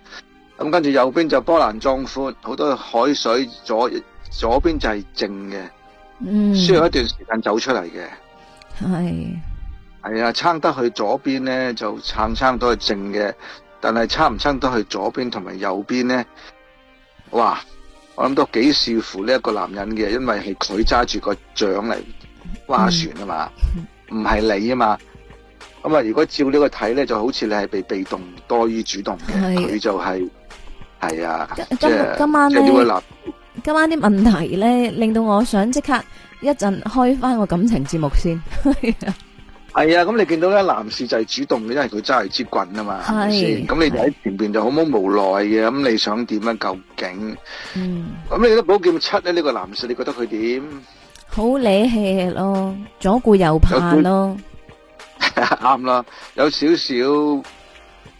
咁跟住右邊就波瀾壯闊，好多海水左。左邊就係正嘅，需要、嗯、一段時間走出嚟嘅。係係是啊，撐得去左邊咧就撐撐到去正嘅，但係撐唔撐得去左邊同埋右邊咧，哇！我諗都幾視乎呢一個男人嘅，因為係佢揸住個槳嚟划船啊嘛，唔係、嗯、你啊嘛。咁啊，如果照這個看呢個睇咧，就好似你係被被動多於主動嘅，佢是就係、是、係啊，即係。今晚啲問題咧，令到我想即刻一陣開翻個感情節目先。係啊，係啊，咁你見到咧，男士就係主動嘅，因為佢揸住支棍啊嘛。係。咁你哋喺前邊就好冇無奈嘅，咁你想點呀？究竟？嗯。咁你都寶劍七咧，呢個男士你覺得佢點？好戾氣咯，左顧右盼咯。啱啦，有少少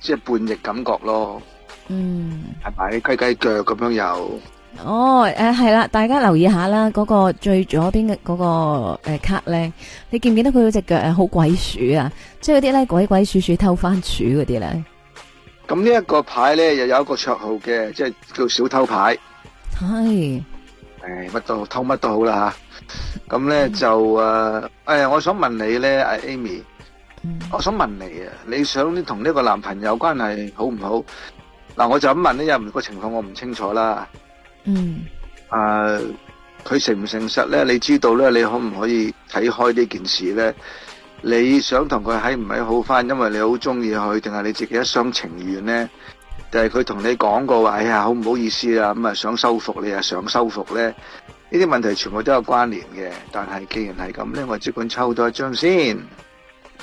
即係叛逆感覺咯。嗯。係咪？雞雞腳咁樣又？哦，誒係啦，大家留意下啦，嗰個最左邊嘅嗰個誒卡咧，你見唔見到佢嗰隻腳誒好鬼鼠啊？即係嗰啲咧鬼鬼鼠鼠偷番薯嗰啲咧。咁呢一個牌咧，又有一個綽號嘅，即係叫小偷牌。係，誒乜都偷乜都好啦吓。咁咧就誒，誒我想問你咧，阿 Amy，我想問你啊，你想同呢個男朋友關係好唔好？嗱，我就咁問咧，有冇個情況我唔清楚啦。嗯，誒，佢誠唔誠實呢？你知道呢，你可唔可以睇開呢件事呢？你想同佢喺唔喺好翻？因為你好中意佢，定係你自己一廂情願呢？定係佢同你講過話？哎呀，好唔好意思啦，咁啊想修復你啊想修復呢。呢啲問題全部都有關聯嘅。但係既然係咁呢，我即管抽多一張先。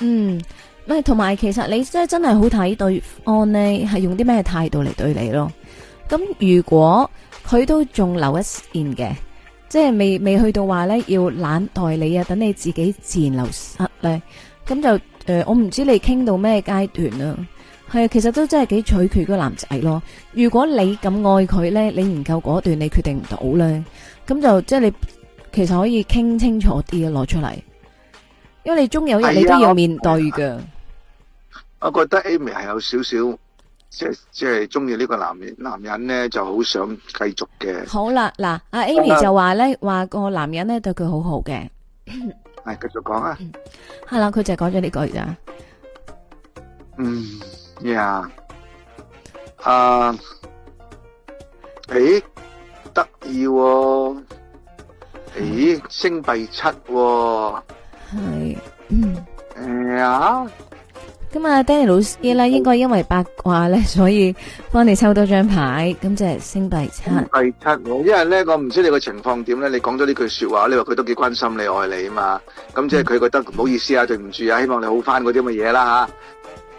嗯，咪同埋其實你即係真係好睇對案你係用啲咩態度嚟對你咯？咁如果，佢都仲留一線嘅，即係未未去到話呢，要懶待你啊，等你自己自然流失呢。咁就誒、呃，我唔知你傾到咩階段啊。係啊，其實都真係幾取決個男仔咯。如果你咁愛佢呢，你研究嗰段，你決定唔到呢。咁就即係你其實可以傾清楚啲攞出嚟，因為你終有一日的你都要面對嘅。我覺得 Amy 係有少少。即係即係中意呢個男人，男人咧，就好想繼續嘅。好啦，嗱，阿 Amy 就話咧，話個男人咧，對佢好好嘅。係繼續講啊。係啦，佢就講咗呢句咋。嗯呀，啊，誒，得意喎，誒，星幣七喎。係。嗯呀。咁啊，Danny 老師咧，應該因為八卦咧，所以幫你抽多張牌。咁即係星幣七，星幣七。因為咧，我唔知你個情況點咧。你講咗呢句說話，你話佢都幾關心你、愛你啊嘛。咁即係佢覺得唔、嗯、好意思啊，對唔住啊，希望你好翻嗰啲咁嘅嘢啦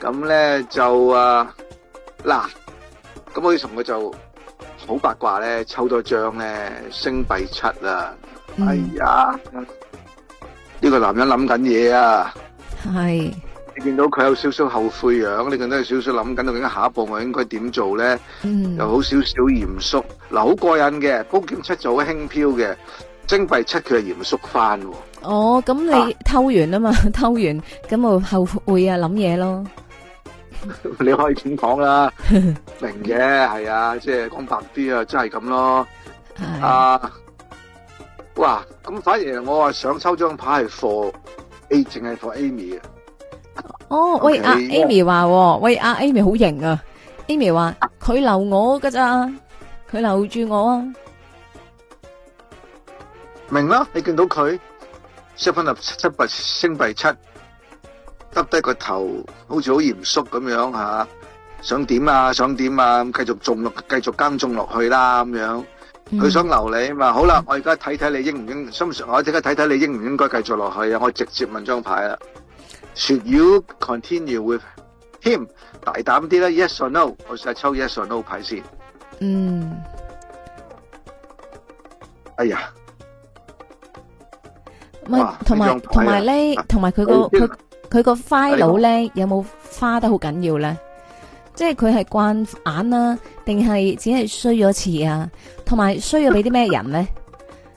吓。咁咧就啊，嗱，咁我從佢就好八卦咧，抽多張咧，星幣七啦。嗯、哎呀，呢、這個男人諗緊嘢啊。係。.你見到佢有少少後悔樣，你見到有少少諗緊究竟下一步我應該點做咧？又好少少嚴肅，嗱，好過癮嘅。寶劍七就好輕飄嘅，錢幣七佢係嚴肅翻。哦，咁你偷完啊嘛，偷完咁我後悔啊諗嘢咯。你可以咁講啦，明嘅係啊，即係講白啲啊，真係咁咯。啊，哇，咁反而我話想抽張牌係 for A，淨係 for Amy 嘅。哦，喂阿 Amy 話，喂阿 Amy 好型啊！Amy 話佢留我噶咋，佢留住我啊！明啦，你見到佢 set 翻入七七八星幣七，耷低個頭，好似好嚴肅咁樣吓，想點啊？想點啊？繼續種落，繼續耕種落去啦咁樣。佢想留你嘛？好啦，我而家睇睇你應唔應，我即刻睇睇你應唔應該繼續落去啊！我直接問張牌啊。Should you continue with him？大膽啲啦 yes or no？我試下抽 yes or no 牌先。嗯。哎呀。唔係，同埋同埋咧，同埋佢個佢佢、啊、個花佬咧，啊、有冇花得好緊要咧？即係佢係慣眼啦，定係只係衰咗一次啊？同埋衰咗俾啲咩人咧？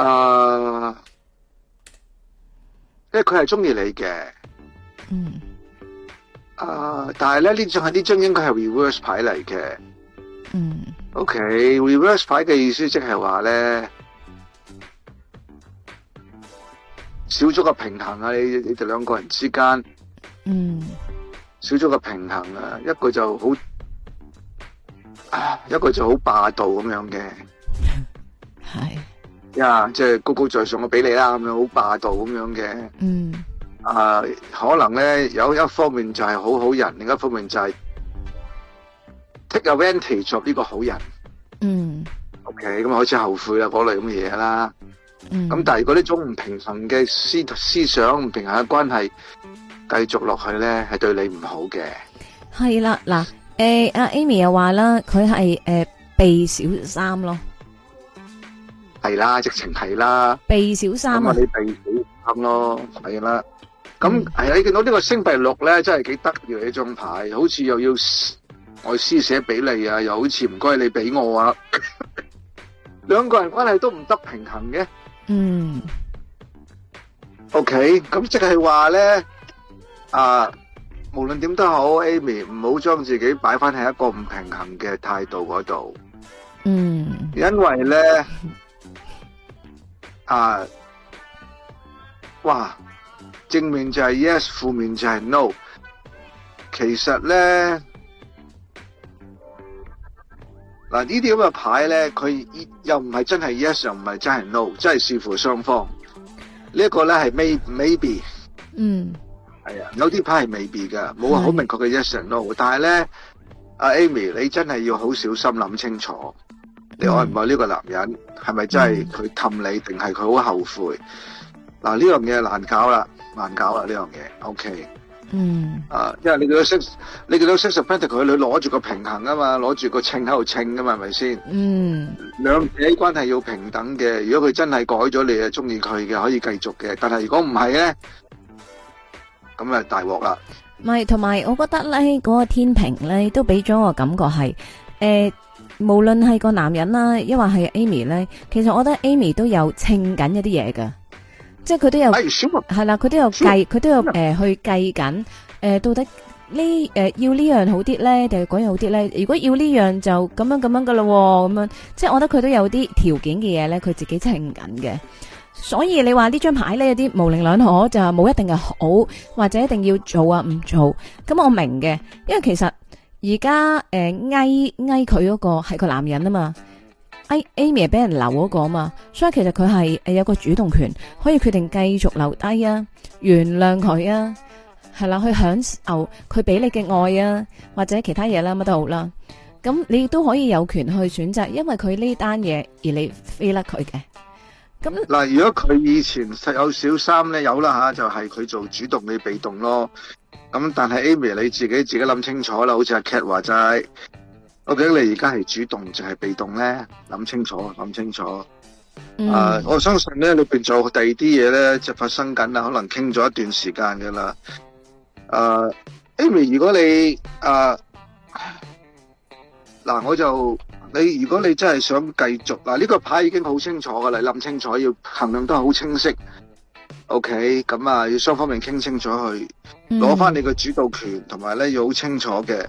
啊，uh, 因為佢係中意你嘅。嗯、mm. uh,。啊，但係咧，呢張係呢張應該係 re、mm. okay, reverse 牌嚟嘅。嗯。OK，reverse 牌嘅意思即係話咧，少咗個平衡啊！你你哋兩個人之間。嗯。Mm. 少咗個平衡啊！一個就好，啊，一個就好霸道咁樣嘅。係。 呀，即係、yeah, 高高在上，我俾你啦，咁樣好霸道咁樣嘅。嗯。啊，uh, 可能咧有一方面就係好好人，另一方面就係 take advantage of 呢個好人。嗯。OK，咁開始後悔啦，嗰類咁嘅嘢啦。嗯。咁但係如果呢種唔平衡嘅思思想、唔平衡嘅關係繼續落去咧，係對你唔好嘅。係啦，嗱，誒，阿、啊、Amy 又話啦，佢係誒被小三咯。係啦，直情係啦，避小三啊！咁啊，你避小三咯，係啦。咁係啊，你見到呢個星幣六咧，真係幾得意啊！呢張牌好似又要我施捨俾你啊，又好似唔該你俾我啊，兩個人關係都唔得平衡嘅。嗯。O K，咁即係話咧，啊，無論點都好，Amy 唔好將自己擺翻喺一個唔平衡嘅態度嗰度。嗯。因為咧。啊！Uh, 哇！正面就係 yes，負面就係 no。其實咧，嗱、啊、呢啲咁嘅牌咧，佢又唔係真係 yes，又唔係真係 no，真係視乎雙方。這個、呢一個咧係 may maybe。嗯。係啊，有啲牌係 maybe 嘅，冇話好明確嘅 yes 同 no。但係咧，阿 Amy，你真係要好小心諗清楚。你愛唔愛呢個男人？係咪真係佢氹你，定係佢好後悔？嗱，呢樣嘢難搞啦，難搞啦，呢樣嘢。OK，嗯，啊，因為你嘅 Six，你嘅 Six of Pentacles 佢你攞住個平衡啊嘛，攞住個秤喺度秤啊嘛，係咪先？嗯，兩者關係要平等嘅。如果佢真係改咗你係，中意佢嘅可以繼續嘅。但係如果唔係咧，咁啊大鑊啦。唔係，同埋我覺得咧，嗰個天平咧都俾咗我感覺係誒。無論係個男人啦，抑或係 Amy 咧，其實我覺得 Amy 都有稱緊一啲嘢㗎。即係佢都有係、哎、啦，佢都有計，佢子都有誒、呃、去計緊誒到底、呃、呢誒要呢樣好啲咧，定係嗰樣好啲咧？如果要呢樣就咁樣咁樣噶咯，咁樣即係我覺得佢都有啲條件嘅嘢咧，佢自己稱緊嘅。所以你話呢張牌呢，有啲模稜兩可，就冇一定係好，或者一定要做啊唔做。咁我明嘅，因為其實。而家誒，埃埃佢嗰個係個男人嘛啊嘛，m 埃 Amy 俾人留嗰個啊嘛，所以其實佢係誒有個主動權，可以決定繼續留低啊，原諒佢啊，係啦，去享受佢俾你嘅愛啊，或者其他嘢啦，乜都好啦。咁你都可以有權去選擇，因為佢呢單嘢而你飛甩佢嘅。咁嗱，如果佢以前實有小三咧，有啦吓、啊，就係、是、佢做主動，你被動咯。咁、嗯、但係 Amy 你自己自己諗清楚啦，好似阿 Cat 話齋，究竟你而家係主動定係被動咧？諗清楚，諗清楚。啊、嗯，uh, 我相信咧，裏邊做第二啲嘢咧，就發生緊啦。可能傾咗一段時間噶啦。啊、uh,，Amy，如果你啊嗱、uh,，我就你，如果你真係想繼續嗱，呢、呢個牌已經好清楚噶啦，你諗清楚，要衡量得好清晰。O K，咁啊，要雙方面傾清楚去，攞翻你個主導權，同埋咧要好清楚嘅，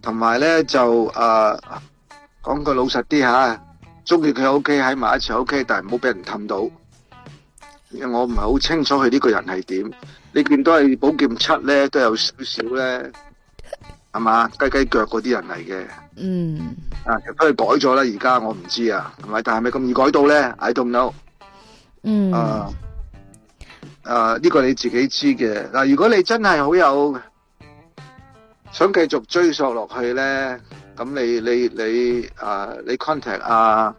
同埋咧就誒講、呃、句老實啲吓，中意佢 O K，喺埋一齊 O K，但係唔好俾人氹到。因為我唔係好清楚佢呢個人係點，你見都係寶劍七咧，都有少少咧，係嘛雞雞腳嗰啲人嚟嘅。嗯。啊，全改咗啦，而家我唔知啊，係咪？但係咪咁易改到咧？I don't know。嗯。啊。啊！呢、這個你自己知嘅嗱、啊，如果你真係好有想繼續追溯落去咧，咁你你你啊，你 contact 阿、啊、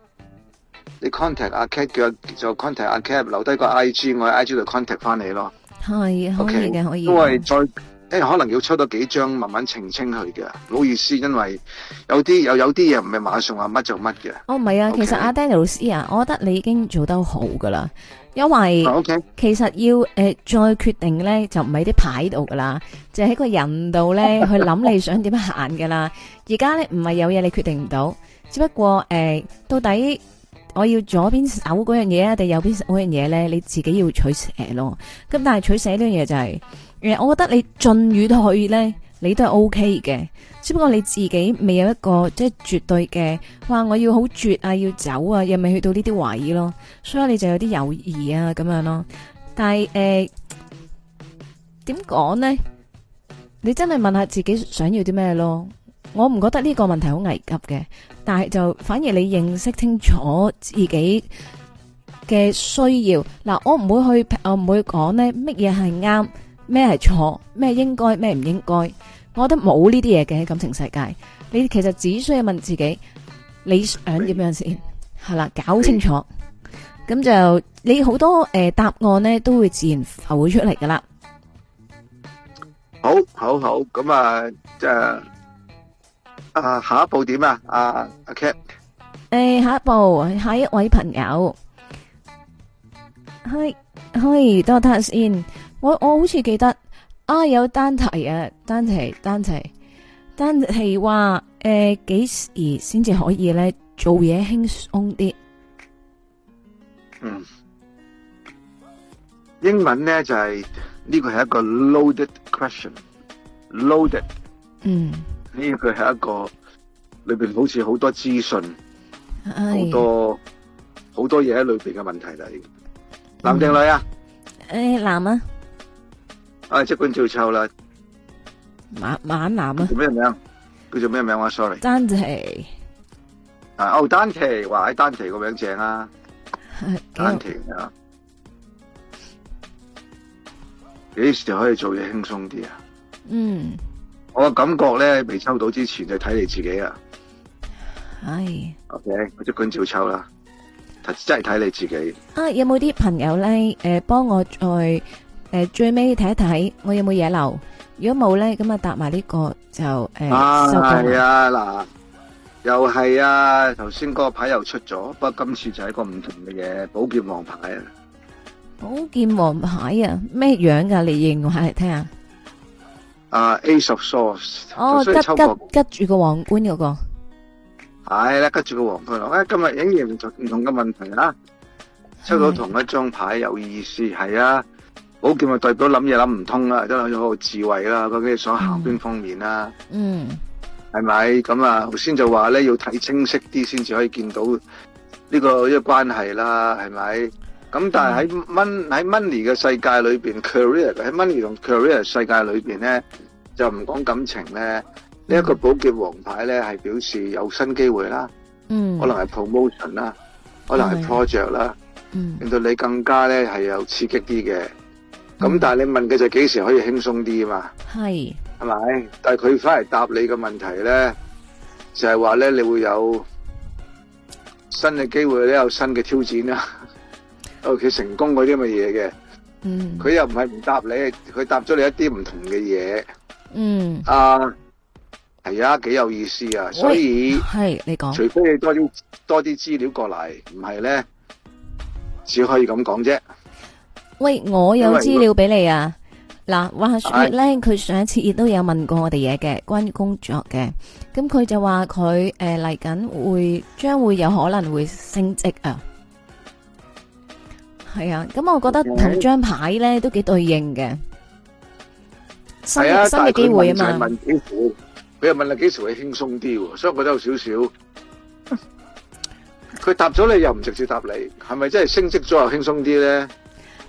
你 contact 阿、啊、k a t 叫就 contact 阿、啊、k a t 留低個 I G，我喺 I G 度 contact 翻你咯。可以, okay, 可以，可以嘅，可以。因為再誒、哎，可能要抽多幾張慢慢澄清佢嘅，唔好意思，因為有啲又有啲嘢唔係馬上話乜就乜嘅。哦，唔係啊，Okay? 其實阿 Danny 老師啊，我覺得你已經做得好噶啦。因為其實要誒、呃、再決定咧，就唔喺啲牌度噶啦，就喺個人度咧去諗你想點行噶啦。而家咧唔係有嘢你決定唔到，只不過誒、呃、到底我要左邊手嗰樣嘢啊定右邊手嗰樣嘢咧，你自己要取捨咯。咁但係取捨呢樣嘢就係、是、誒，我覺得你進與退咧。你都係 O K 嘅，只不過你自己未有一個即係絕對嘅，話我要好絕啊，要走啊，又未去到呢啲位咯，所以你就有啲猶豫啊咁樣咯。但係誒，點、呃、講呢？你真係問下自己想要啲咩咯？我唔覺得呢個問題好危急嘅，但係就反而你認識清楚自己嘅需要。嗱，我唔會去，我唔會講呢乜嘢係啱。咩係錯？咩應該？咩唔應該？我覺得冇呢啲嘢嘅喺感情世界。你其實只需要問自己，你想點樣先？係啦， 搞清楚。咁就你好多誒、呃、答案咧，都會自然浮出嚟噶啦。好，好，好，咁啊，即係啊，下一步點啊？阿阿 Cap 誒，下一步，下一位朋友，Hi，Hi，多 touch in 我我好似記得啊，有單題啊，單題單題單題話誒，幾時先至可以咧做嘢輕鬆啲？嗯，英文咧就係呢個係一個 loaded question，loaded。嗯，呢個係一個裏邊好似好多資訊，好是多好多嘢喺裏邊嘅問題嚟。男定女啊？誒，男啊。啊！即管照抽啦。晚晚男啊？叫咩名？叫做咩名話啊？sorry。丹奇啊，牛丹奇話喺丹奇個名正啊。丹奇啊，幾時就可以做嘢輕鬆啲啊？嗯，我嘅感覺咧未抽到之前就睇你自己啊。唉。O K，我即管照抽啦。真係睇你自己。啊，有冇啲朋友咧？誒、呃，幫我再。誒，最尾睇一睇，我有冇嘢漏？如果冇咧，咁啊搭埋呢個就誒、係、呃、係啊，嗱，又係啊，頭先嗰個牌又出咗，不過今次就係個唔同嘅嘢，寶劍王、王牌啊！寶劍王牌啊，咩樣噶？你形容下嚟聽下。啊，Ace of Swords，哦，吉住個皇冠嗰個。係啦，吉住個皇冠。我、哎哎、今日影完唔同唔同嘅問題啦，出到同一張牌的有意思，係啊。保劍咪代表諗嘢諗唔通啦，都諗咗好智慧啦，究竟你想行邊方面啦？嗯、mm.，係咪咁啊？頭先就話咧要睇清晰啲先至可以見到呢、這個、這個關係啦，係咪？咁但係喺蚊喺 money 嘅世界裏邊，career 喺 money 同 career 世界裏邊咧，就唔講感情咧，呢一、mm. 個保劍王牌咧係表示有新機會啦，嗯，mm. 可能係 promotion 啦，可能係 project 啦，嗯，mm. mm. 令到你更加咧係有刺激啲嘅。咁、嗯、但係你問嘅就幾時可以輕鬆啲嘛？係係咪？但係佢翻嚟答你嘅問題咧，就係話咧你會有新嘅機會咧，有新嘅挑戰啦、啊。哦，佢成功嗰啲咁嘅嘢嘅，嗯，佢又唔係唔答你，佢答咗你一啲唔同嘅嘢，嗯，啊，係啊，幾有意思啊，喂所以係你講，除非你多啲多啲資料過嚟，唔係咧，只可以咁講啫。喂，我有資料俾你啊！嗱，話說咧，佢上一次亦都有問過我哋嘢嘅，關於工作嘅。咁佢就話佢誒嚟緊會，將會有可能會升職啊。係啊，咁我覺得同張牌咧都幾對應嘅。係啊，新嘅機會吖嘛，佢又問你，幾時會輕鬆啲？所以我都有少少。佢答咗你又唔直接答你，係咪真係升職咗又輕鬆啲咧？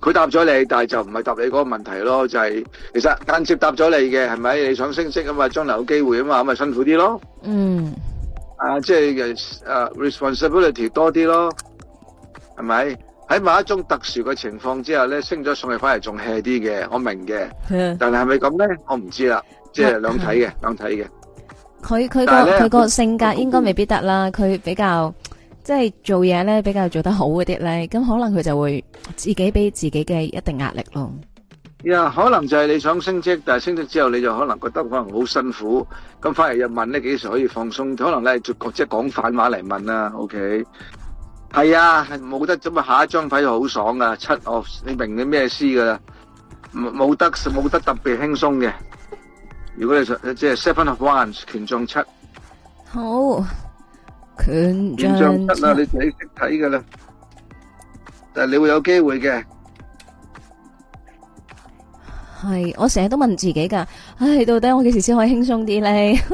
佢答咗你，但係就唔係答你嗰個問題咯，就係其實間接答咗你嘅，係咪你想升職咁啊，將來有機會啊嘛，咁咪辛苦啲咯。嗯。啊，即係誒 responsibility 多啲咯，係咪？喺某一種特殊嘅情況之下咧，升咗上去反而仲 hea 啲嘅，我明嘅。嗯。但係係咪咁咧？我唔知啦。即係兩睇嘅，兩睇嘅。佢佢個佢個性格應該未必得啦，佢比較。即係做嘢咧，比較做得好嗰啲咧，咁可能佢就會自己俾自己嘅一定壓力咯。呀，yeah, 可能就係你想升職，但係升職之後你就可能覺得可能好辛苦。咁反而又問咧，幾時可以放鬆？可能咧，即係講反話嚟問啦。O K，係啊，冇得咁啊，下一張牌就好爽啊。七哦，你明你咩意思噶啦？冇得冇得特別輕鬆嘅。如果你想即係 Seven of Wands 權杖七。好。權杖七啦，你自己識睇噶啦，但係你會有機會嘅。係，我成日都問自己噶，唉，到底我幾時先可以輕鬆啲咧？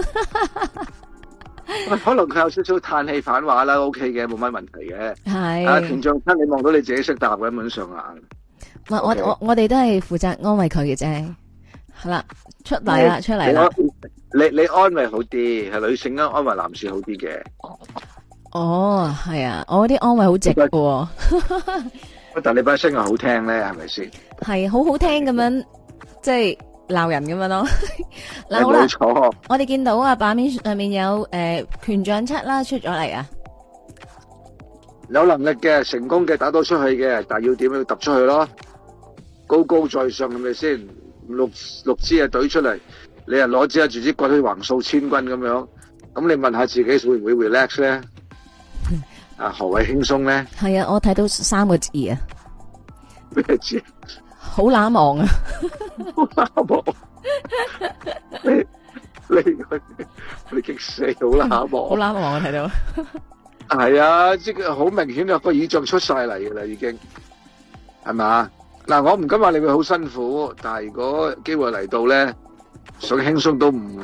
可能佢有少少嘆氣反話啦，OK 嘅，冇乜問題嘅。係是，啊權杖七，你望到你自己識答嘅本上眼。唔係我 OK 我我哋都係負責安慰佢嘅啫。係啦，出嚟啦，出嚟啦！你你安慰好啲，係女性啊，安慰男士好啲嘅。哦，係啊，我啲安慰好值嘅。但你把聲又好聽咧，係咪先？係好好聽咁樣，即係鬧人咁樣咯。嗱，好啦，我哋見到啊版面上面有誒權杖七啦出咗嚟啊！有能力嘅，成功嘅，打到出去嘅，但要點樣揼出去咯？高高在上係咪先？六六支啊，懟出嚟，你又攞支啊，住支割去橫掃千軍咁樣，咁你問下自己會唔會 relax 咧？啊，何謂輕鬆咧？係啊，我睇到三個字啊，咩字？好冷漠啊！好冷漠！你你佢你激死好冷漠！好冷漠，我睇到。係啊，即係好明顯啊，個耳像出晒嚟噶啦，已經係咪？嗱，我唔敢話你會好辛苦，但係如果機會嚟到咧，想輕鬆都唔，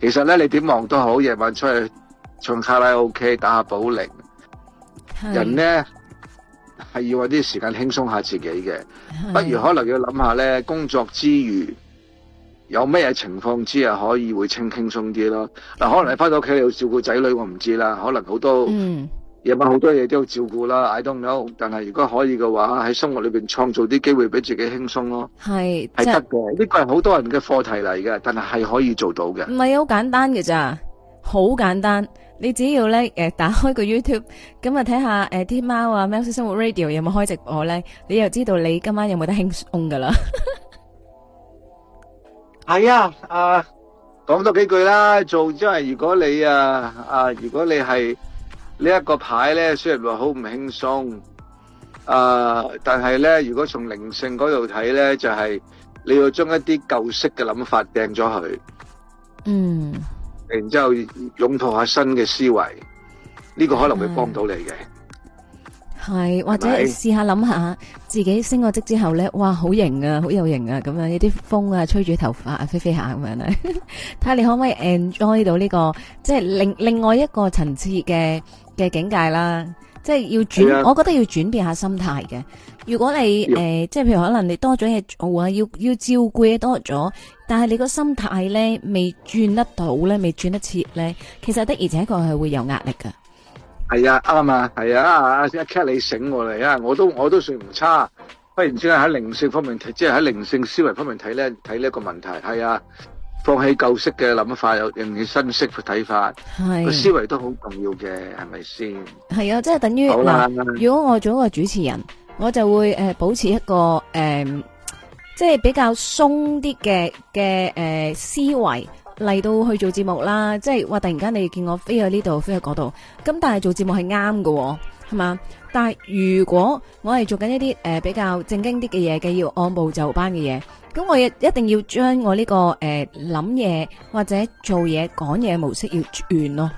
其實咧你點忙都好，夜晚出去唱卡拉 OK 打下保齡，是人咧係要有啲時間輕鬆下自己嘅，是不如可能要諗下咧工作之餘有咩情況之下可以會輕輕鬆啲咯。嗱，可能你翻到屋企你要照顧仔女，我唔知啦，可能好多。嗯夜晚好多嘢都要照顧啦，I don't know。但係如果可以嘅話，喺生活裏邊創造啲機會俾自己輕鬆咯。係，係得嘅。呢個係好多人嘅課題嚟嘅，但係係可以做到嘅。唔係好簡單嘅咋，好簡單。你只要咧誒打開個 YouTube，咁啊睇下誒天喵啊，喵式生活 Radio 有冇開直播咧？你又知道你今晚有冇得輕鬆㗎喇。係啊，啊講多幾句啦。做即係如果你啊啊如果你係。呢一個牌咧，雖然話好唔輕鬆，啊！但係咧，如果從靈性嗰度睇咧，就係你要將一啲舊式嘅諗法掟咗佢，嗯，然之後擁抱下新嘅思維，呢個可能會幫到你嘅。係，或者試下諗下自己升咗職之後咧，哇！好型啊，好有型啊，咁樣有啲風啊，吹住頭髮飛飛下咁樣咧，睇下你可唔可以 enjoy 到呢個，即係另另外一個層次嘅嘅境界啦，即係要轉，的我覺得要轉變下心態嘅。如果你誒的、呃，即係譬如可能你多咗嘢做啊，要要照顧嘢多咗，但係你個心態咧未轉得到咧，未轉得切咧，其實的而且確係會有壓力噶。係啊，啱啊，係啊，啊 Cat 你醒我嚟啊，我都我都算唔差，不如專喺喺靈性方面睇，即係喺靈性思維方面睇咧，睇呢一個問題，係啊。放棄舊式嘅諗法，又有認取新式嘅睇法，個是思維都好重要嘅，係咪先？係啊，即係等於好吧，如果我做一個主持人，我就會、呃、保持一個、呃、即係比較鬆啲嘅嘅、呃、思維嚟到去做節目啦。即係話突然間你見我飛去呢度，飛去嗰度，咁但係做節目係啱喎，係嘛？但係如果我係做緊一啲、呃、比較正經啲嘅嘢，既要按部就班嘅嘢。咁我亦一定要將我呢個誒諗嘢或者做嘢講嘢模式要轉咯，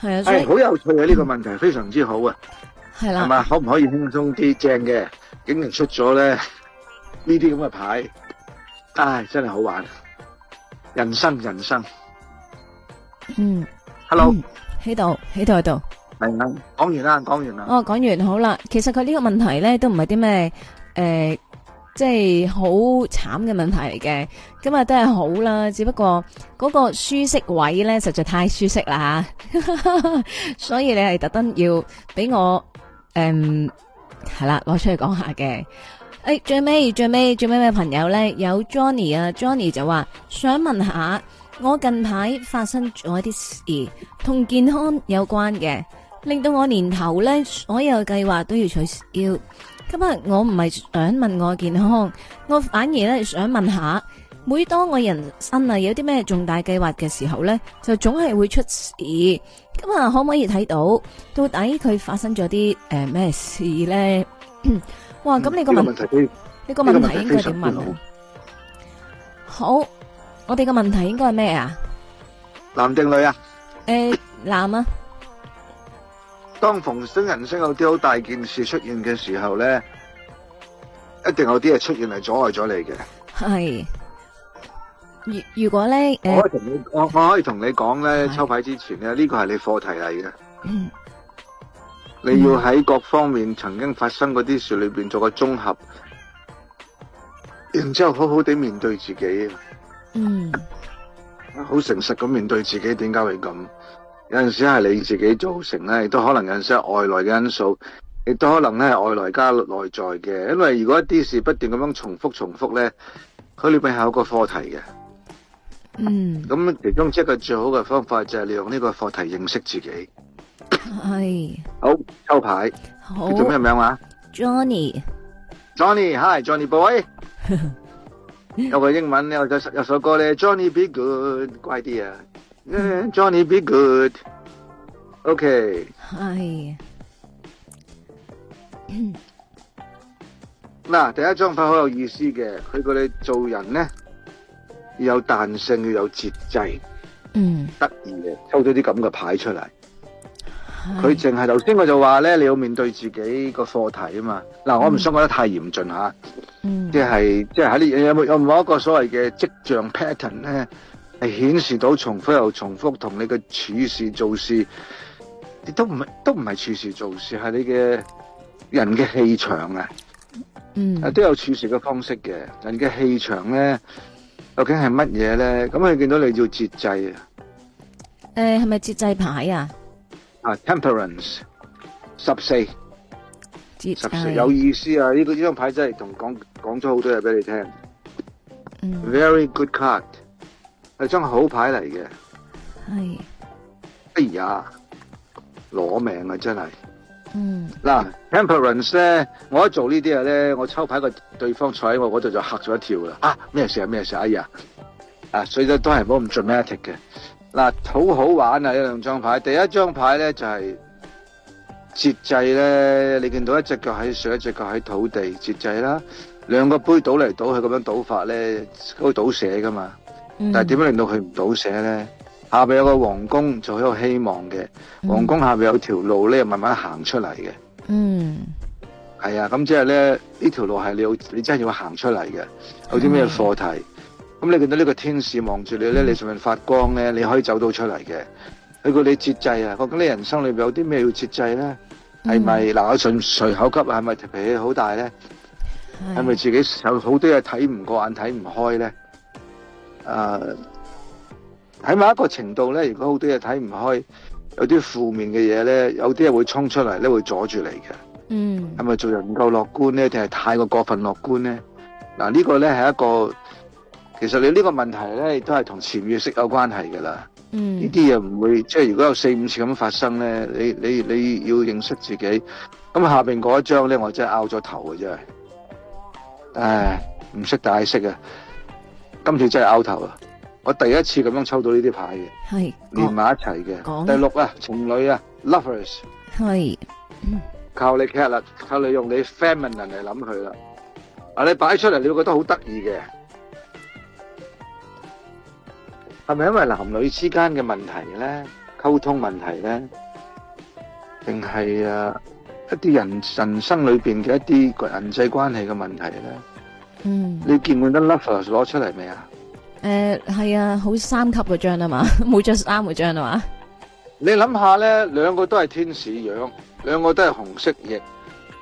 係啊，所以好有趣啊，呢個問題，非常之好啊，係啦，係嘛，可唔可以輕鬆啲？正嘅竟然出咗咧呢啲咁嘅牌，唉，真係好玩，人生人生，嗯，Hello，喺度喺度喺度，係啊，講完啦，講完啦，哦，講完好啦，其實佢呢個問題咧都唔係啲咩誒。即係好慘嘅問題嚟嘅，今日都係好啦，只不過嗰個舒適位咧實在太舒適啦嚇， 所以你係特登要俾我嗯，係啦攞出嚟講下嘅。誒、哎、最尾最尾最尾咩朋友咧？有 Johnny 啊，Johnny 就話想問下我近排發生咗一啲事同健康有關嘅，令到我年頭咧所有計劃都要取消。今日我唔係想問我健康，我反而咧想問下，每當我人生啊有啲咩重大計劃嘅時候咧，就總係會出事。咁啊，可唔可以睇到到底佢發生咗啲誒咩事咧？哇！咁你個問題，你個問題應該點問？好，我哋個問題應該係咩啊？男定女啊？誒，男啊。當逢星人星有啲好大件事出現嘅時候咧，一定有啲嘢出現係阻礙咗你嘅。係，如如果咧，我我可以同你講咧，抽牌之前咧，呢、呢個係你課題嚟嘅。嗯，你要喺各方面曾經發生嗰啲事裏邊做個綜合，然之後好好地面對自己。嗯，好誠實咁面對自己，點解會咁？有陣時係你自己造成咧，亦都可能有陣時係外來嘅因素，亦都可能咧係外來加內在嘅。因為如果一啲事不斷咁樣重複重複咧，佢裏邊係有一個課題嘅。嗯。咁其中一個最好嘅方法就係你用呢個課題認識自己。係是。好，抽牌。好。叫咩名啊？Johnny。Johnny，Hi，Johnny Johnny Boy。 有個英文，有首有首歌咧，Johnny Be Good，乖啲啊。Uh, Johnny，be good，okay。係，嗱， 第一張牌好有意思嘅，佢話做人咧，要有彈性，要有節制，嗯，得意嘅，抽咗啲咁嘅牌出嚟。佢淨係頭先，我就話咧，你要面對自己個課題啊嘛。嗱、呃，我唔想講得太嚴峻吓，即係即係喺呢，有冇有冇一個所謂嘅跡象 pattern 咧？係顯示到重複又重複的事事都不，同你嘅處事做事，你都唔係都唔係處事做事，係你嘅人嘅氣場啊！嗯，啊都有處事嘅方式嘅人嘅氣場咧，究竟係乜嘢咧？咁佢見到你要節制啊！誒係咪節制牌啊？啊、uh,，Temperance 十四，十四節制，有意思啊！呢、呢個呢張、呢個、牌真係同講講咗好多嘢俾你聽。嗯、Very good card 係張好牌嚟嘅，係哎呀，攞命啊！真係，嗯嗱，Temperance 咧，我一做呢啲嘢咧，我抽牌個對方坐喺我嗰度就嚇咗一跳啦。啊，咩事啊？咩事啊？哎呀啊！所以都都係冇咁 dramatic 嘅嗱，好好玩啊！呢兩張牌，第一張牌咧就係、是、節制咧。你見到一隻腳喺水，一隻腳喺土地，節制啦。兩個杯倒嚟倒去咁樣倒法咧，都會倒瀉噶嘛。但係點樣令到佢唔倒瀉咧？下邊有個皇宮，就好有希望嘅。皇宮下邊有條路咧，慢慢行出嚟嘅。嗯，係啊，咁即係咧，呢條路係你，你真係要行出嚟嘅。有啲咩課題？咁、嗯嗯、你見到呢個天使望住你咧，你上面發光咧，你可以走到出嚟嘅。去到你節制啊！究竟你人生裏邊有啲咩要節制咧？係咪嗱？順隨、呃、口噏啊？係咪脾氣好大咧？係咪、嗯、自己有好多嘢睇唔過眼、睇唔開咧？誒，喺、uh, 某一個程度咧，如果好多嘢睇唔開，有啲負面嘅嘢咧，有啲嘢會衝出嚟咧，會阻住你嘅。嗯，係咪做人唔夠樂觀咧，定係太過過分樂觀咧？嗱、啊，這個、呢個咧係一個，其實你呢個問題咧，都係同潛意識有關係噶啦。嗯，呢啲嘢唔會，即係如果有四五次咁發生咧，你你你要認識自己。咁下邊嗰一張咧，我真係拗咗頭啊，真係，唉，唔識解釋啊！今次真係拗頭啊！我第一次咁樣抽到呢啲牌嘅，連埋一齊嘅。第六啊，情侶啊，lovers。係，靠你 catch 啦，靠你用你 feminine 嚟諗佢啦。啊，你擺出嚟，你會覺得好得意嘅，係咪因為男女之間嘅問題咧，溝通問題咧，定係啊一啲人人生裏邊嘅一啲人際關係嘅問題咧？嗯，你見唔見得 lover 攞出嚟未、呃、啊？誒，係啊，好三級嗰張啊嘛，每 張三嗰張啊嘛。你諗下咧，兩個都係天使樣，兩個都係紅色翼，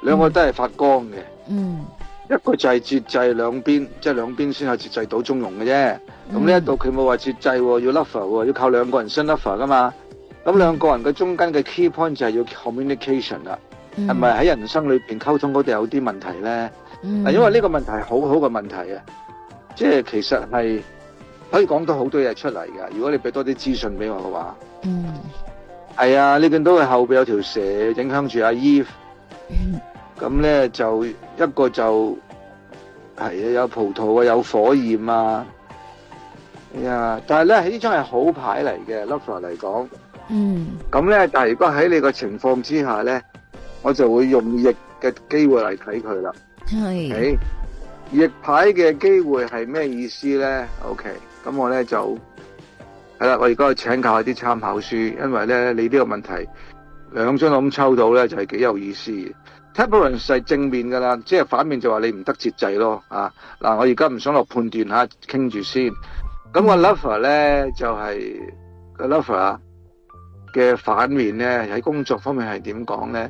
兩個都係發光嘅。嗯，一個就係節制兩邊，即係、嗯、兩邊先係節制到中庸嘅啫。咁呢一度佢冇話節制、哦，要 lover、哦、要靠兩個人先 lover 噶嘛。咁兩個人嘅中間嘅 key point 就係要 communication 啦，係咪喺人生裏邊溝通嗰度有啲問題咧？啊，嗯、因為呢個問題係好好嘅問題啊，即係其實係可以講到好多嘢出嚟嘅。如果你俾多啲資訊俾我嘅話，嗯，係啊，你見到佢後邊有條蛇影響住阿 Eve，咁咧就一個就係啊，有葡萄啊，有火焰啊，哎呀，但係咧呢張係好牌嚟嘅 Lover 嚟講，嗯，咁咧，但係如果喺你個情況之下咧，我就會用逆嘅機會嚟睇佢啦。係誒，是 okay，逆牌嘅機會係咩意思咧？OK，咁我咧就係啦。我而家去請教下啲參考書，因為咧你呢個問題兩張咁抽到咧就係、是、幾有意思 Temperance 係正面噶啦，即係反面就話你唔得節制咯啊！嗱，我而家唔想落判斷下傾住先。咁、那個 Lover 咧就係、是那個 Lover 嘅反面咧，喺工作方面係點講咧？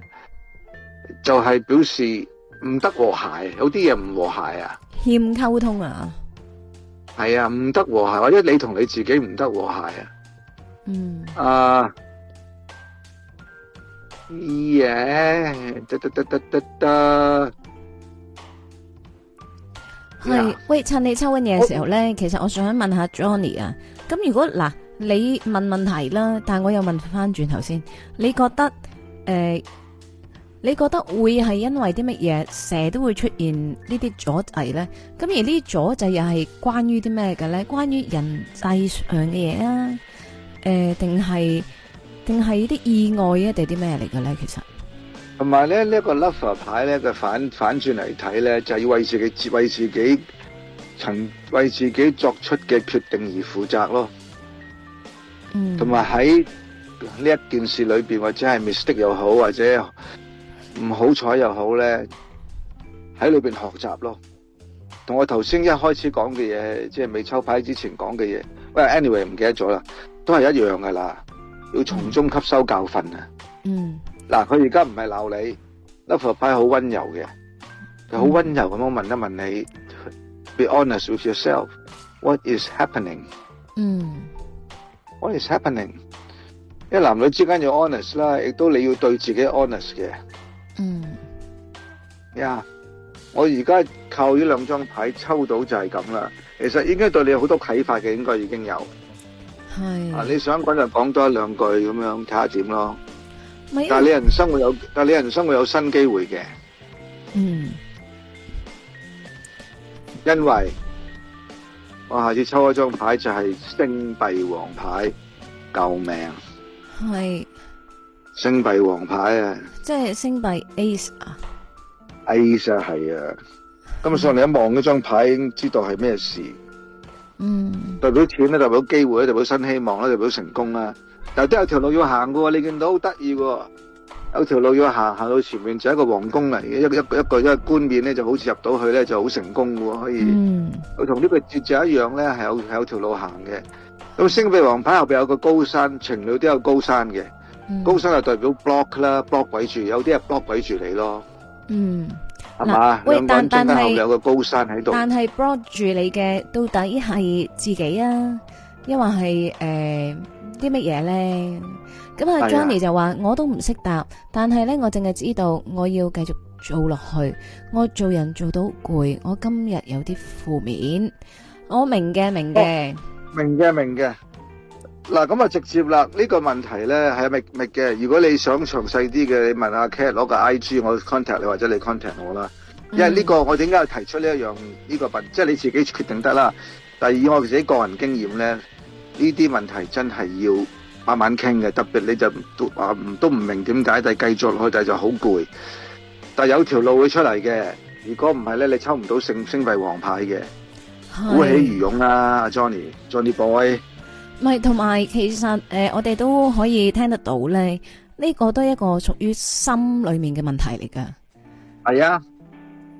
就係、是、表示。唔得和諧，有啲嘢唔和諧啊，欠溝通啊，係啊，唔得和諧，或者你同你自己唔得和諧啊，嗯啊，咦耶，得得得得得得，係，喂，趁你抽緊嘢嘅時候咧，我其實我想問下 Danny 啊，咁如果嗱你問問題啦，但係我又問翻轉頭先，你覺得誒？呃你覺得會係因為啲乜嘢成日都會出現這些呢啲阻滯咧？咁而呢啲阻滯又係關於啲咩嘅咧？關於人際上嘅嘢啊？誒、呃，定係定係啲意外啊？定啲咩嚟嘅咧？其實同埋咧，這個牌呢一個 Lover 牌咧，個反反轉嚟睇咧，就係、是，要為自己為自己曾為自己作出嘅決定而負責咯。嗯，同埋喺呢一件事裏邊，或者係 mistake 又好，或者，唔好彩又好咧，喺裏邊學習咯。同我頭先一開始講嘅嘢，即係未抽牌之前講嘅嘢，喂、well，anyway 唔記得咗啦，都係一樣噶啦，要從中吸收教訓啊。嗯、mm.。嗱，佢而家唔係鬧你，love 牌好溫柔嘅，就好溫柔咁樣問一問你、mm.，be honest with yourself，what is happening？嗯。Mm. What is happening？因為男女之間要 honest 啦，亦都你要對自己 honest 嘅。嗯呀，mm. yeah, 我而家靠呢兩張牌抽到就係咁啦。其實應該對你有好多啟發嘅，應該已經有係。是啊，你想講就講多一兩句，咁樣睇下點咯。用但係你人生會有，但係你人生會有新機會嘅。嗯，mm. 因為我下次抽一張牌就係星幣王牌，救命！係。星幣王牌啊，即係星幣 A 啊，A c 係啊。今咁、啊啊、上嚟一望嗰張牌，知道係咩事？嗯、代、啊，代表錢咧，代表機會咧、啊，代表新希望咧、啊，代表成功啦、啊。但係都有條路要行噶。你見到好得意，有條路要行，行到前面就係一個皇宮嚟嘅，一一個一個一個官面咧，就好似入到去咧就好成功噶，可以。嗯，佢同呢個絕象一樣咧，係有係有條路行嘅。咁星幣王牌後邊有個高山，情侶都有高山嘅。嗯、高山係代表 block 啦、嗯、block 鬼住，有啲係 block 鬼住你咯。嗯，係嘛吧，喂兩個人中間有個高山喺度。但係 block 住你嘅到底係自己啊，抑或係誒啲乜嘢咧？咁阿 Johnny 就話我都唔識答，但係咧我淨係知道我要繼續做落去。我做人做到攰，我今日有啲負面，我明嘅，明嘅，明嘅、哦、明嘅。明嗱咁啊，就直接啦！呢、這個問題咧係密密嘅。如果你想詳細啲嘅，你問阿、啊、Cat 攞個 IG，我 contact 你或者你 contact 我啦。因為呢、這個、mm. 我點解提出呢一樣呢個問題，即、就、係、是、你自己決定得啦。第二，我自己個人經驗咧，呢啲問題真係要慢慢傾嘅。特別你就唔都唔明點解，但係繼續落去，但係就好攰。但係有條路會出嚟嘅。如果唔係咧，你抽唔到星、星幣王牌嘅，mm. 鼓起餘勇啦、啊，阿 Johnny, Johnny，Johnny Boy。咪同埋，其實誒、呃，我哋都可以聽得到咧。呢、這個都係一個屬於心裏面嘅問題嚟噶。係啊，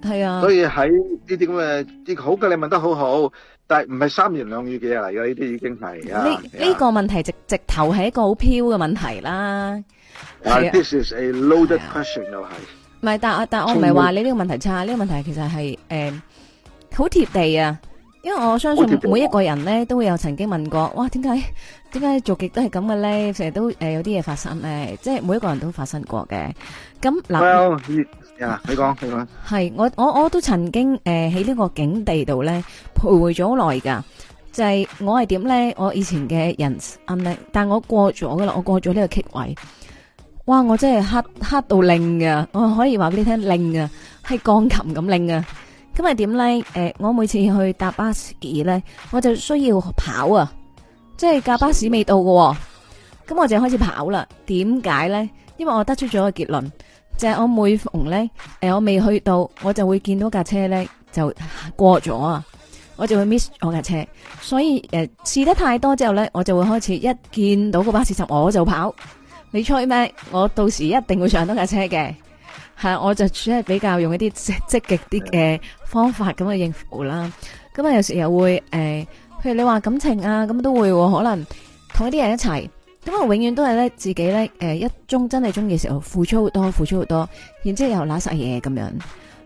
係啊。所以喺呢啲咁嘅，好嘅，你問得好好，但係唔係三言兩語嘅嚟噶，呢啲已經係。呢呢、啊啊這個問題直直頭係一個好飄嘅問題啦。係、uh, 啊，This is a loaded question 又係、啊。唔係是，但係但我唔係話你呢個問題差，呢、這個問題其實係誒好貼地啊。因為我相信每一個人咧都會有曾經問過，哇，點解點解做極都係咁嘅咧？成日都誒有啲嘢發生咧，即係每一個人都發生過嘅。咁嗱，你好，你啊，你講，你講，係我我我都曾經誒喺呢個境地度咧徘徊咗好耐噶，就係我係點咧？我以前嘅人啱叻，但我過咗噶啦，我過咗呢個棘位。哇！我真係黑黑到靚噶，我可以話俾你聽靚噶，係鋼琴咁靚啊！今日點咧？誒、呃，我每次去搭巴士嘅咧，我就需要跑啊，即係架巴士未到嘅、哦，咁我就開始跑啦。點解咧？因為我得出咗個結論，就係、是、我每逢咧，誒、呃，我未去到，我就會見到架車咧就過咗啊，我就會 miss 我架車。所以誒、呃、試得太多之後咧，我就會開始一見到個巴士就我就跑。你吹咩？我到時一定會上到架車嘅、嗯。我就即係比較用一啲積 積極啲嘅。方法咁去應付啦。咁、嗯、啊，有時又會誒、欸，譬如你話感情啊，咁都會可能同一啲人一齊。咁、嗯、我永遠都係咧自己咧誒、欸，一中真係中意嘅時候付出好多，付出好多，然之後又拿晒嘢咁樣。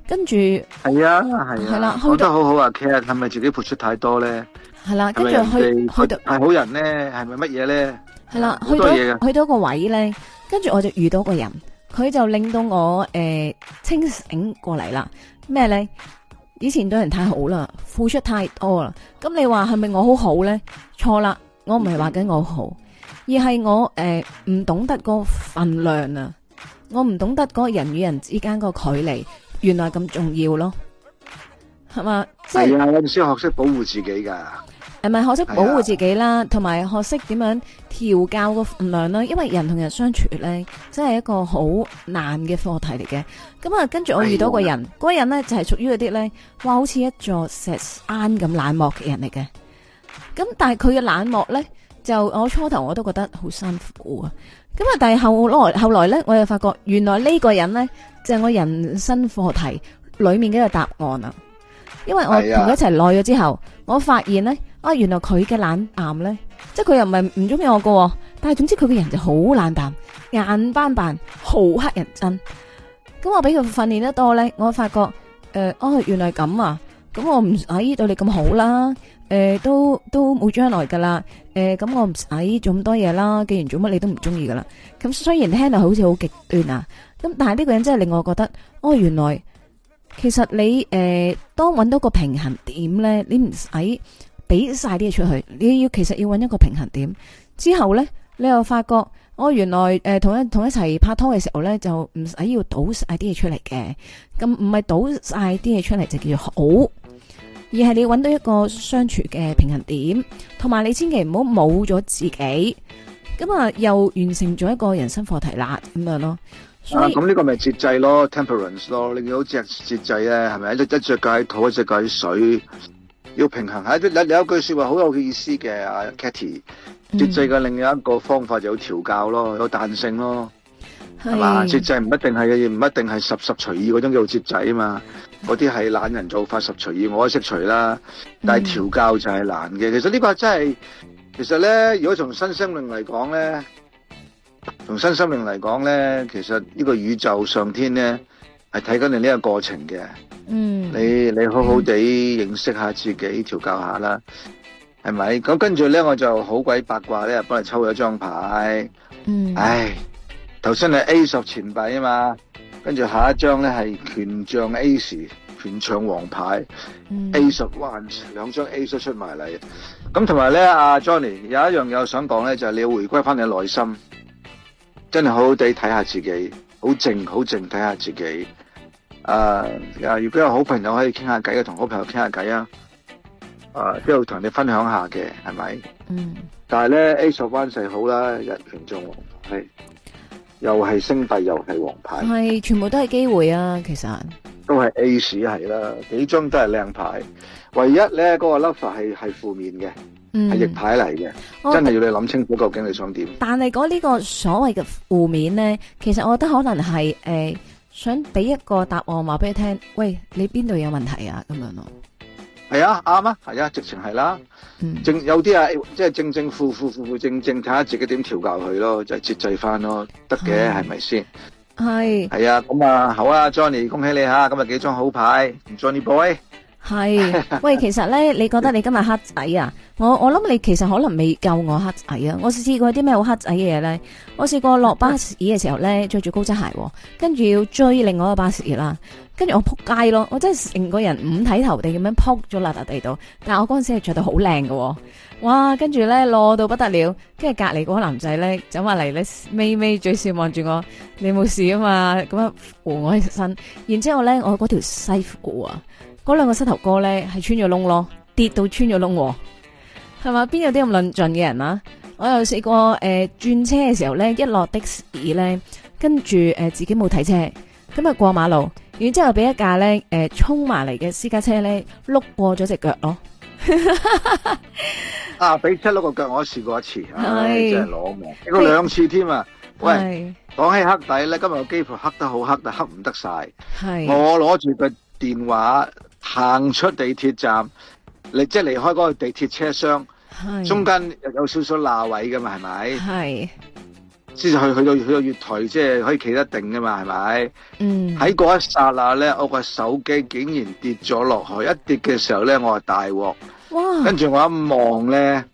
跟住係啊，係、嗯、啦，好得好好啊。其實係咪自己付出太多咧？係啦，跟住去去到係我好人咧，係咪乜嘢咧？係啦去，去到去到個位咧，跟住我就遇到個人，佢就令到我誒、欸、清醒過嚟啦。咩咧？以前對人太好啦，付出太多啦，咁你話係咪我好好呢？錯啦，我唔係話緊我好，而係我誒唔、呃、懂得個份量啊，我唔懂得個人與人之間個距離原來咁重要咯，係嘛？係啊的，即係、你需要學識保護自己噶。係咪學識保護自己啦，同埋、哎、呀學識點樣調教個份量啦？因為人同人相處咧，真係一個好難嘅課題嚟嘅。咁啊，跟住我遇到個人，個、哎、呀人咧就係屬於嗰啲咧，哇，好似一座石山咁冷漠嘅人嚟嘅。咁但係佢嘅冷漠咧，就我初頭我都覺得好辛苦啊。咁啊，但係後來後來咧，我又發覺原來呢個人咧，就係、是、我人生課題裏面嘅一個答案啊。因為我同佢一齊耐咗之後，哎、呀我發現咧，啊、哦，原來佢嘅冷淡咧，即係佢又唔係唔中意我喎。但係總之佢個人就好冷淡，眼斑斑，好乞人憎。咁我俾佢訓練得多咧，我發覺，誒、呃，哦，原來咁啊，咁我唔使對你咁好啦，誒、呃，都都冇將來噶啦，誒、呃，咁、嗯、我唔使做咁多嘢啦，既然做乜你都唔中意噶啦，咁雖然聽到好似好極端啊，咁但係呢個人真係令我覺得，哦，原來。其實你誒、呃，當搵到個平衡點咧，你唔使俾晒啲嘢出去，你要其實要搵一個平衡點之後咧，你又發覺我、哦、原來誒同、呃、一同一齊拍拖嘅時候咧，就唔使要倒晒啲嘢出嚟嘅，咁唔係倒晒啲嘢出嚟就叫好，而係你搵到一個相處嘅平衡點，同埋你千祈唔好冇咗自己，咁啊又完成咗一個人生課題啦，咁樣咯。啊，咁呢個咪節制咯，Temperance 咯，令到隻節制啊，係咪一一隻戒土，一隻戒水，要平衡下、啊。有有句說話好有意思嘅，阿、啊、Katy，節制嘅另外一個方法就係調教咯，有彈性咯，係嘛是？節制唔一定係嘅嘢，唔一定係十十隨意嗰種叫做節制啊嘛。嗰啲係懶人做法，十隨意我識除啦。但係調教就係難嘅。其實呢個真係，其實咧，如果從新生命嚟講咧。從新生命嚟講咧，其實呢個宇宙上天咧係睇緊你呢個過程嘅。嗯，你你好好地認識下自己，調教下啦，係咪？咁跟住咧，我就好鬼八卦咧，幫你抽咗張牌。嗯，唉，頭先係 A 十錢幣啊嘛，跟住下一張咧係權杖 A 時權杖王牌、嗯、A 十 one 兩張 A 十出埋嚟。咁同埋咧，阿、啊、Johnny 有一樣嘢想講咧，就係、是、你要回歸翻你嘅內心。真係好好地睇下自己，好靜好靜睇下自己。誒、啊、誒，如果有好朋友可以傾下偈嘅，同好朋友傾下偈啊！誒、啊，都有同你分享一下嘅，係咪？嗯。但係咧 a 座 e 灣好啦，日聯王係又係星幣又係王牌。係全部都係機會啊！其實。都係 Ace 係啦，幾張都係靚牌，唯一咧嗰、那個 lover 係係負面嘅，係、嗯、逆牌嚟嘅，我真係要你諗清楚究竟你想點。但係講呢個所謂嘅負面咧，其實我覺得可能係誒、呃，想俾一個答案話俾你聽。喂，你邊度有問題啊？咁樣咯，係啊，啱啊，係啊，直情係啦。嗯、正有啲啊，即、欸、係、就是、正正負負負負正正，睇、啊、下自己點調教佢咯，就節、是、制翻咯，得嘅係咪先？係係的啊，咁啊好啊，Danny，恭喜你吓、啊，今日幾張好牌，Danny Boy。係，喂，其實咧，你覺得你今日黑仔啊？我我諗你其實可能未夠我黑仔啊！我試過啲咩好黑仔嘅嘢咧？我試過落巴士嘅時候咧，着住高踭鞋，跟住要追另外一個巴士啦，跟住我扑街咯！我真係成個人五體投地咁樣扑咗落笪地度。但係我嗰陣時係着到好靚喎。哇！跟住咧，落到不得了，跟住隔籬嗰個男仔咧走埋嚟咧，微微嘴笑望住我，你冇事啊嘛？咁樣扶我起身，然之後咧，我嗰條西褲啊！嗰兩個膝頭哥咧係穿咗窿咯，跌到穿咗窿，係咪？邊有啲咁論盡嘅人啊？我又試過誒、呃、轉車嘅時候咧，一落的士咧，跟住誒、呃、自己冇睇車，今日過馬路，然之後俾一架咧誒、呃、衝埋嚟嘅私家車咧碌過咗隻腳咯。 啊！俾七碌個腳，我試試過一次，是哎、真係攞命，我過兩次添啊！是喂，是講起黑底咧，今日幾乎黑得好黑，但黑唔得晒。係是我攞住個電話。行出地鐵站，你即係離開嗰個地鐵車廂，是中間有少少罅位嘅嘛係咪？係，之後是去去到去到月台，即係可以企得定嘅嘛係咪？係咪？嗯，喺嗰一剎那咧，我個手機竟然跌咗落去，一跌嘅時候咧，我係，大鑊，哇跟住我一望咧，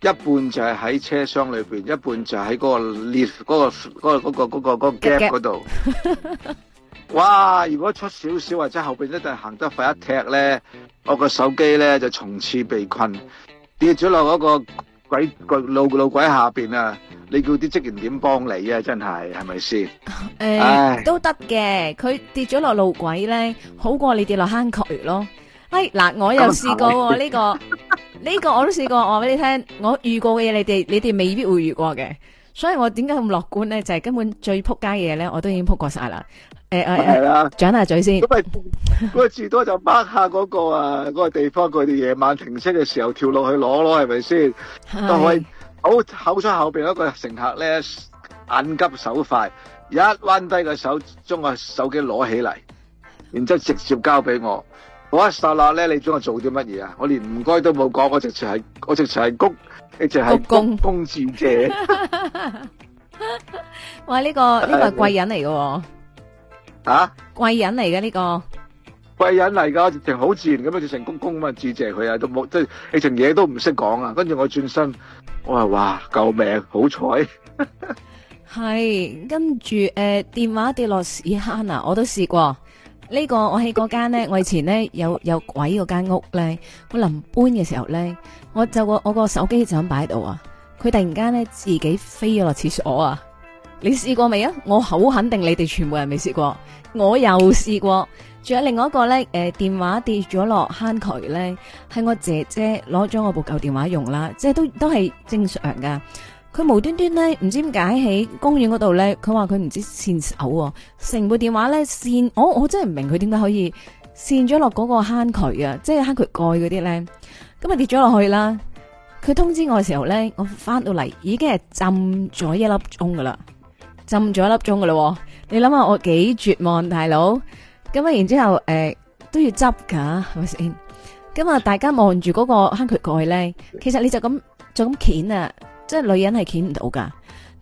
一半就係喺車廂裏邊，一半就喺嗰個 lift、嗰、嗰個嗰、嗰個嗰、嗰個嗰、嗰個嗰、嗰個 gap 嗰度。夾夾 哇！如果出少少或者後邊一定行得快一踢咧，我個手機咧就從此被困跌咗落嗰個鬼路路軌下邊啊！你叫啲職員點幫你啊？真係係咪先？誒，欸、唉都得嘅。佢跌咗落路軌咧，好過你跌落坑渠咯。哎嗱，我又試過呢、哦這個呢、這個我都試過， 我俾你聽。我遇過嘅嘢，你哋你哋未必會遇過嘅。所以我點解咁樂觀咧？就係、是、根本最仆街嘅嘢咧，我都已經仆過晒啦。係啦，掌下、哎哎哎、嘴先。咁咪咁咪最多就擘下嗰個啊，嗰個地方佢哋夜晚停車嘅時候跳落去攞咯，係咪先？但佢好後出後邊一個乘客咧，眼急手快，一彎低個手將個手機攞起嚟，然之後直接交俾我。我一剎那咧，你叫我做啲乜嘢啊？我連唔該都冇講，我直情係我直情係公，一直係公公善者。 哇，呢、這個呢、這個係貴人嚟嘅。哎啊！貴人嚟嘅，呢個貴人嚟噶，直情好自然咁樣，直情公公咁樣致謝佢啊！都冇即係，你成嘢都唔識講啊！跟住我轉身，我話哇，救命！好彩係，跟住誒、呃，電話跌落屎坑啊！我都試過呢、這個，我喺嗰間咧， 我以前咧有有鬼嗰間屋咧，我臨搬嘅時候咧，我就個我個手機就咁擺喺度啊，佢突然間咧自己飛咗落廁所啊！你試過未啊？我好肯定你哋全部人未試過。我又試過，仲有另外一個咧，誒、呃，電話跌咗落坑渠咧，係我姐姐攞咗我部舊電話用啦，即係都都係正常噶。佢無端端咧，唔知點解喺公園嗰度咧，佢話佢唔知線手、啊，成部電話咧線，我我真係唔明佢點解可以線咗落嗰個坑渠啊！即係坑渠蓋嗰啲咧，咁啊跌咗落去啦。佢通知我嘅時候咧，我翻到嚟已經係浸咗一粒鐘噶啦。浸咗一粒鐘噶喎，你諗下我幾絕望大佬，咁啊然之後誒、呃、都要執噶係咪先？咁啊大家望住嗰個坑渠蓋咧，其實你就咁就咁鉗啊，即係女人係鉗唔到噶。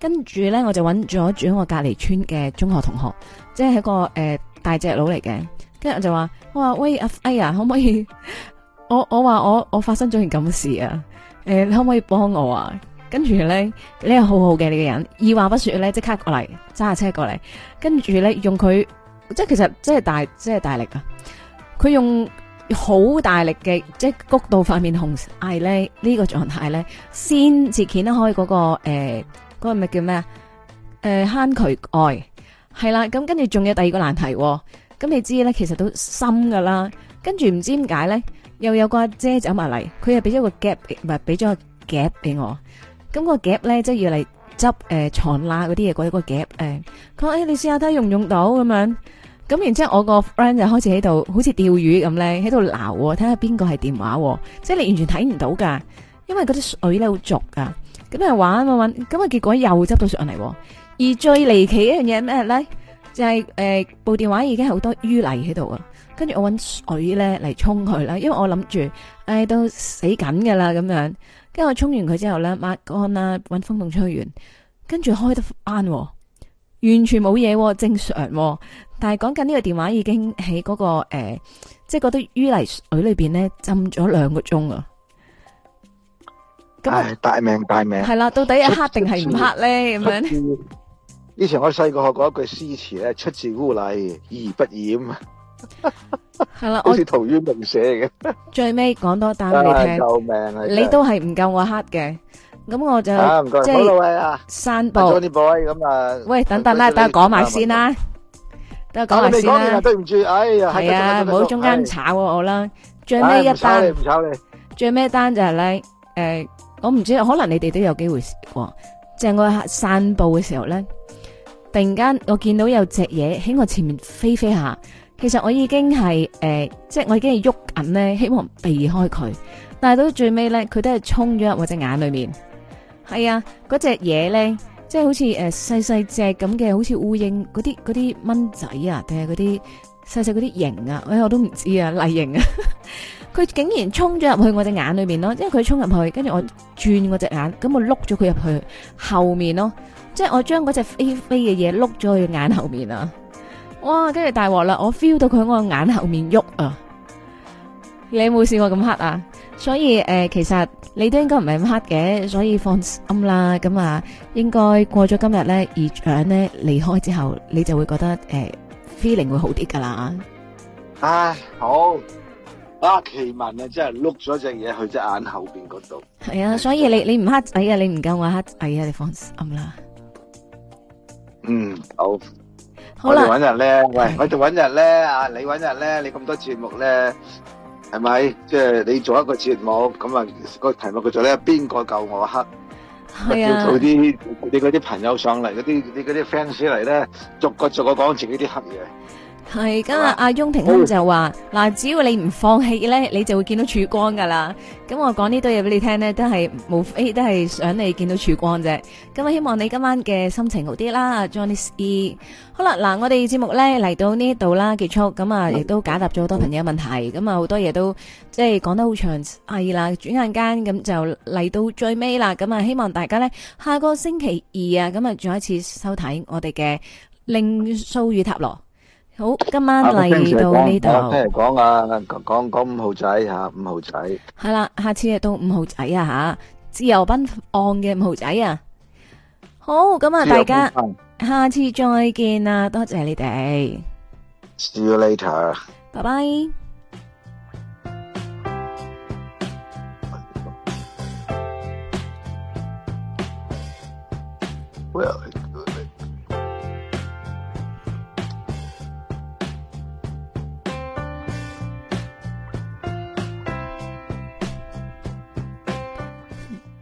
跟住咧，我就搵咗住喺我隔離村嘅中學同學，即係一個誒、呃、大隻佬嚟嘅。跟住我就話：我話喂阿 A 呀，可唔可以？我我話我我發生咗件咁事啊，誒、呃、你可唔可以幫我啊？跟住咧，呢個好好嘅呢個人。二話不說咧，即刻過嚟揸下車過嚟。跟住咧，用佢即係其實真係大即係大力啊！佢用好大力嘅，即係谷到塊面紅晒咧，呢個狀態咧，先至掀得開嗰、那個誒嗰、呃那個乜叫咩啊？誒、呃，坑渠蓋係啦。咁跟住仲有第二個難題、哦。咁你知咧，其實都深噶啦。跟住唔知點解咧，又有個阿姐走埋嚟，佢又俾咗個夾唔係俾咗個夾俾我。咁個夾咧，即係要嚟執誒床罅嗰啲嘢，嗰、嗰個夾誒，佢話誒，你試下睇下用唔用到咁樣，咁然之後我個 friend 就開始喺度，好似釣魚咁咧，喺度撈，睇下邊個係電話，喔、即係你完全睇唔到噶，因為嗰啲水咧好濁噶，咁啊玩我搵，咁啊結果又執到上嚟喎。而最離奇一樣嘢咩咧，就係、是、誒、呃、部電話已經好多淤泥喺度啊。跟住我搵水咧嚟沖佢啦，因為我諗住誒都死緊噶啦咁樣。因為我沖完佢之後咧，抹乾啦，搵風筒吹完，跟住開得翻，哦，完全冇嘢，哦，正常，哦。但係講緊呢個電話已經喺嗰個誒，即係嗰堆淤泥水裏邊咧浸咗兩個鐘啊！係大命大命係啦，到底係黑定係唔黑咧？咁樣呢？以前我細個學過一句詩詞咧，出自污泥而不染。係啦，好似陶淵明寫嘅。最尾講多單畀你聽，救命係你都係唔夠我黑嘅。咁我就即係散步，咁啊喂，等等啦，等我講埋先啦，等我講埋先啦。對唔住，哎呀，係啊，唔好中間炒我啦。最尾一單，唔炒你。最尾一單就係咧，誒，我唔知，可能你哋都有機會試過。正我喺散步嘅時候咧，突然間我見到有隻嘢喺我前面飛飛下。其實我已經係誒、呃，即係我已經係喐緊咧，希望避開佢，但係到最尾咧，佢都係衝咗入我隻眼裏面。係啊，嗰隻嘢咧，即係好似誒、呃、細細隻咁嘅，好似烏蠅嗰啲嗰啲蚊仔啊，定係嗰啲細細嗰啲蠅啊、哎？我都唔知啊，麗蠅啊！佢 竟然衝咗入去我隻眼裏面咯，因為佢衝入去，跟住我轉的我隻眼，咁我碌咗佢入去後面咯，即係我將嗰隻飛飛嘅嘢碌咗佢眼後面啊！哇！跟住大鑊啦，我 feel 到佢喺我眼後面喐啊！你冇試過咁黑啊？所以誒，其實你都應該唔係咁黑嘅，所以放心啦。咁啊，應該過咗今日咧，而長咧離開之後，你就會覺得誒，feeling 會好啲噶啦。唉，好阿奇文啊，真係碌咗隻嘢去隻眼後邊嗰度。係啊，所以你你唔黑仔啊，你唔夠我黑仔啊，你放心啦。嗯，好。我哋揾日咧，喂，係啊，我哋揾日咧啊！你揾日咧，你咁多節目咧，係咪？即係你做一個節目，咁啊個題目叫做咧，邊個夠我黑？要同啲你嗰啲朋友上嚟，嗰啲你嗰啲 fans 嚟咧，逐個逐個講自己啲黑嘢。係咁啊，阿雍霆咁就話嗱，只要你唔放棄咧，你就會見到曙光噶啦。咁我講呢堆嘢俾你聽咧，都係無非都係想你見到曙光啫。咁啊，希望你今晚嘅心情好啲啦，Jonny E。好啦，嗱，我哋節目咧，嚟到呢度啦，結束，咁啊，亦都解答咗好多朋友問題，咁啊，好多嘢都即係講得好長係啦。轉眼間咁就嚟到最尾啦，咁啊，希望大家咧，下個星期二啊，咁啊，再一次收睇我哋嘅靈數與塔羅。好，今晚嚟到呢度。我聽人講啊，講講五號仔吓，五號仔。係啦，下次啊到五號仔啊吓，自由奔放嘅五號仔啊。好，咁啊，大家下次再見啊，多謝你哋。See you later。拜拜。喂。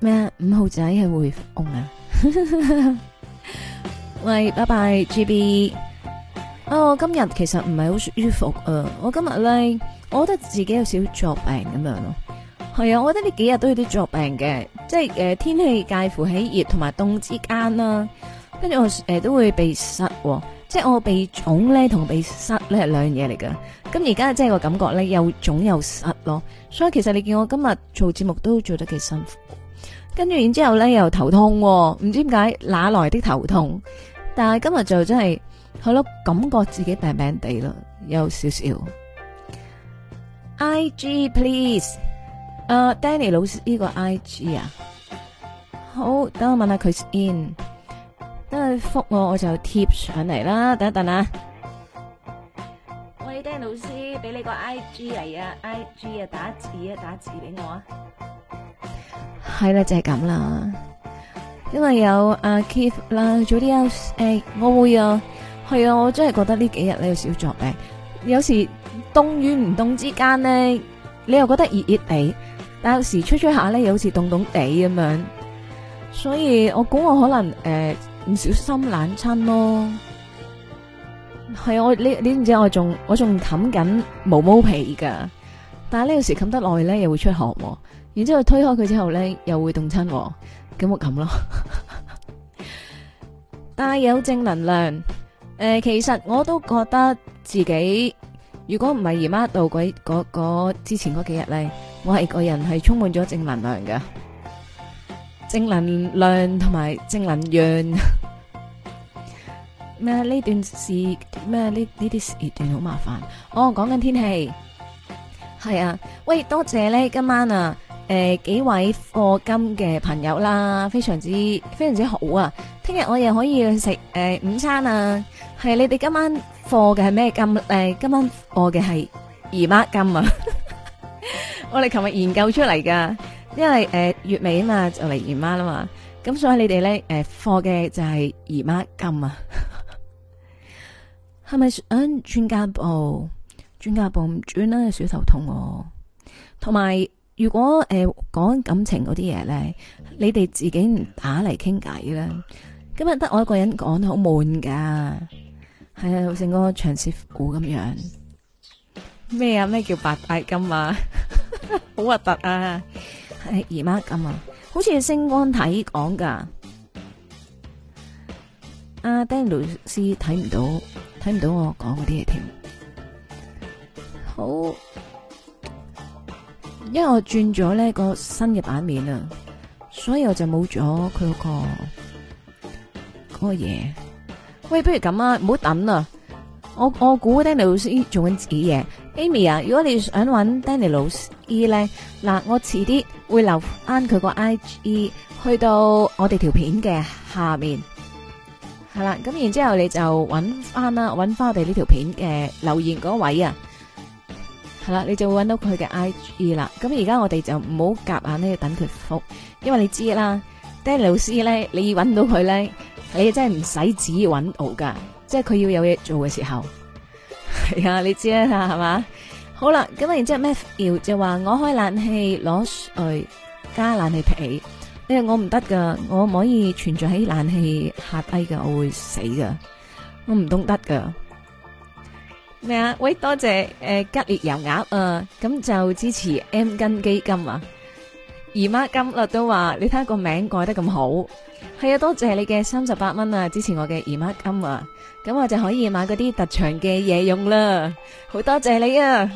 咩五號仔係會紅啊？ 喂，拜拜，G B、哦。我今日其實唔係好舒服啊。我今日咧，我覺得自己有少少作病咁樣咯。係啊，我覺得呢幾日都有啲作病嘅，即係誒、呃、天氣介乎喺熱同埋凍之間啦、啊。跟住我誒、呃、都會鼻塞，即係我鼻腫咧同鼻塞咧係兩樣嘢嚟噶。咁而家即係個感覺咧，又腫又塞咯。所以其實你見我今日做節目都做得幾辛苦。跟住然之後咧又頭痛啊，唔知點解哪來的頭痛？但係今日就真係，好囉，感覺自己病病地咯，有少少。I G please，誒，uh，Danny 老師呢個 I G 啊，好，等我問下佢 in，等佢復我，我就貼上嚟啦。等一等啊！喂，Danny 老師，俾你個 I G 嚟啊，I G 啊，打字啊，打字俾我啊！係啦，就係咁啦。因為有阿 Keith 啦，做啲休息誒，我會啊，係啊，我真係覺得呢幾日你有少作病。有時凍與唔凍之間咧，你又覺得熱熱地，但有時吹吹下咧，又好似凍凍地咁樣。所以我估我可能誒唔、呃、小心冷親咯。係我你你知唔知我仲我仲冚緊毛毛被噶，但係呢有時冚得耐咧，又會出汗。然之後推開佢之後咧，又會凍親我，咁我咁咯。帶 有正能量，誒、呃，其實我都覺得自己，如果唔係姨媽到鬼嗰嗰嗰之前嗰幾日咧，我係個人係充滿咗正能量嘅，正能量同埋正能量。咩 呢段事咩呢呢段時段好麻煩。我、哦、講緊天氣，係啊，喂，多謝咧，今晚啊。誒、呃，幾位課金嘅朋友啦，非常之非常之好啊！聽日我又可以食誒、呃、午餐啊，係你哋今晚課嘅係咩金？誒、呃，今晚課嘅係姨媽金啊！ 我哋琴日研究出嚟㗎，因為誒、呃、月尾啊嘛，就嚟姨媽啦嘛，咁所以你哋呢誒課嘅就係姨媽金啊，係 咪？家啊，專家部專家部唔轉啦，少頭痛哦、啊，同埋。如果誒講、呃、感情嗰啲嘢咧，你哋自己打嚟傾偈啦。今日得我一個人講，好悶噶，係啊，好似個長舌婦咁樣。咩啊？咩叫白帶金啊？ 好核突啊！係姨媽金啊？好似星光體講噶。阿、啊、Danny、啊、師睇唔到，睇唔到我講嗰啲嘢添。好。因為我轉咗呢個新嘅版面啊，所以我就冇咗佢嗰個、嗰個嘢。喂，不如咁啊，唔好等啊！我我估 Danny 老師做緊自己嘢。Amy 啊，如果你想搵 Danny 老師咧，嗱，我遲啲會留翻佢個 IG 去到我哋條片嘅下面。係啦，咁然之後你就搵翻啦，搵翻我哋呢條片嘅留言嗰位啊。係啦，你就會揾到佢嘅 I G 啦。咁而家我哋就唔好夾硬咧等佢覆，因為你知啦，Danny 老師咧，你要揾到佢咧，你真係唔使紙揾敖噶，即係佢要有嘢做嘅時候。係啊，你知啦，係嘛？好啦，咁啊、e well，然之後 Matthew 就話我開冷氣攞去加冷氣皮，因為我唔得噶，我唔可以存在喺冷氣下低噶，我會死噶，我唔懂得噶。咩啊？喂，多謝誒、呃、吉列油鴨啊，咁就支持 M 巾基金啊，姨媽巾啦、啊、都話，你睇下個名改得咁好，係啊，多謝你嘅三十八蚊啊，支持我嘅姨媽巾啊，咁我就可以買嗰啲特長嘅夜用啦，好多謝你啊，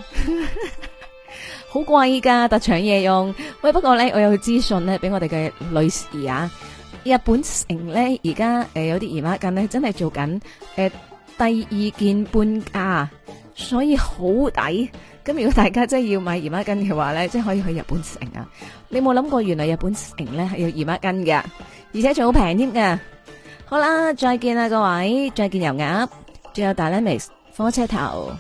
好貴噶特長夜用，喂，不過咧我有資訊咧，俾我哋嘅女士啊，日本城咧而家誒有啲姨媽巾咧真係做緊誒。呃第二件半價，所以好抵。咁如果大家真係要買姨媽巾嘅話咧，即係可以去日本城啊！你冇諗過原來日本城咧係有姨媽巾嘅，而且仲好平添嘅。好啦，再見啦各位，再見油鴨，仲有大 lemix 火車頭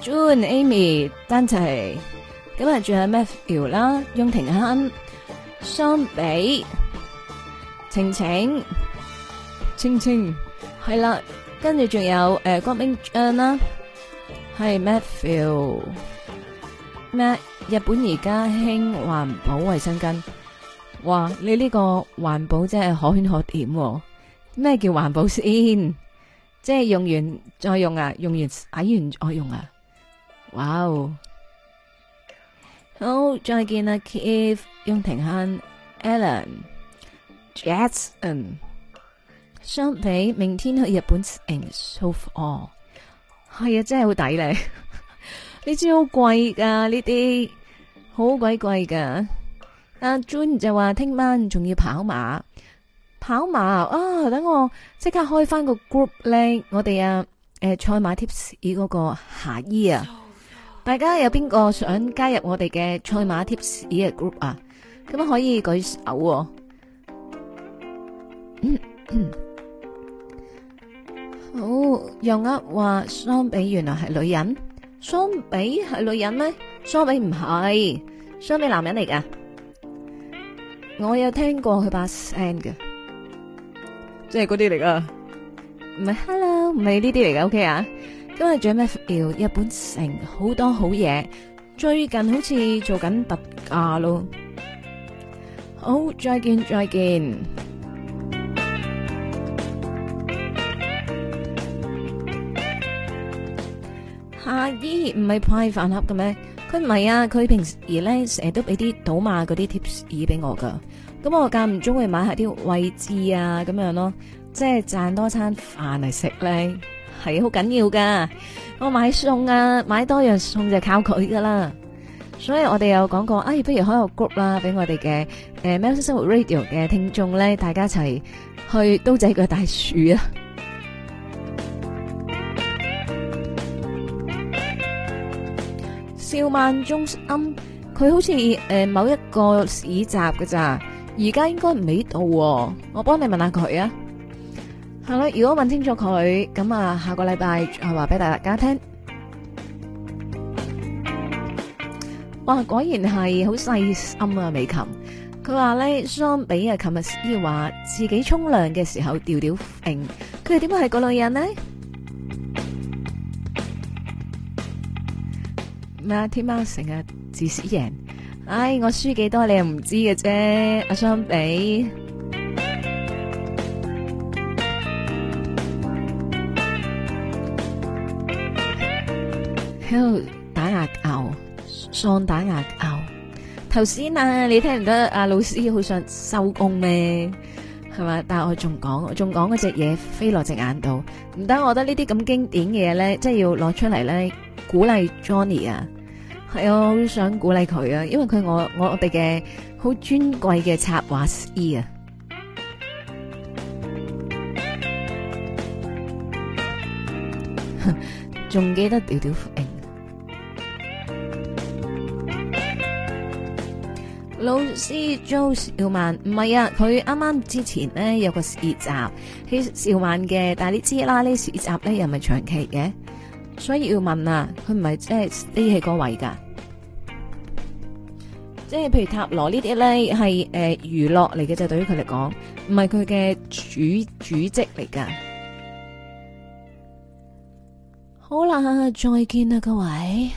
，June Amy, Dante, ew、Amy、Dante，今日住喺 Matthew 啦，雍庭亨、雙美、晴晴、青青清，係啦。跟住仲有誒郭明恩啦，係 Matthew 咩？日本而家興環保衛生巾，哇！你呢個環保真係可圈可點。咩叫環保先？即係用完再用啊，用完洗完再用啊。哇哦！好，再見啦，Keith 翁庭鏗 Alan Jackson。相比明天去日本 enough all 係啊，真係好抵咧！ 你知好貴噶呢啲，好鬼貴噶。阿 June 就話聽晚仲要跑馬，跑馬啊！等我即刻開翻個 group 咧，我哋啊，誒賽馬 tips 嗰個夏衣啊，個個 so no. 大家有邊個想加入我哋嘅賽馬 tips 嘅 group 啊？咁樣可以舉手，哦。 好、哦，又話雙比原來係女人，雙比係女人咩？雙比唔係，雙比是男人嚟噶。我有聽過佢把聲嘅，即係嗰啲嚟噶。唔係 Hello，唔係呢啲嚟噶。OK 啊，今日仲有咩 feel？日本城好多好嘢，最近好似做緊特價咯。好，再見，再見。阿姨唔係派飯盒嘅咩？佢唔係啊，佢平時咧成日都俾啲賭馬嗰啲貼士俾我噶，咁我間唔中會買下啲位置啊，咁樣咯，即係賺多餐飯嚟食咧，係好緊要噶。我買餸啊，買多樣餸就靠佢噶啦。所以我哋有講過，哎，不如開個 group 啦，俾我哋嘅誒，喵式生活 radio 嘅聽眾咧，大家一齊去刀仔鋸大樹啊！少萬中暗，佢好似誒、呃、某一個市集嘅咋，而家應該唔喺度。我幫你問下佢啊，係啦。如果問清楚佢，咁啊，下個禮拜再話俾大家聽。哇，果然係好細心啊，美琴。佢話咧，相比啊，琴日話自己沖涼嘅時候吊吊揈，佢點解係個女人呢？天喵成日自私贏，唉，我輸幾多你又唔知嘅啫，阿相比。敲 打牙臼，喪打牙臼。頭先啊，你聽唔得阿老師好想收工咩？係咪？但係我仲講，仲講嗰隻嘢飛落隻眼度。唔得，我覺得呢啲咁經典嘅嘢咧，即係要攞出嚟咧，鼓勵 Johnny 啊！係啊，我好想鼓勵佢啊，因為佢我我哋嘅好尊貴嘅插畫師啊，仲 記得屌屌回應。 老師 Joe 邵曼，唔係啊，佢啱啱之前咧有個市集，係邵萬嘅，但係你知啦，呢市集咧又唔係長期嘅。所以要問啊，佢唔係即係呢係個位噶，即係譬如塔羅呢啲咧係誒娛樂嚟嘅，就對於佢嚟講唔係佢嘅主主職嚟噶。好啦，再見啦，各位。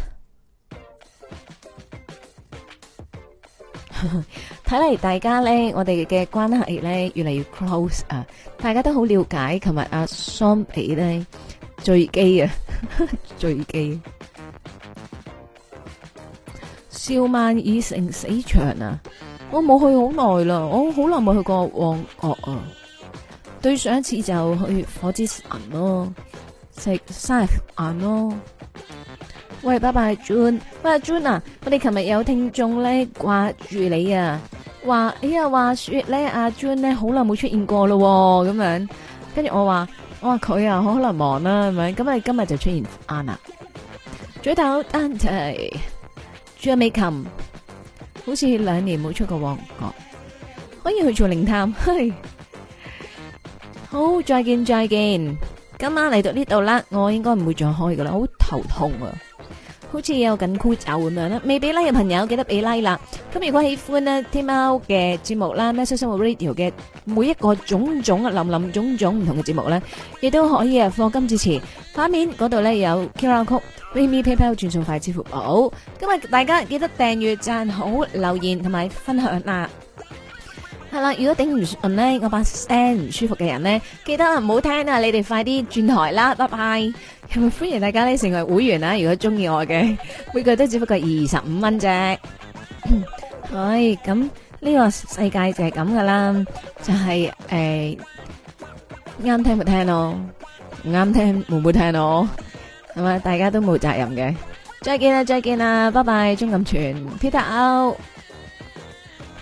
睇 嚟大家咧，我哋嘅關係咧越嚟越 close 啊！大家都好了解，琴日阿 s 桑皮咧墜機啊！追擊，笑漫已成死場啊！我冇去好耐啦，我好耐冇去過旺角啊。對上一次就去火之神咯，食沙日宴咯。喂，拜拜，June，喂，阿 June 啊！我哋琴日有聽眾咧掛住你啊，話哎呀，話說咧，阿 June 咧好耐冇出現過咯、哦，咁樣。跟住我話。我話佢啊，好難忘啦，係咪？咁啊，今日就出現 Anna，早唞 Andy，最後美琴，好似兩年冇出過旺角，可以去做靈探，嘿。好，再見再見，今晚嚟到呢度啦，我應該唔會再開噶啦，好頭痛啊。好似有緊箍咒咁樣啦，未俾 like 嘅朋友記得俾 like 啦。咁如果喜歡呢天貓嘅節目啦，喵式生活嘅 radio 嘅每一個種種啊，林林種種唔同嘅節目咧，亦都可以啊放金子詞反面嗰度咧有 QR Code 咪咪 paypal 轉送快支付。好，今日大家記得訂閱、讚好、留言同埋分享啦。係啦，如果頂唔順咧，我把聲唔舒服嘅人咧，記得唔好聽啊！你哋快啲轉台啦，拜拜！又歡迎大家咧成為會員啦，如果中意我嘅，每個月都只不過二十五蚊啫。係，咁呢個世界就係咁噶啦，就係誒，啱聽咪聽咯，唔啱聽咪唔聽咯，係咪？大家都冇責任嘅。再見啦，再見啦，拜拜！鍾錦全，Peter Out。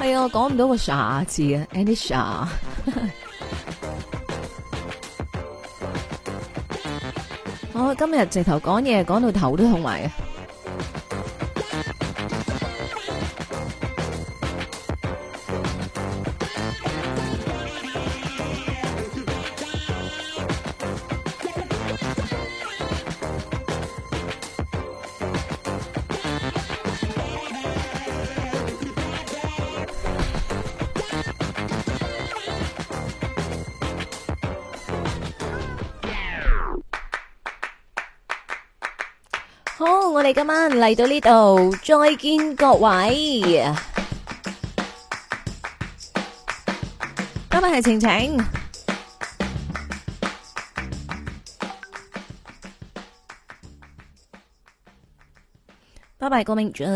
係啊，講唔到個傻字啊，Andy 傻。我, 我今日直頭講嘢，講到頭都痛埋啊！今晚嚟到呢度，再見各位。今日係晴晴，拜拜郭明俊。